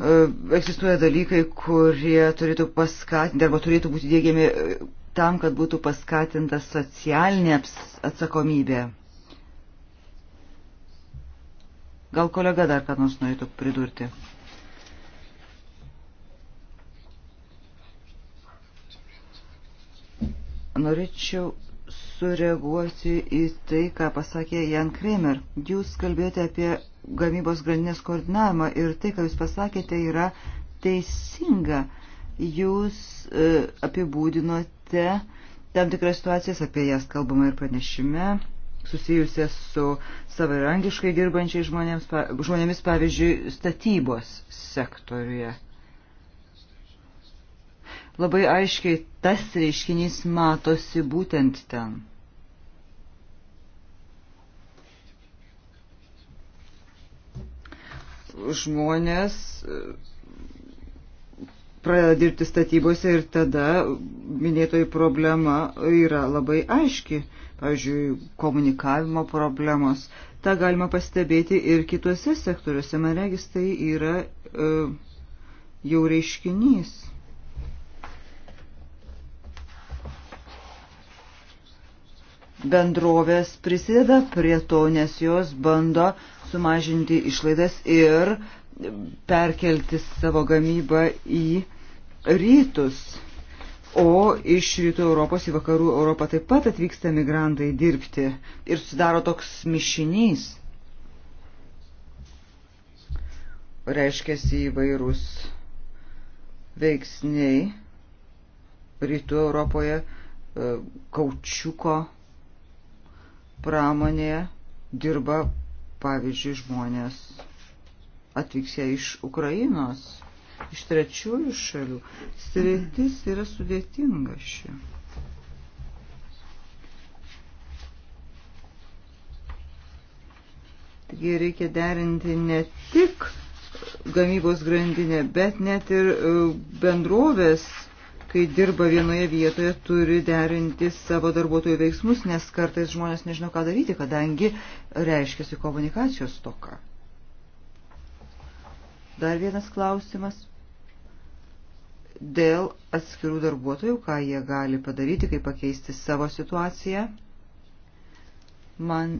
E, egzistuoja dalykai, kurie turėtų paskatinti arba turėtų būti dėgiami e, tam, kad būtų paskatinta socialinė atsakomybė. Gal kolega dar ką nors norėtų pridurti? Norėčiau sureaguoti į tai, ką pasakė Jan Kramer. Jūs kalbėjote apie gamybos grandinės koordinavimą ir tai, ką jūs pasakėte, yra teisinga. Jūs e, apibūdinote tam tikras situacijas, apie jas kalbama ir pranešime, susijusias su savarankiškai dirbančiai žmonėms, žmonėmis, pavyzdžiui, statybos sektoriuje. Labai aiškiai tas reiškinys matosi būtent ten. Žmonės e, pradeda dirbti statybose ir tada minėtoji problema yra labai aiški. Pavyzdžiui, komunikavimo problemos. Ta galima pastebėti ir kitose sektoriuose. Man regis, tai yra e, jau reiškinys. bendrovės prisideda prie to, nes jos bando sumažinti išlaidas ir perkelti savo gamybą į rytus. O iš rytų Europos į vakarų Europą taip pat atvyksta migrantai dirbti ir sudaro toks mišinys. Reiškiasi įvairūs veiksniai rytų Europoje, e, kaučiuko pramonėje dirba, pavyzdžiui, žmonės atvyksę iš Ukrainos, iš trečiųjų šalių. Sritis yra sudėtinga ši. Taigi reikia derinti ne tik gamybos grandinę, bet net ir e, bendrovės kai dirba vienoje vietoje, turi derinti savo darbuotojų veiksmus, nes kartais žmonės nežino, ką daryti, kadangi reiškiasi komunikacijos toka. Dar vienas klausimas. Dėl atskirų darbuotojų, ką jie gali padaryti, kaip pakeisti savo situaciją, man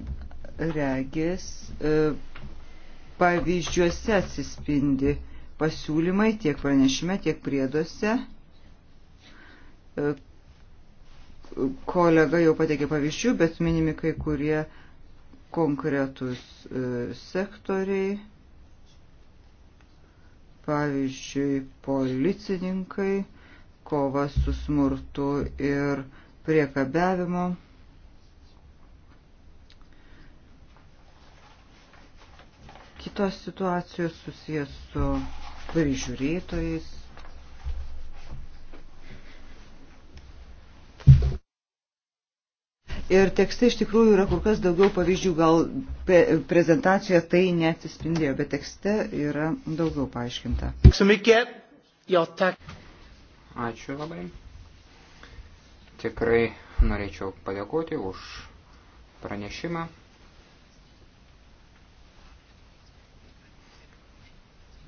regis e, pavyzdžiuose atsispindi pasiūlymai tiek pranešime, tiek prieduose Kolega jau pateikė pavyzdžių, bet minimi kai kurie konkretus e, sektoriai, pavyzdžiui, policininkai, kova su smurtu ir priekabiavimu. kitos situacijos susijęs su prižiūrėtojais, Ir tekste iš tikrųjų yra kur kas daugiau pavyzdžių, gal prezentacijoje tai neatsispindėjo, bet tekste yra daugiau paaiškinta. Ačiū labai. Tikrai norėčiau padėkoti už pranešimą.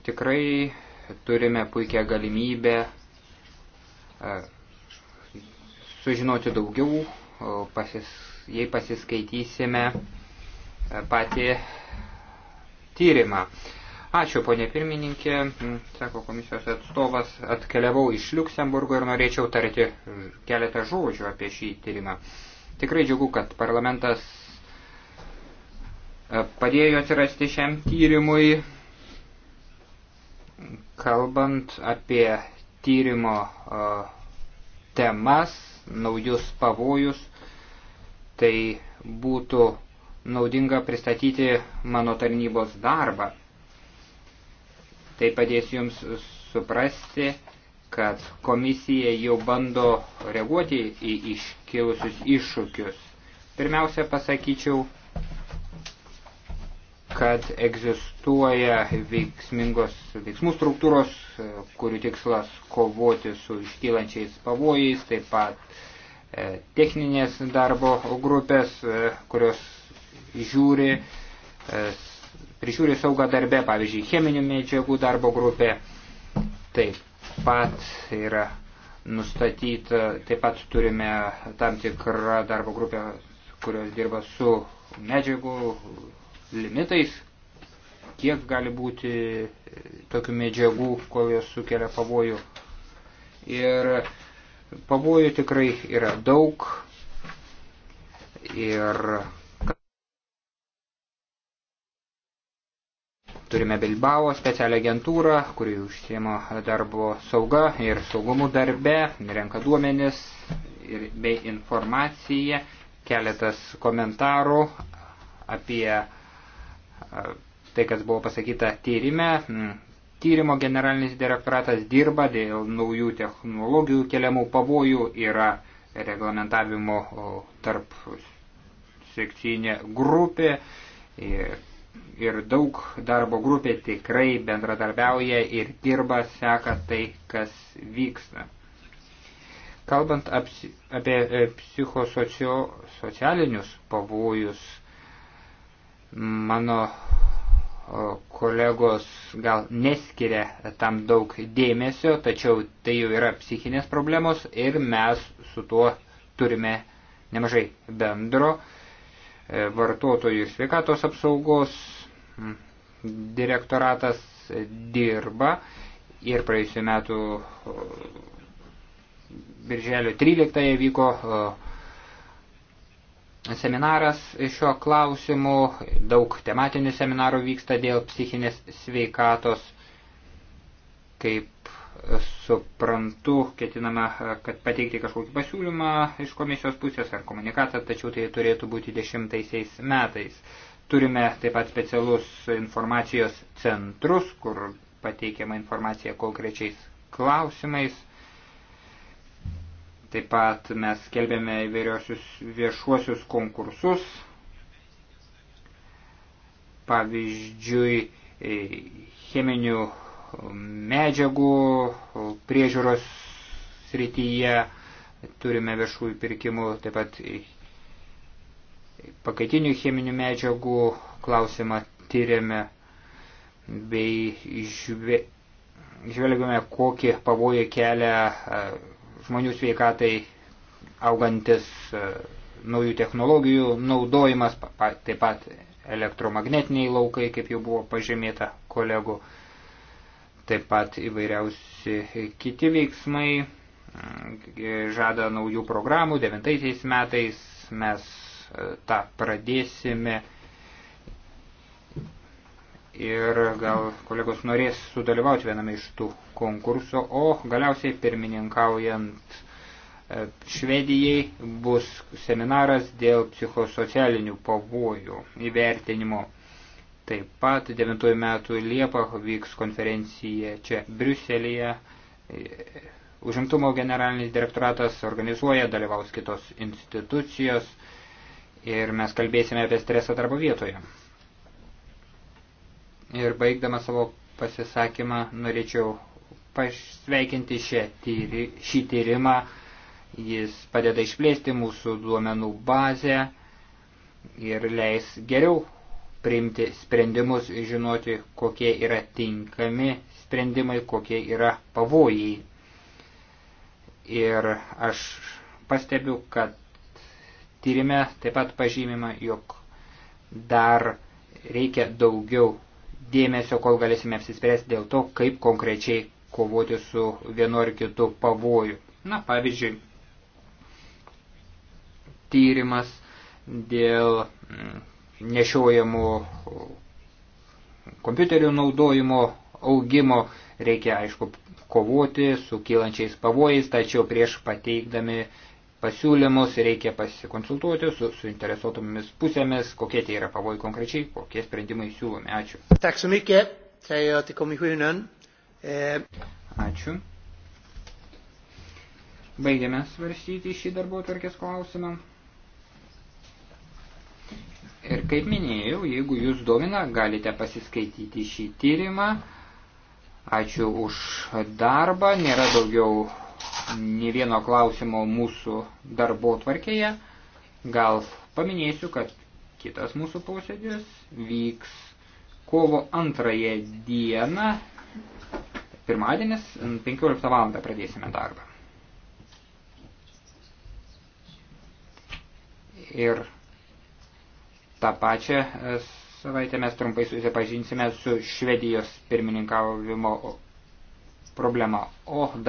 Tikrai turime puikią galimybę e, sužinoti daugiau pasis, jei pasiskaitysime e, patį tyrimą. Ačiū, ponė pirmininkė, sako komisijos atstovas, atkeliavau iš Liuksemburgo ir norėčiau tarti keletą žodžių apie šį tyrimą. Tikrai džiugu, kad parlamentas e, padėjo atsirasti šiam tyrimui, kalbant apie tyrimo e, temas, naujus pavojus, tai būtų naudinga pristatyti mano tarnybos darbą. Tai padės jums suprasti, kad komisija jau bando reaguoti į iškilusius iššūkius. Pirmiausia, pasakyčiau, kad egzistuoja veiksmingos veiksmų struktūros, kurių tikslas kovoti su iškylančiais pavojais, taip pat E, techninės darbo grupės, e, kurios žiūri, e, prižiūri saugą darbę, pavyzdžiui, cheminių medžiagų darbo grupė. Taip pat yra nustatyta, taip pat turime tam tikrą darbo grupę, kurios dirba su medžiagų limitais, kiek gali būti tokių medžiagų, kol jos sukelia pavojų. Ir Pavojų tikrai yra daug ir turime Bilbao specialią agentūrą, kuri užsiemo darbo sauga ir saugumų darbe, renka duomenis ir, bei informaciją, keletas komentarų apie tai, kas buvo pasakyta tyrime, tyrimo generalinis direktoratas dirba dėl naujų technologijų keliamų pavojų, yra reglamentavimo tarp sekcinė grupė ir, ir daug darbo grupė tikrai bendradarbiauja ir dirba, seka tai, kas vyksta. Kalbant apsi, apie e, psichosocialinius pavojus, mano kolegos gal neskiria tam daug dėmesio, tačiau tai jau yra psichinės problemos ir mes su tuo turime nemažai bendro. E, vartotojų ir sveikatos apsaugos direktoratas dirba ir praėjusiu metu Birželio 13 vyko seminaras šiuo klausimu, daug tematinių seminarų vyksta dėl psichinės sveikatos, kaip suprantu, ketinama, kad pateikti kažkokį pasiūlymą iš komisijos pusės ar komunikatą, tačiau tai turėtų būti dešimtaisiais metais. Turime taip pat specialus informacijos centrus, kur pateikiama informacija konkrečiais klausimais – Taip pat mes skelbėme įvairiosius viešuosius konkursus. Pavyzdžiui, cheminių medžiagų priežiūros srityje turime viešųjų pirkimų, taip pat pakaitinių cheminių medžiagų klausimą tyriame bei žvelgiame, kokį pavojį kelia žmonių sveikatai augantis e, naujų technologijų naudojimas, taip pat elektromagnetiniai laukai, kaip jau buvo pažymėta kolegų, taip pat įvairiausi kiti veiksmai, e, žada naujų programų, devintaisiais metais mes e, tą pradėsime ir gal kolegos norės sudalyvauti viename iš tų konkursų, o galiausiai pirmininkaujant e, Švedijai bus seminaras dėl psichosocialinių pavojų įvertinimo. Taip pat 9 metų Liepą vyks konferencija čia Briuselėje. E, Užimtumo generalinis direktoratas organizuoja, dalyvaus kitos institucijos ir mes kalbėsime apie stresą darbo vietoje. Ir baigdama savo pasisakymą norėčiau pasveikinti tyri, šį tyrimą. Jis padeda išplėsti mūsų duomenų bazę ir leis geriau priimti sprendimus, žinoti, kokie yra tinkami sprendimai, kokie yra pavojai. Ir aš pastebiu, kad tyrime taip pat pažymima, jog dar reikia daugiau dėmesio, kol galėsime apsispręsti dėl to, kaip konkrečiai kovoti su vienu ar kitu pavoju. Na, pavyzdžiui, tyrimas dėl mm, nešiojamų kompiuterių naudojimo augimo reikia, aišku, kovoti su kylančiais pavojais, tačiau prieš pateikdami pasiūlymus, reikia pasikonsultuoti su suinteresuotomis pusėmis, kokie tie yra pavojai konkrečiai, kokie sprendimai siūlomi. Ačiū. Eh, Ačiū. Baigiame svarstyti šį darbo tvarkės klausimą. Ir kaip minėjau, jeigu jūs domina, galite pasiskaityti šį tyrimą. Ačiū už darbą, nėra daugiau ne vieno klausimo mūsų darbo tvarkėje. Gal paminėsiu, kad kitas mūsų posėdis vyks kovo antrąją dieną, pirmadienis, 15 val. pradėsime darbą. Ir tą pačią savaitę mes trumpai susipažinsime su Švedijos pirmininkavimo problema. O